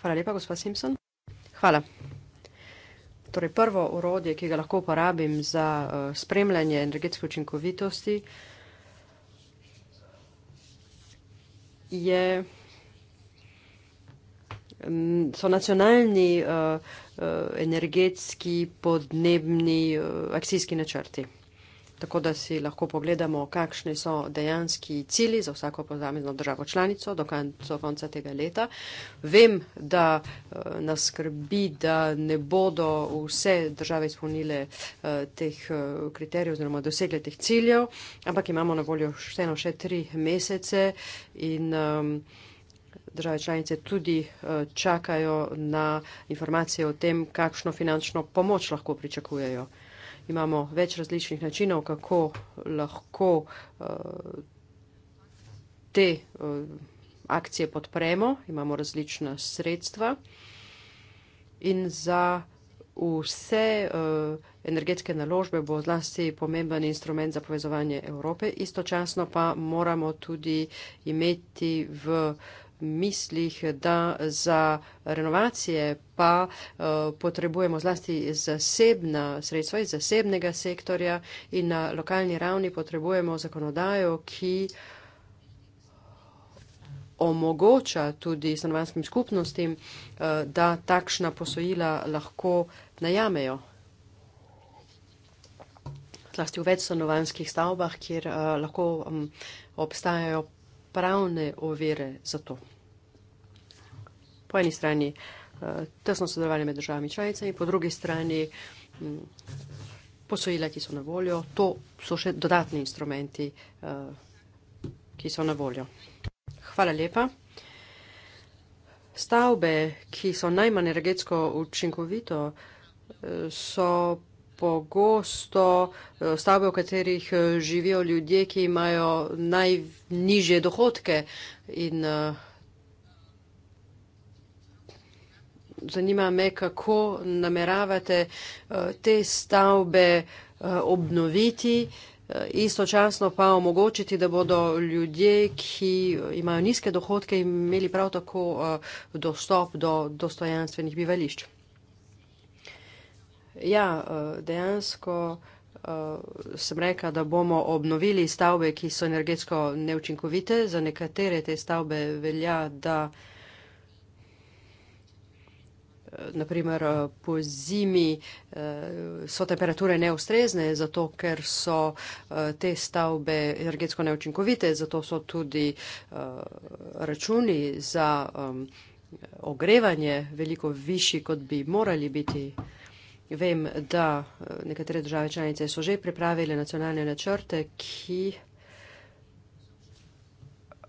Hvala lepa, gospod Simpson. Hvala torej prvo urodje, ki ga lahko uporabim za uh, spremljanje energetske učinkovitosti, je, um, so nacionalni uh, uh, energetski podnebni uh, akcijski načrti tako da si lahko pogledamo, kakšni so dejanski cilji za vsako pozamezno državo članico do konca tega leta. Vem, da eh, nas skrbi, da ne bodo vse države izpolnile eh, teh eh, kriterijev oziroma dosegle teh ciljev, ampak imamo na voljo vseeno še tri mesece in. Ehm, države članice tudi čakajo na informacije o tem, kakšno finančno pomoč lahko pričakujejo imamo več različnih načinov, kako lahko eh, te eh, akcije podpremo, imamo različna sredstva in za vse eh, energetske naložbe bo zlasti pomemben instrument za povezovanje Evrope. Istočasno pa moramo tudi imeti v vsega, mislih, da za renovacije pa eh, potrebujemo zlasti zasebna sredstva iz zasebnega sektorja in na lokalni ravni potrebujemo zakonodajo, ki omogoča tudi stanovanskim skupnostim, eh, da takšna posojila lahko najamejo. Zlasti v večstanovanskih stavbah, kjer uh, lahko um, obstajajo pravne ovire za to. Po eni strani eh, tesno sodelovanje med državami članicami, po drugi strani mm, posojila, ki so na voljo. To so še dodatni instrumenti, eh, ki so na voljo. Hvala lepa. Stavbe, ki so najmanj energetsko učinkovito, eh, so pogosto eh, stavbe, v katerih eh, živijo ljudje, ki imajo najnižje dohodke. In eh, zanima me, kako nameravate te stavbe obnoviti, istočasno pa omogočiti, da bodo ljudje, ki imajo nizke dohodke, imeli prav tako dostop do dostojanstvenih bivališč. Ja, eh, dejansko eh, sem rekla, da bomo obnovili stavbe, ki so energetsko neučinkovite. Za nekatere te stavbe velja, da eh, naprimer po zimi so temperature neustrezne, zato ker so te stavbe energetsko neučinkovite, zato so tudi računi za ogrevanje veliko višji, kot bi morali biti. Vem, da eh, nekatere države članice so že pripravile nacionalne načrte, ki eh,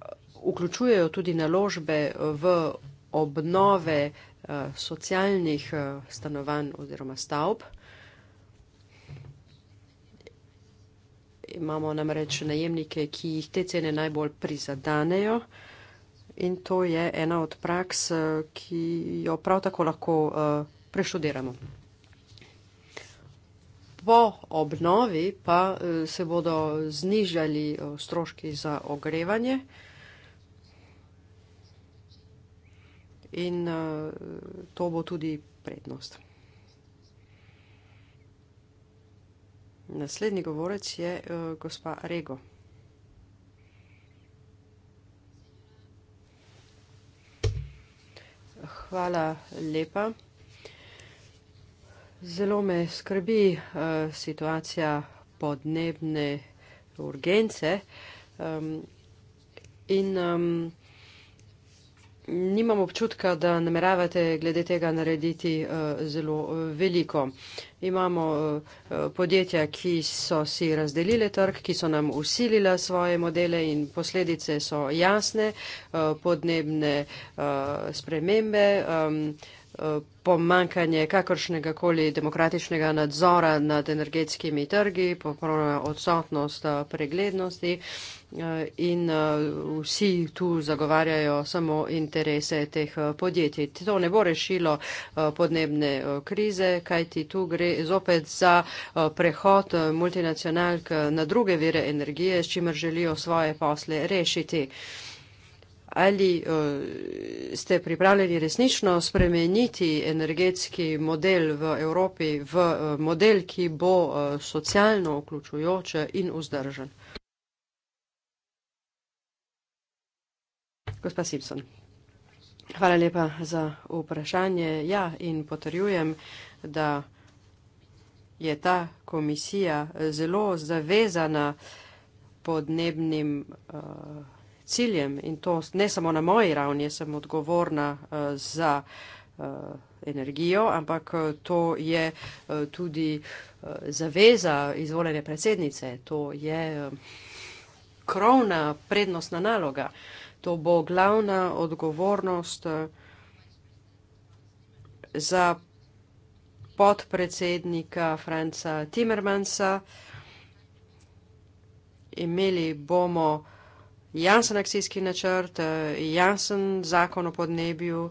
vključujejo tudi naložbe v obnove eh, socialnih stanovanj oziroma stavb. Imamo namreč najemnike, ki jih te cene najbolj prizadanejo in to je ena od praks, ki jo prav tako lahko preštudiramo po obnovi pa eh, se bodo znižali eh, stroški za ogrevanje. In eh, to bo tudi prednost. Naslednji govorec je gospa Rego. Hvala lepa. Zelo me skrbi uh, situacija podnebne urgence um, in um, nimam občutka, da nameravate glede tega narediti uh, zelo uh, veliko. Imamo uh, podjetja, ki so si razdelile trg, ki so nam usilila svoje modele in posledice so jasne, uh, podnebne uh, spremembe. Um, pomankanje kakršnega koli demokratičnega nadzora nad energetskimi trgi, popolnoma odsotnost eh, preglednosti eh, in eh, vsi tu zagovarjajo samo interese teh podjetij. To ne bo rešilo podnebne krize, kajti tu gre zopet za prehod multinacionalk na druge vire energije, s čimer želijo svoje posle rešiti ali uh, ste pripravljeni resnično spremeniti energetski model v Evropi v uh, model, ki bo uh, socialno vključujoč in vzdržen. Gospa Simpson, hvala lepa za vprašanje. Ja, in potrjujem, da je ta komisija zelo zavezana podnebnim uh, ciljem in to ne samo na moji ravni, jaz sem odgovorna uh, za uh, energijo, ampak eh, to je uh, tudi uh, zaveza izvoljene predsednice, to je uh, krovna prednostna naloga, to bo glavna odgovornost uh, za podpredsednika Franca Timmermansa. Imeli bomo uh, jasen akcijski načrt, eh, jasen zakon o podnebju,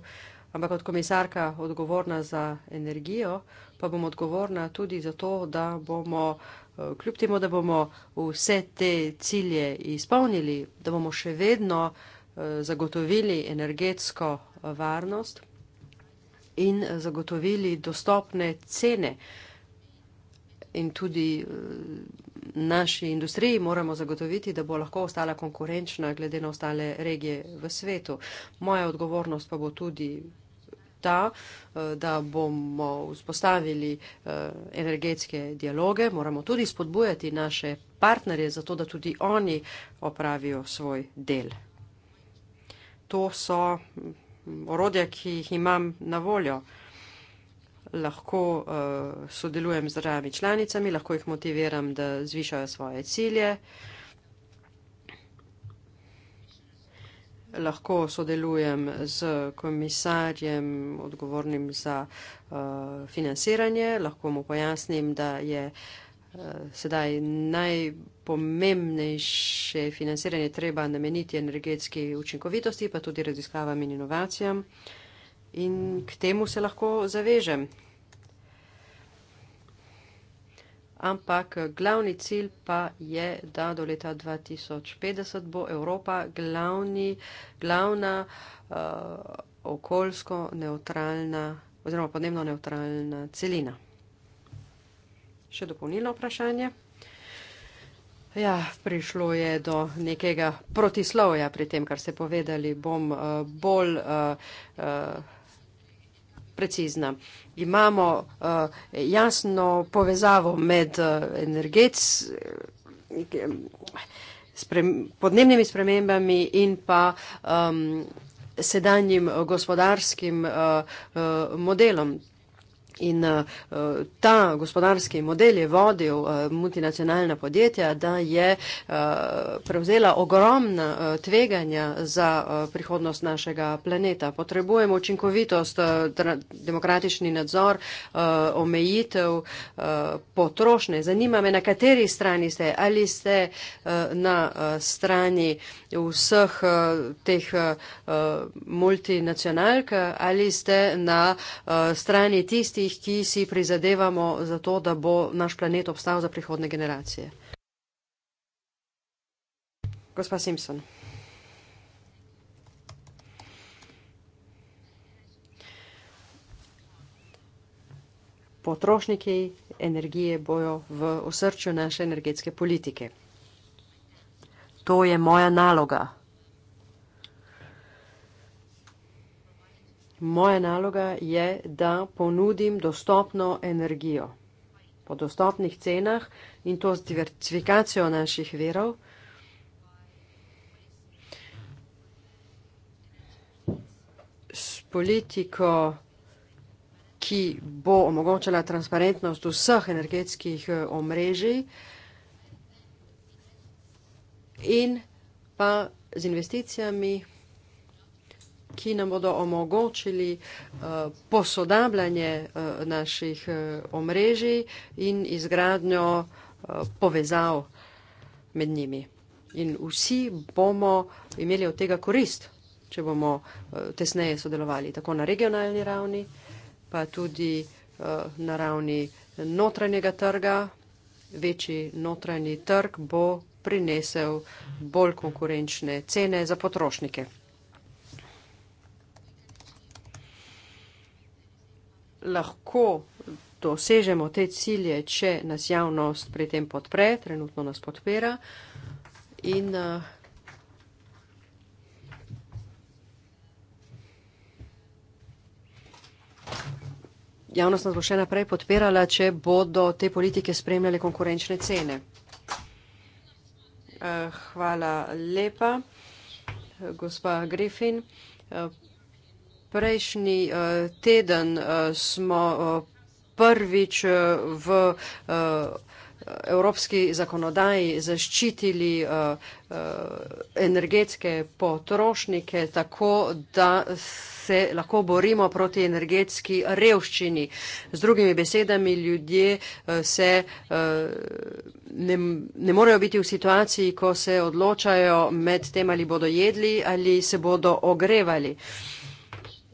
ampak kot komisarka odgovorna za energijo, pa bom odgovorna tudi za to, da bomo, eh, kljub temu, da bomo vse te cilje izpolnili, da bomo še vedno eh, zagotovili energetsko varnost in zagotovili dostopne cene in tudi eh, naši industriji moramo zagotoviti, da bo lahko ostala konkurenčna glede na ostale regije v svetu. Moja odgovornost pa bo tudi ta, eh, da bomo vzpostavili eh, energetske dialoge, moramo tudi spodbujati naše partnerje, zato da tudi oni opravijo svoj del. To so mm, orodja, ki jih imam na voljo lahko uh, sodelujem z državami članicami, lahko jih motiviram, da zvišajo svoje cilje. Lahko sodelujem z komisarjem odgovornim za uh, financiranje, lahko mu pojasnim, da je uh, sedaj najpomembnejše financiranje treba nameniti energetski učinkovitosti, pa tudi raziskavam in inovacijam. Uh, in k temu se lahko zavežem. Ampak glavni cilj pa je, da do leta 2050 bo Evropa glavni, glavna uh, okoljsko neutralna oziroma podnebno neutralna celina. Še dopolnilno vprašanje. Ja, prišlo je do nekega protislovja pri tem, kar ste povedali. Bom uh, bolj. Uh, uh, precizna. Imamo uh, jasno povezavo med uh, eh, energetskim podnebnimi spremembami in pa um, sedanjim gospodarskim uh, uh, modelom in eh, ta gospodarski model je vodil eh, multinacionalna podjetja, da je eh, prevzela ogromna tveganja za prihodnost našega planeta. Potrebujemo učinkovitost, demokratični nadzor, omejitev potrošnje. Zanima me, na kateri strani ste, ali ste na strani vseh teh multinacionalk, ali ste na strani tistih, tistih, ki si prizadevamo za to, da bo naš planet obstal za prihodne generacije. Gospa Simpson. Potrošniki energije bojo v osrčju naše energetske politike. To je moja naloga. Moja naloga je, da ponudim dostopno energijo po dostopnih cenah in to z diversifikacijo naših verov. S politiko, ki bo omogočala transparentnost vseh energetskih eh, omrežij in pa z investicijami ki nam bodo omogočili eh, posodabljanje eh, naših eh, omrežij in izgradnjo povezav med njimi. In vsi bomo imeli od tega korist, če bomo tesneje sodelovali tako na regionalni ravni, pa tudi na ravni notranjega trga. Večji notranji trg bo prinesel bolj konkurenčne cene za potrošnike. lahko dosežemo te cilje, če nas javnost pri tem podpre, trenutno nas podpira. In, uh, javnost nas bo še naprej podpirala, če bodo te politike spremljale konkurenčne cene. Uh, hvala lepa, gospa Griffin. Uh, Prejšnji eh, teden eh, smo eh, prvič v evropski zakonodaji zaščitili energetske potrošnike tako, da se lahko borimo proti energetski revščini. Z drugimi besedami ljudje se ne, ne morejo biti v situaciji, ko se odločajo med tem, ali bodo jedli ali se bodo ogrevali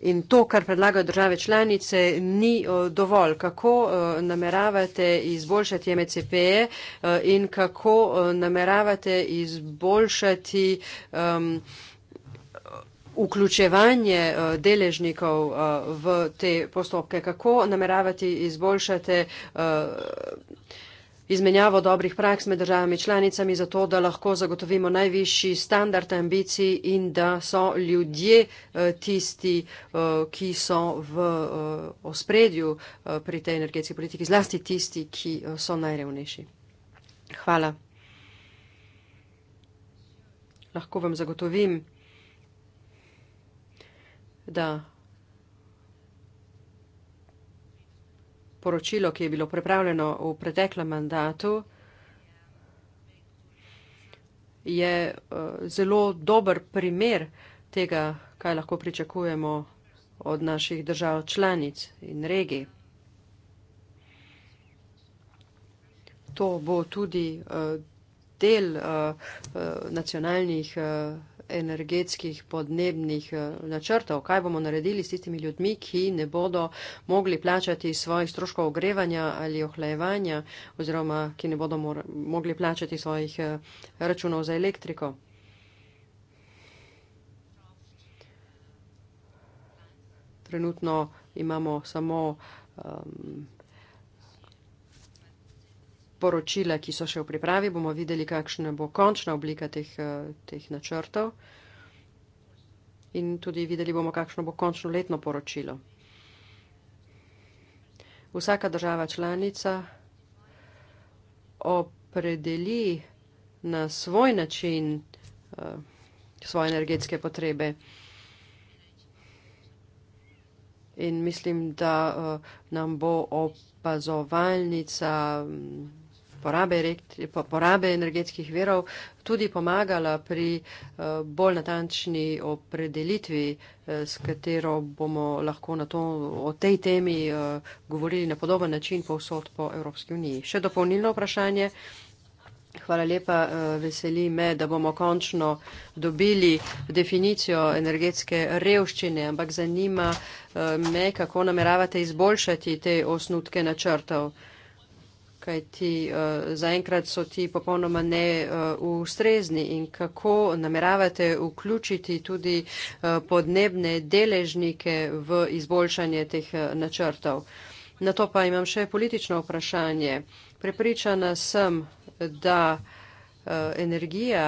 in to, kar predlagajo države članice, ni eh, dovolj. Kako eh, nameravate izboljšati MCPE eh, in kako nameravate izboljšati um, vključevanje deležnikov v te postopke? Kako nameravate izboljšati uh, izmenjavo dobrih praks med državami članicami, zato da lahko zagotovimo najvišji standard ambicij in da so ljudje eh, tisti, eh, ki so v eh, ospredju pri tej energetski politiki, zlasti tisti, ki so najrevnejši. Hvala. Lahko vam zagotovim, da poročilo, ki je bilo prepravljeno v preteklem mandatu, je eh, zelo dober primer tega, kaj lahko pričakujemo od naših držav članic in regij. To bo tudi eh, del eh, nacionalnih držav energetskih podnebnih eh, načrtov, kaj bomo naredili s tistimi ljudmi, ki ne bodo mogli plačati svojih stroškov ogrevanja ali ohlajevanja oziroma ki ne bodo mogli plačati svojih eh, računov za elektriko. Trenutno imamo samo um, poročila, ki so še v pripravi, bomo videli, kakšna bo končna oblika teh, eh, teh načrtov in tudi videli bomo, kakšno bo končno letno poročilo. Vsaka država članica opredeli na svoj način eh, svoje energetske potrebe. In mislim, da eh, nam bo opazovalnica porabe, elektri, po, porabe energetskih verov tudi pomagala pri uh, bolj natančni opredelitvi, uh, s katero bomo lahko to, o tej temi uh, govorili na podoben način povsod po Evropski uniji. Še dopolnilno vprašanje. Hvala lepa, veseli me, da bomo končno dobili definicijo energetske revščine, ampak zanima me, kako nameravate izboljšati te osnutke načrtov kajti uh, zaenkrat so ti popolnoma neustrezni uh, in kako nameravate vključiti tudi uh, podnebne deležnike v izboljšanje teh uh, načrtov. Na to pa imam še politično vprašanje. Prepričana sem, da uh, energija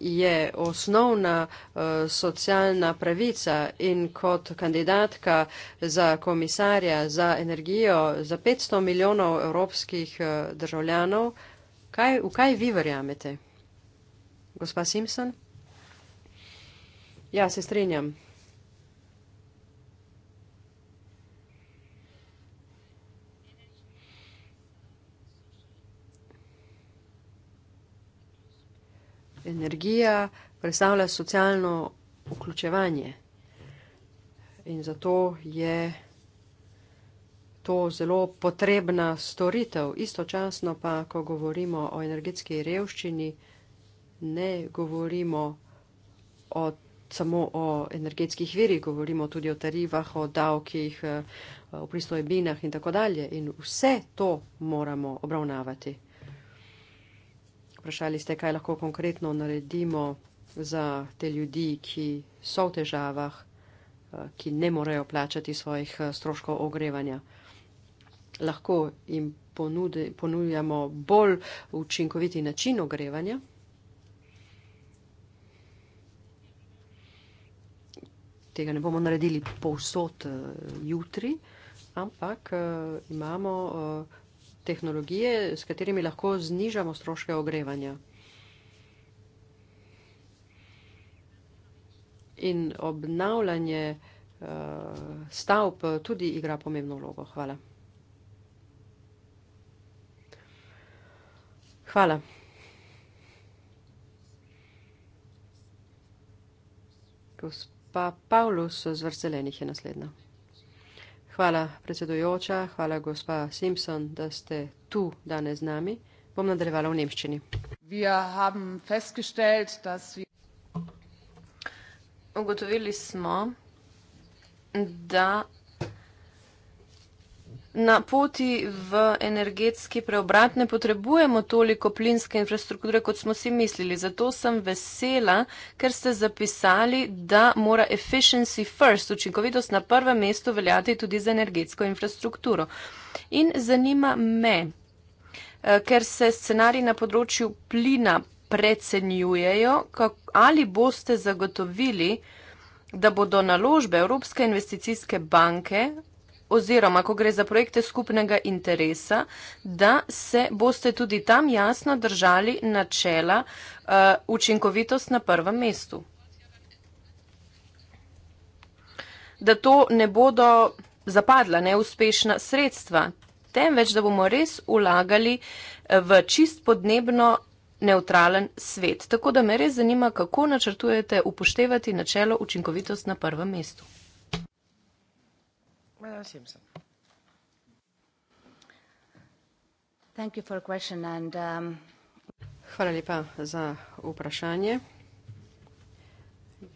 je osnovna uh, socialna pravica in kot kandidatka za komisarja za energijo za 500 milijonov evropskih uh, državljanov, kaj, v kaj vi verjamete? Gospa Simpson? Ja, se strinjam. energija predstavlja socialno vključevanje. In zato je to zelo potrebna storitev. Istočasno pa, ko govorimo o energetski revščini, ne govorimo o, samo o energetskih virih, govorimo tudi o tarivah, o davkih, eh, o pristojbinah in tako dalje. In vse to moramo obravnavati. Vprašali ste, kaj lahko konkretno naredimo za te ljudi, ki so v težavah, eh, ki ne morejo plačati svojih eh, stroškov ogrevanja. Lahko jim ponudi, ponujamo bolj učinkoviti način ogrevanja. Tega ne bomo naredili povsod eh, jutri, ampak imamo tehnologije, s katerimi lahko znižamo stroške ogrevanja. In obnavljanje uh, stavb tudi igra pomembno vlogo. Hvala. Hvala. Gospa Pavlus z vrzelenih je naslednja. Hvala, predsedujoča, hvala, gospa Simpson, da ste tu danes z nami. Bom nadaljevala v nemščini. Ugotovili smo, da Na poti v energetski preobrat ne potrebujemo toliko plinske infrastrukture, kot smo si mislili. Zato sem vesela, ker ste zapisali, da mora efficiency first, učinkovitost na prvem mestu veljati tudi za energetsko infrastrukturo. In zanima me, eh, ker se scenariji na področju plina precenjujejo, ali boste zagotovili, da bodo naložbe Evropske investicijske banke oziroma ko gre za projekte skupnega interesa, da se boste tudi tam jasno držali načela uh, učinkovitost na prvem mestu. Da to ne bodo zapadla neuspešna sredstva, temveč da bomo res ulagali eh, v čist podnebno neutralen svet. Tako da me res zanima, kako načrtujete upoštevati načelo učinkovitost na prvem mestu. Madam Simpson. Thank you for question and, um... Hvala lepa za vprašanje.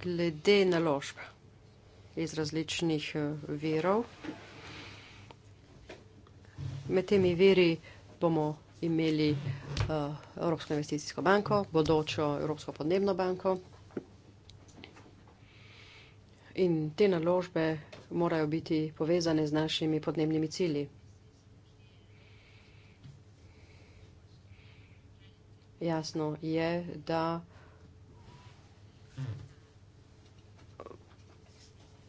Glede naložb iz različnih eh, verov, med temi veri bomo imeli uh, Evropsko investicijsko banko, bodočo Evropsko podnebno banko. In te naložbe morajo biti povezane z našimi podnebnimi cilji. Jasno je, da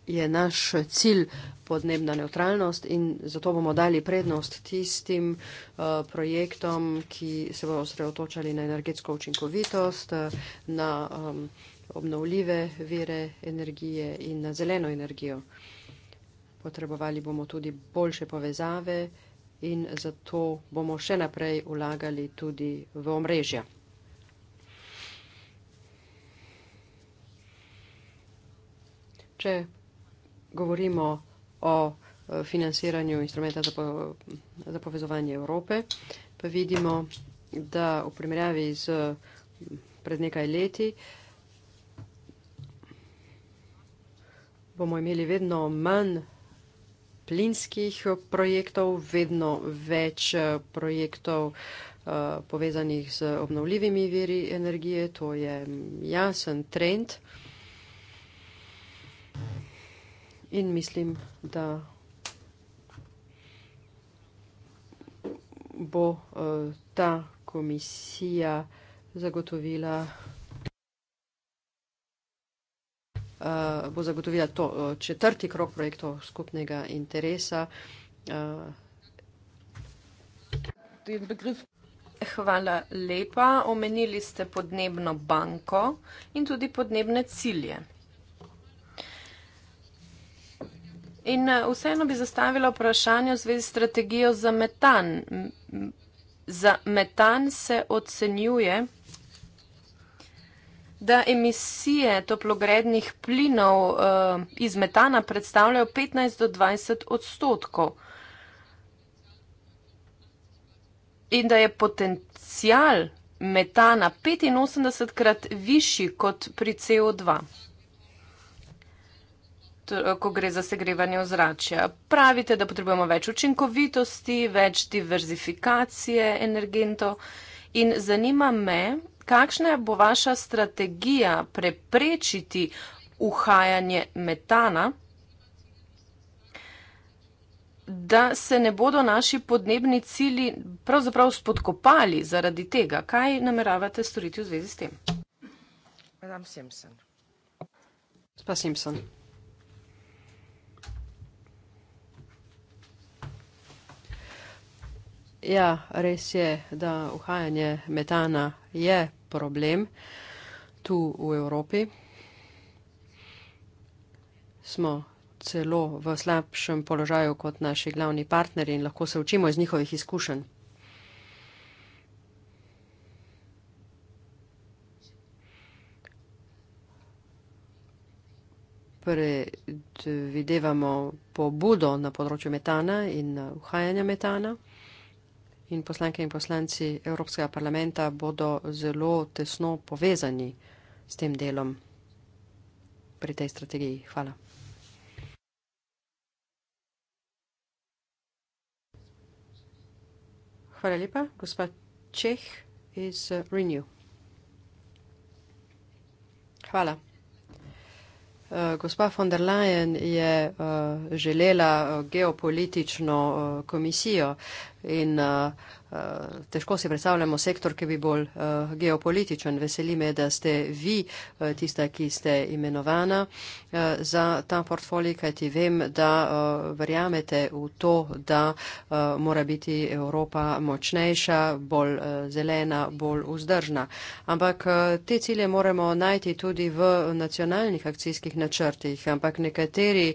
je naš cilj podnebna neutralnost in zato bomo dali prednost tistim uh, projektom, ki se bodo osredotočali na energetsko učinkovitost, eh, na um, obnovljive vire energije in na zeleno energijo. Potrebovali bomo tudi boljše povezave in zato bomo še naprej vlagali tudi v omrežja. Če govorimo o eh, financiranju instrumenta za, po, za povezovanje Evrope, pa vidimo, da v primerjavi z pred nekaj leti uh, bomo imeli vedno manj plinskih eh, projektov, vedno več eh, projektov eh, povezanih z obnovljivimi viri energije. To je mm, jasen trend. In mislim, da bo ta komisija zagotovila bo zagotovila to eh, četrti krok projektov skupnega interesa. Eh. Hvala lepa. Omenili ste podnebno banko in tudi podnebne cilje. In eh, vseeno bi zastavila vprašanje v zvezi s strategijo za metan. Za metan se ocenjuje, da emisije toplogrednih plinov uh, iz metana predstavljajo 15 do 20 odstotkov in da je potencial metana 85 krat višji kot pri CO2, to, eh, ko gre za segrevanje ozračja. Pravite, da potrebujemo več učinkovitosti, več diverzifikacije energentov in zanima me, kakšna bo vaša strategija preprečiti uhajanje metana, da se ne bodo naši podnebni cili pravzaprav spodkopali zaradi tega? Kaj nameravate storiti v zvezi s tem? Madame Simpson. Spa Simpson. Ja, res je, da uhajanje metana je problem tu v Evropi. Smo celo v slabšem položaju kot naši glavni partneri in lahko se učimo iz njihovih izkušenj. Predvidevamo pobudo na področju metana in uh, uhajanja metana in poslanke in poslanci Evropskega parlamenta bodo zelo tesno povezani s tem delom pri tej strategiji. Hvala. Hvala lepa, gospod Čeh iz Renew. Hvala. Eh, gospa von der Leyen je uh, želela eh, geopolitično uh, komisijo in uh, Eh, težko si predstavljamo sektor, ki bi bolj uh, geopolitičen. Veseli me, da ste vi uh, tista, ki ste imenovana uh, za ta portfolij, kajti vem, da uh, verjamete v to, da uh, mora biti Evropa močnejša, bolj uh, zelena, bolj vzdržna. Ampak uh, te cilje moramo najti tudi v nacionalnih akcijskih načrtih. Ampak nekateri,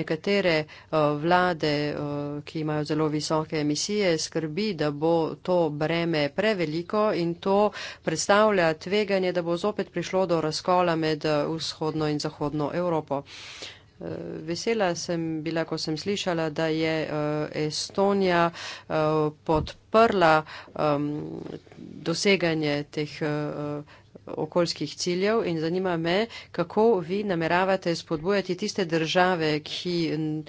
nekatere uh, vlade, uh, ki imajo zelo visoke emisije, skrbi, da bo to breme preveliko in to predstavlja tveganje, da bo zopet prišlo do razkola med eh, vzhodno in zahodno Evropo. Eh, vesela sem bila, ko sem slišala, da je eh, Estonija podprla ehm, doseganje teh okoljskih ciljev in zanima me, kako vi nameravate spodbujati tiste države, ki eh,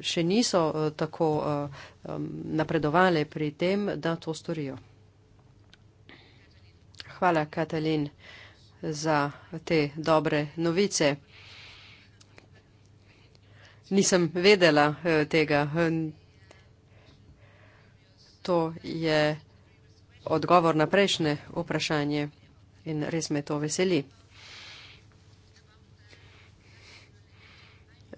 še niso eh, tako eh, napredovale pri tem, da to storijo. Hvala, Katalin, za te dobre novice. Nisem vedela tega. To je odgovor na prejšnje vprašanje in res me to veseli.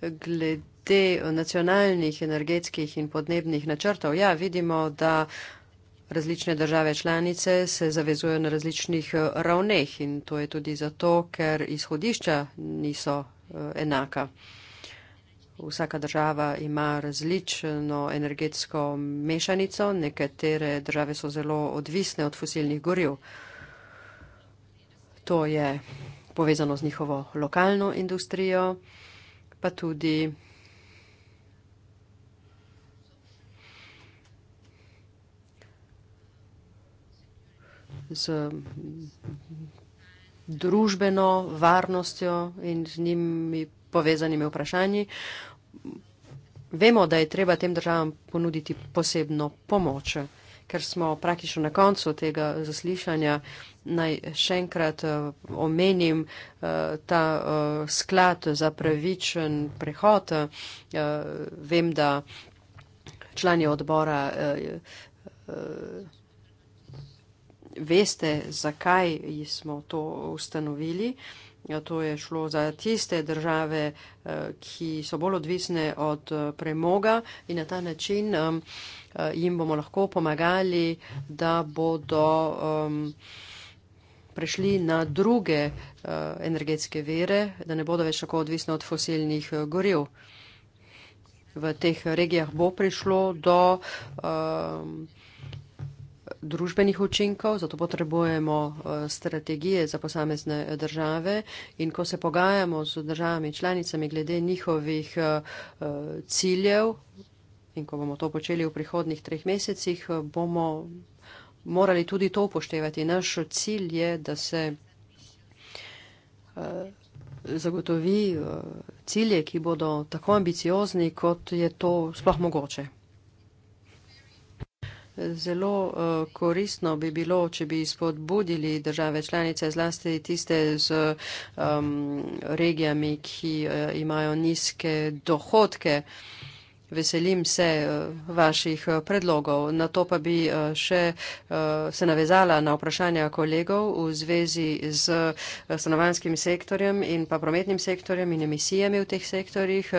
Glede nacionalnih energetskih in podnebnih načrtov, ja, vidimo, da različne države članice se zavezujejo na različnih eh, ravneh in to je tudi zato, ker izhodišča niso eh, enaka. Vsaka država ima različno energetsko mešanico, nekatere države so zelo odvisne od fosilnih goriv to je povezano z njihovo lokalno industrijo, pa tudi z družbeno varnostjo in z njimi povezanimi vprašanji. Vemo, da je treba tem državam ponuditi posebno pomoč, ker smo praktično na koncu tega zaslišanja. Naj še enkrat uh, omenim uh, ta uh, sklad za pravičen prehod. Uh, vem, da člani odbora. Uh, uh, Veste, zakaj smo to ustanovili. Ja, to je šlo za tiste države, ki so bolj odvisne od premoga in na ta način jim bomo lahko pomagali, da bodo. Um, prešli na druge uh, energetske vere, da ne bodo več tako odvisni od fosilnih uh, goriv. V teh regijah bo prišlo do um, družbenih učinkov, zato potrebujemo uh, strategije za posamezne države in ko se pogajamo z državami članicami glede njihovih uh, ciljev in ko bomo to počeli v prihodnih treh mesecih, bomo morali tudi to upoštevati. Naš cilj je, da se eh, zagotovi eh, cilje, ki bodo tako ambiciozni, kot je to sploh mogoče. Zelo eh, koristno bi bilo, če bi spodbudili države članice, zlasti tiste z um, regijami, ki uh, imajo nizke dohodke. Uh, veselim se eh, vaših eh, predlogov. Na to pa bi eh, še se navezala na vprašanja kolegov v zvezi z stanovanskim sektorjem in pa prometnim sektorjem in emisijami v teh sektorjih.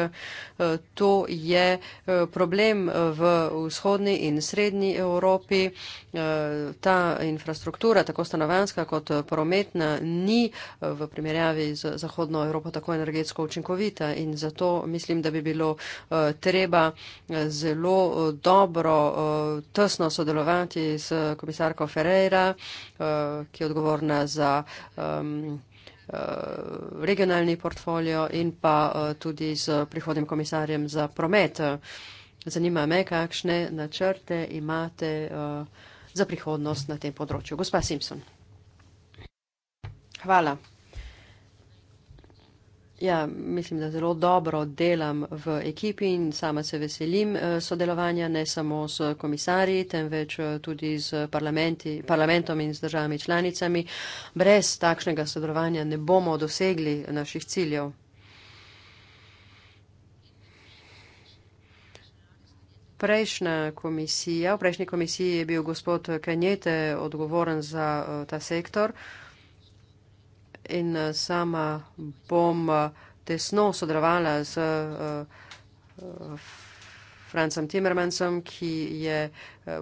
To je problem v vzhodni in srednji Evropi. Ta infrastruktura, tako stanovanska kot prometna, ni v primerjavi z Zahodno Evropo tako energetsko učinkovita in zato mislim, da bi bilo treba Eh, zelo eh, dobro, eh, tesno sodelovati s komisarko Ferreira, ki je odgovorna za regionalni portfolio in pa tudi z prihodnim komisarjem za promet. Zanima me, kakšne načrte imate za prihodnost na tem področju. Gospa Simpson. Hvala. Ja, mislim, da zelo dobro delam v ekipi in sama se veselim eh, sodelovanja ne samo s komisarji, temveč eh, tudi z parlamentom in z državami članicami. Brez takšnega sodelovanja ne bomo dosegli naših ciljev. Prejšnja komisija, v prejšnji komisiji je bil gospod Kanjete odgovoren za eh, ta sektor in eh, sama bom eh, tesno sodelovala z eh, Francem Timmermansom, ki je,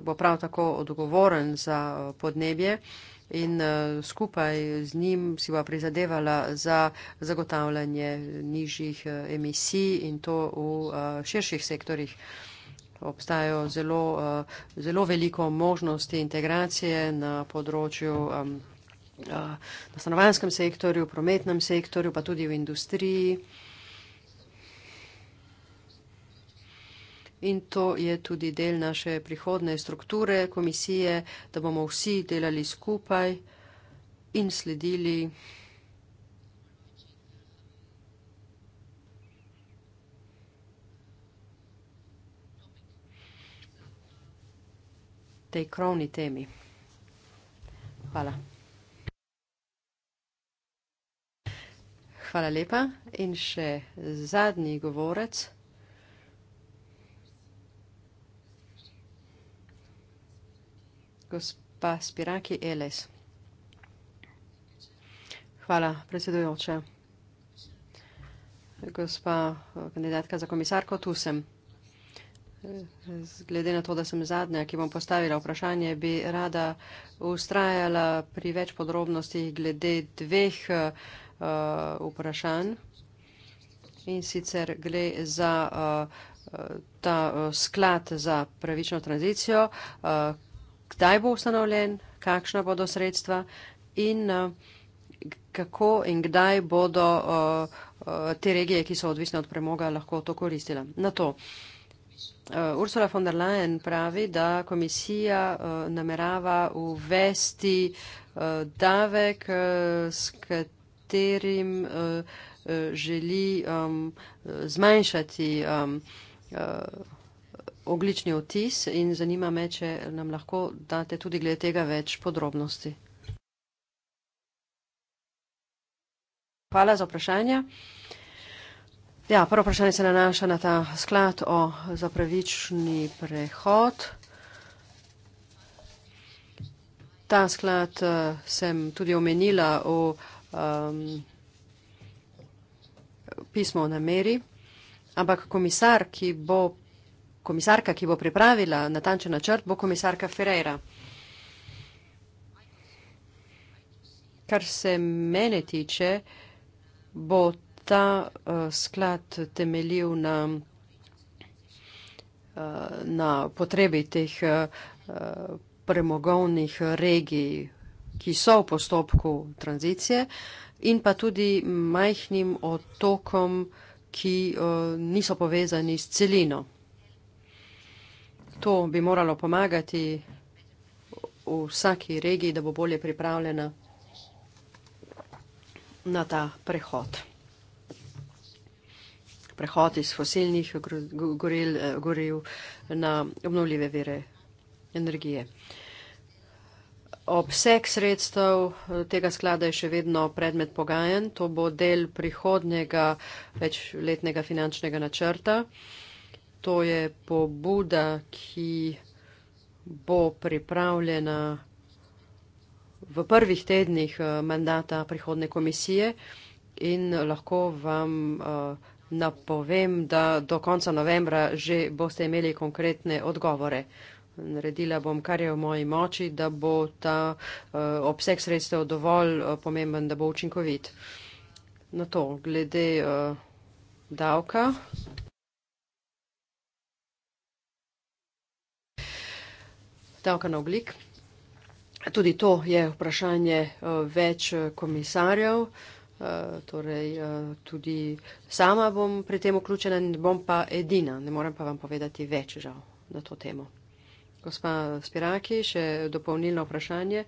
bo prav tako odgovoren za podnebje in skupaj z njim si bo prizadevala za zagotavljanje nižjih emisij in to v širših sektorjih. Obstajajo zelo, zelo veliko možnosti integracije na področju um, na stanovanskem sektorju, v prometnem sektorju, pa tudi v industriji. In to je tudi del naše prihodne strukture komisije, da bomo vsi delali skupaj in sledili tej krovni temi. Hvala. Hvala lepa. In še zadnji govorec. Gospa Spiraki Eles. Hvala, predsedujoča. Gospa eh, kandidatka za komisarko, tu sem. Glede na to, da sem zadnja, ki bom postavila vprašanje, bi rada ustrajala pri več podrobnostih glede dveh uh, uh, vprašanj in sicer gre za uh, ta uh, sklad za pravično tranzicijo, uh, kdaj bo ustanovljen, kakšna bodo sredstva in uh, kako in kdaj bodo uh, te regije, ki so odvisne od premoga, lahko to koristila. Na to. Ursula von der Leyen pravi, da komisija namerava uvesti davek, s katerim katerim uh, uh, želi um, eh, zmanjšati um, uh, oglični otis in zanima me, če nam lahko date tudi glede tega več podrobnosti. Hvala za vprašanje. Ja, prvo vprašanje se nanaša na ta sklad o zapravični prehod. Ta sklad sem tudi omenila v uh, um, pismo o nameri, ampak komisar, ki bo, komisarka, ki bo pripravila natančen načrt, bo komisarka Ferreira. Kar se mene tiče, bo ta uh, sklad temeljil na, uh, na potrebi teh uh, uh premogovnih regij, ki so v postopku tranzicije, in pa tudi majhnim otokom, ki uh, niso povezani s celino. To bi moralo pomagati v vsaki regiji, da bo bolje pripravljena na ta prehod. Prehod iz fosilnih goril, eh, goril na obnovljive vire energije obseg sredstev eh, tega sklada je še vedno predmet pogajanj. To bo del prihodnjega večletnega finančnega načrta. To je pobuda, ki bo pripravljena v prvih tednih eh, mandata prihodne komisije in lahko vam eh, napovem, da do konca novembra že boste imeli konkretne odgovore. Naredila bom, kar je v moji moči, da bo ta eh, obseg sredstev dovolj eh, pomemben, da bo učinkovit. Na to, glede eh, davka. Davka na oblik. Tudi to je vprašanje več komisarjev. Torej, tudi sama bom pri tem vključena in bom pa edina. Ne morem pa vam povedati več žal na to temo. Gospa Spiraki, še dopolnilno vprašanje.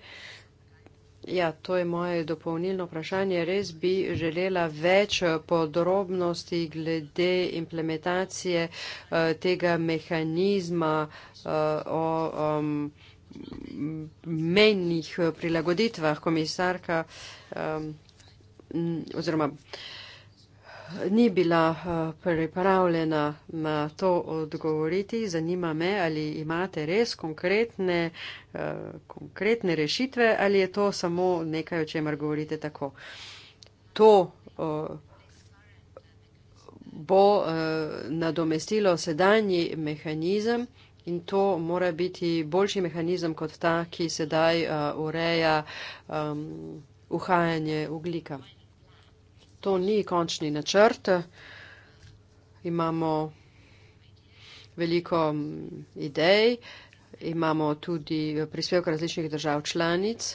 Ja, to je moje dopolnilno vprašanje. Res bi želela več podrobnosti glede implementacije uh, tega mehanizma uh, o um, menjih prilagoditvah komisarka um, oziroma ni bila eh, pripravljena na to odgovoriti. Zanima me, ali imate res konkretne, eh, konkretne rešitve ali je to samo nekaj, o čemer govorite tako. To eh, bo nadomestilo sedanji mehanizem in to mora biti boljši mehanizem kot ta, ki sedaj ureja uhajanje ugljika to ni končni načrt. Imamo veliko mm, idej, imamo tudi prispevke različnih držav članic,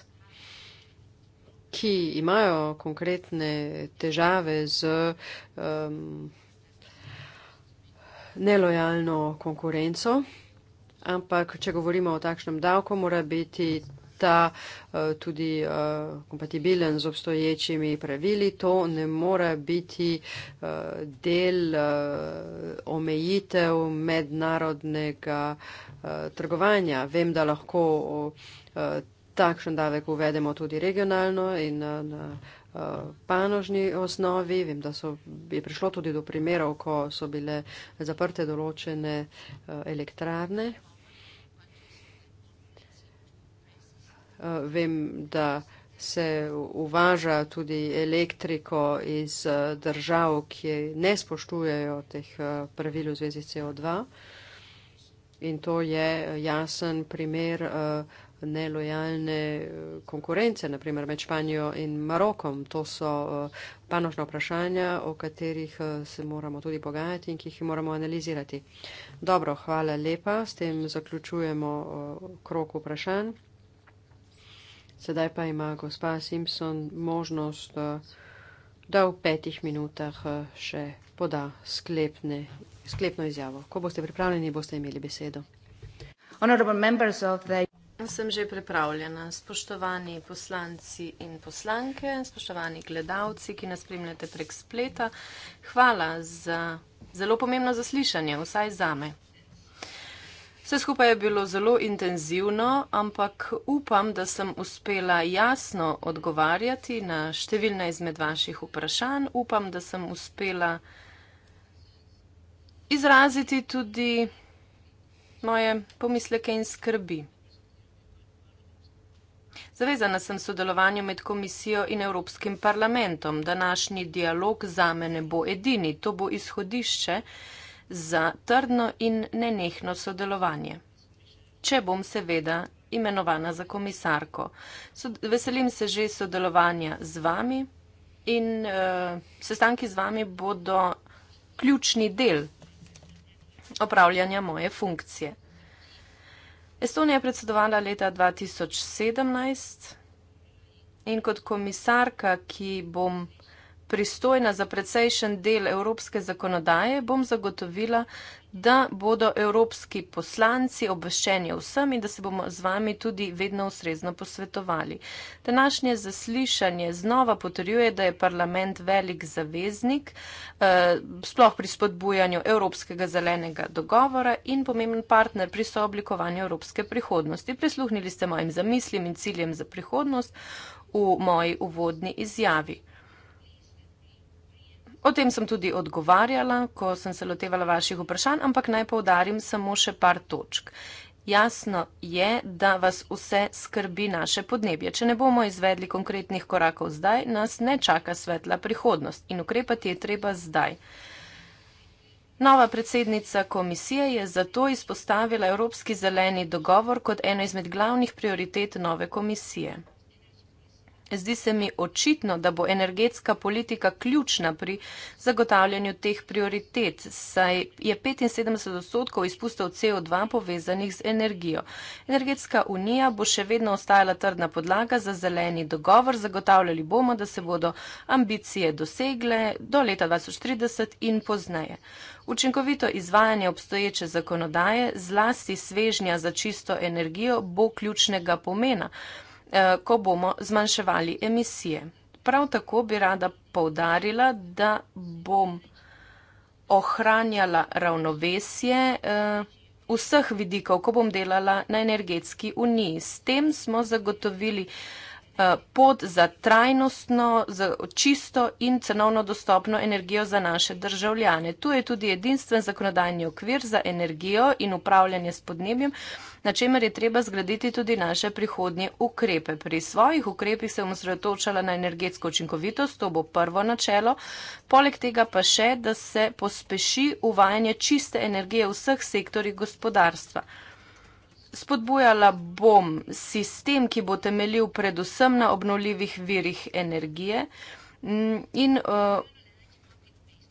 ki imajo konkretne težave z um, nelojalno konkurenco. Ampak, če govorimo o takšnem davku, mora biti leta, eh, tudi eh, kompatibilen z obstoječimi pravili. To ne more biti eh, del omejitev mednarodnega trgovanja. Vem, da lahko takšen davek uvedemo tudi regionalno in na, na panožni osnovi. Vem, da so, je prišlo tudi do primerov, ko so bile zaprte določene elektrarne Eh, vem, da se uvaža tudi elektriko iz eh, držav, ki ne spoštujejo teh eh, pravil v zvezi CO2. In to je jasen primer nelojalne konkurence, naprimer med Španijo in Marokom. To so panožna vprašanja, o katerih se moramo tudi pogajati in ki jih moramo analizirati. Dobro, hvala lepa. S tem zaključujemo krok vprašanj. Sedaj pa ima gospa Simpson možnost, eh, da v petih minutah eh, še poda sklepne, sklepno izjavo. Ko boste pripravljeni, boste imeli besedo. Sem že pripravljena. Spoštovani poslanci in poslanke, spoštovani gledalci, ki nas spremljate prek spleta, hvala za zelo pomembno zaslišanje, vsaj za me. Vse skupaj je bilo zelo intenzivno, ampak upam, da sem uspela jasno odgovarjati na številne izmed vaših vprašanj. Upam, da sem uspela izraziti tudi moje pomisleke in skrbi. Zavezana sem sodelovanju med komisijo in Evropskim parlamentom. Današnji dialog zame ne bo edini, to bo izhodišče za trdno in nenehno sodelovanje. Če bom seveda imenovana za komisarko. Veselim se že sodelovanja z vami in uh, sestanki z vami bodo ključni del opravljanja moje funkcije. Estonija je predsedovala leta 2017 in kot komisarka, ki bom pristojna za precejšen del evropske zakonodaje, bom zagotovila, da bodo evropski poslanci obveščeni vsem in da se bomo z vami tudi vedno ustrezno posvetovali. Današnje zaslišanje znova potrjuje, da je parlament velik zaveznik, eh, sploh pri spodbujanju evropskega zelenega dogovora in pomemben partner pri sooblikovanju evropske prihodnosti. Prisluhnili ste mojim zamislim in ciljem za prihodnost v moji uvodni izjavi. O tem sem tudi odgovarjala, ko sem se lotevala vaših vprašanj, ampak naj povdarim samo še par točk. Jasno je, da vas vse skrbi naše podnebje. Če ne bomo izvedli konkretnih korakov zdaj, nas ne čaka svetla prihodnost in ukrepati je treba zdaj. Nova predsednica komisije je zato izpostavila Evropski zeleni dogovor kot eno izmed glavnih prioritet nove komisije. Zdi se mi očitno, da bo energetska politika ključna pri zagotavljanju teh prioritet, saj je 75 odstotkov izpustov CO2 povezanih z energijo. Energetska unija bo še vedno ostajala trdna podlaga za zeleni dogovor, zagotavljali bomo, da se bodo ambicije dosegle do leta 2030 in pozneje. Učinkovito izvajanje obstoječe zakonodaje, zlasti svežnja za čisto energijo, bo ključnega pomena. Eh, ko bomo zmanjševali emisije. Prav tako bi rada povdarila, da bom ohranjala ravnovesje eh, vseh vidikov, ko bom delala na energetski uniji. S tem smo zagotovili Eh, pot za trajnostno, za čisto in cenovno dostopno energijo za naše državljane. Tu je tudi edinstven zakonodajni okvir za energijo in upravljanje s podnebjem, na čemer je treba zgraditi tudi naše prihodnje ukrepe. Pri svojih ukrepih se bom sredotočala na energetsko učinkovitost, to bo prvo načelo. Poleg tega pa še, da se pospeši uvajanje čiste energije v vseh sektorjih gospodarstva. Spodbujala bom sistem, ki bo temeljil predvsem na obnovljivih virih energije mm, in uh,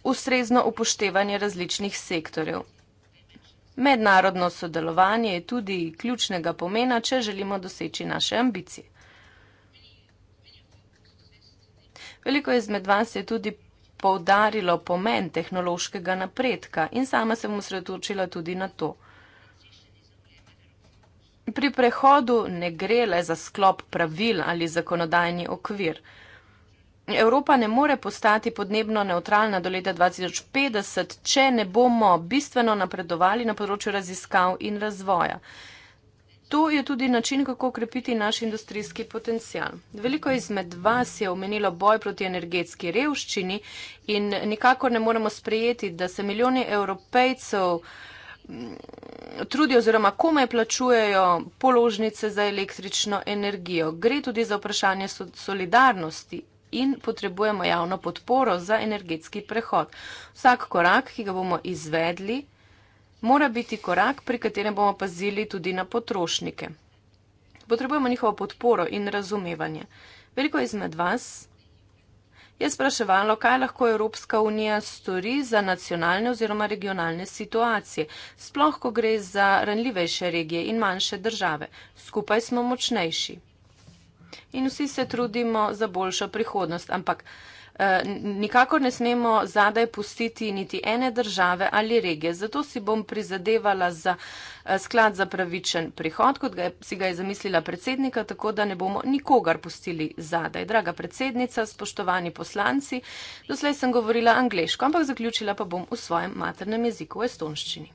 ustrezno upoštevanje različnih sektorjev. Mednarodno sodelovanje je tudi ključnega pomena, če želimo doseči naše ambicije. Veliko izmed vas je tudi povdarilo pomen tehnološkega napredka in sama sem osredotočila tudi na to pri prehodu ne gre le za sklop pravil ali zakonodajni okvir. Evropa ne more postati podnebno neutralna do leta 2050, če ne bomo bistveno napredovali na področju raziskav in razvoja. To je tudi način, kako okrepiti naš industrijski potencial. Veliko izmed vas je omenilo boj proti energetski revščini in nikakor ne moremo sprejeti, da se milijoni evropejcev trudijo oziroma komaj plačujejo položnice za električno energijo. Gre tudi za vprašanje solidarnosti in potrebujemo javno podporo za energetski prehod. Vsak korak, ki ga bomo izvedli, mora biti korak, pri katerem bomo pazili tudi na potrošnike. Potrebujemo njihovo podporo in razumevanje. Veliko izmed vas je spraševalo, kaj lahko Evropska unija stori za nacionalne oziroma regionalne situacije, sploh ko gre za ranljivejše regije in manjše države. Skupaj smo močnejši. In vsi se trudimo za boljšo prihodnost, ampak Eh, nikakor ne smemo zadaj pustiti niti ene države ali regije. Zato si bom prizadevala za eh, sklad za pravičen prihod, kot ga je, si ga je zamislila predsednika, tako da ne bomo nikogar pustili zadaj. Draga predsednica, spoštovani poslanci, doslej sem govorila angliško, ampak zaključila pa bom v svojem maternem jeziku, v estonščini.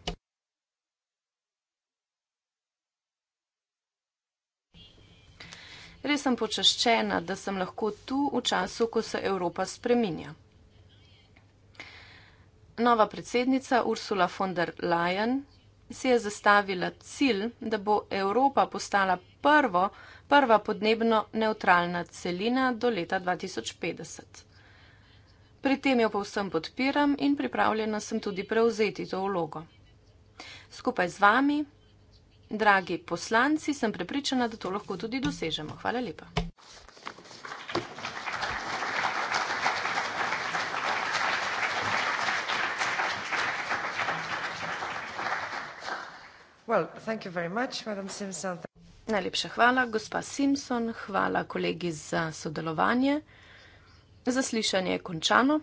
Res sem počaščena, da sem lahko tu v času, ko se Evropa spreminja. Nova predsednica Ursula von der Leyen si je zastavila cilj, da bo Evropa postala prvo, prva podnebno neutralna celina do leta 2050. Pri tem jo povsem podpiram in pripravljena sem tudi prevzeti to vlogo. Skupaj z vami dragi poslanci, sem prepričana, da to lahko tudi dosežemo. Hvala lepa. Well, thank you very much, Najlepša hvala, gospa Simpson, hvala kolegi za sodelovanje. Zaslišanje je končano.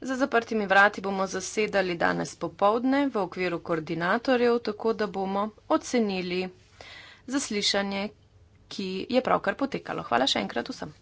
Za zaprtimi vrati bomo zasedali danes popovdne v okviru koordinatorjev, tako da bomo ocenili zaslišanje, ki je pravkar potekalo. Hvala še enkrat vsem.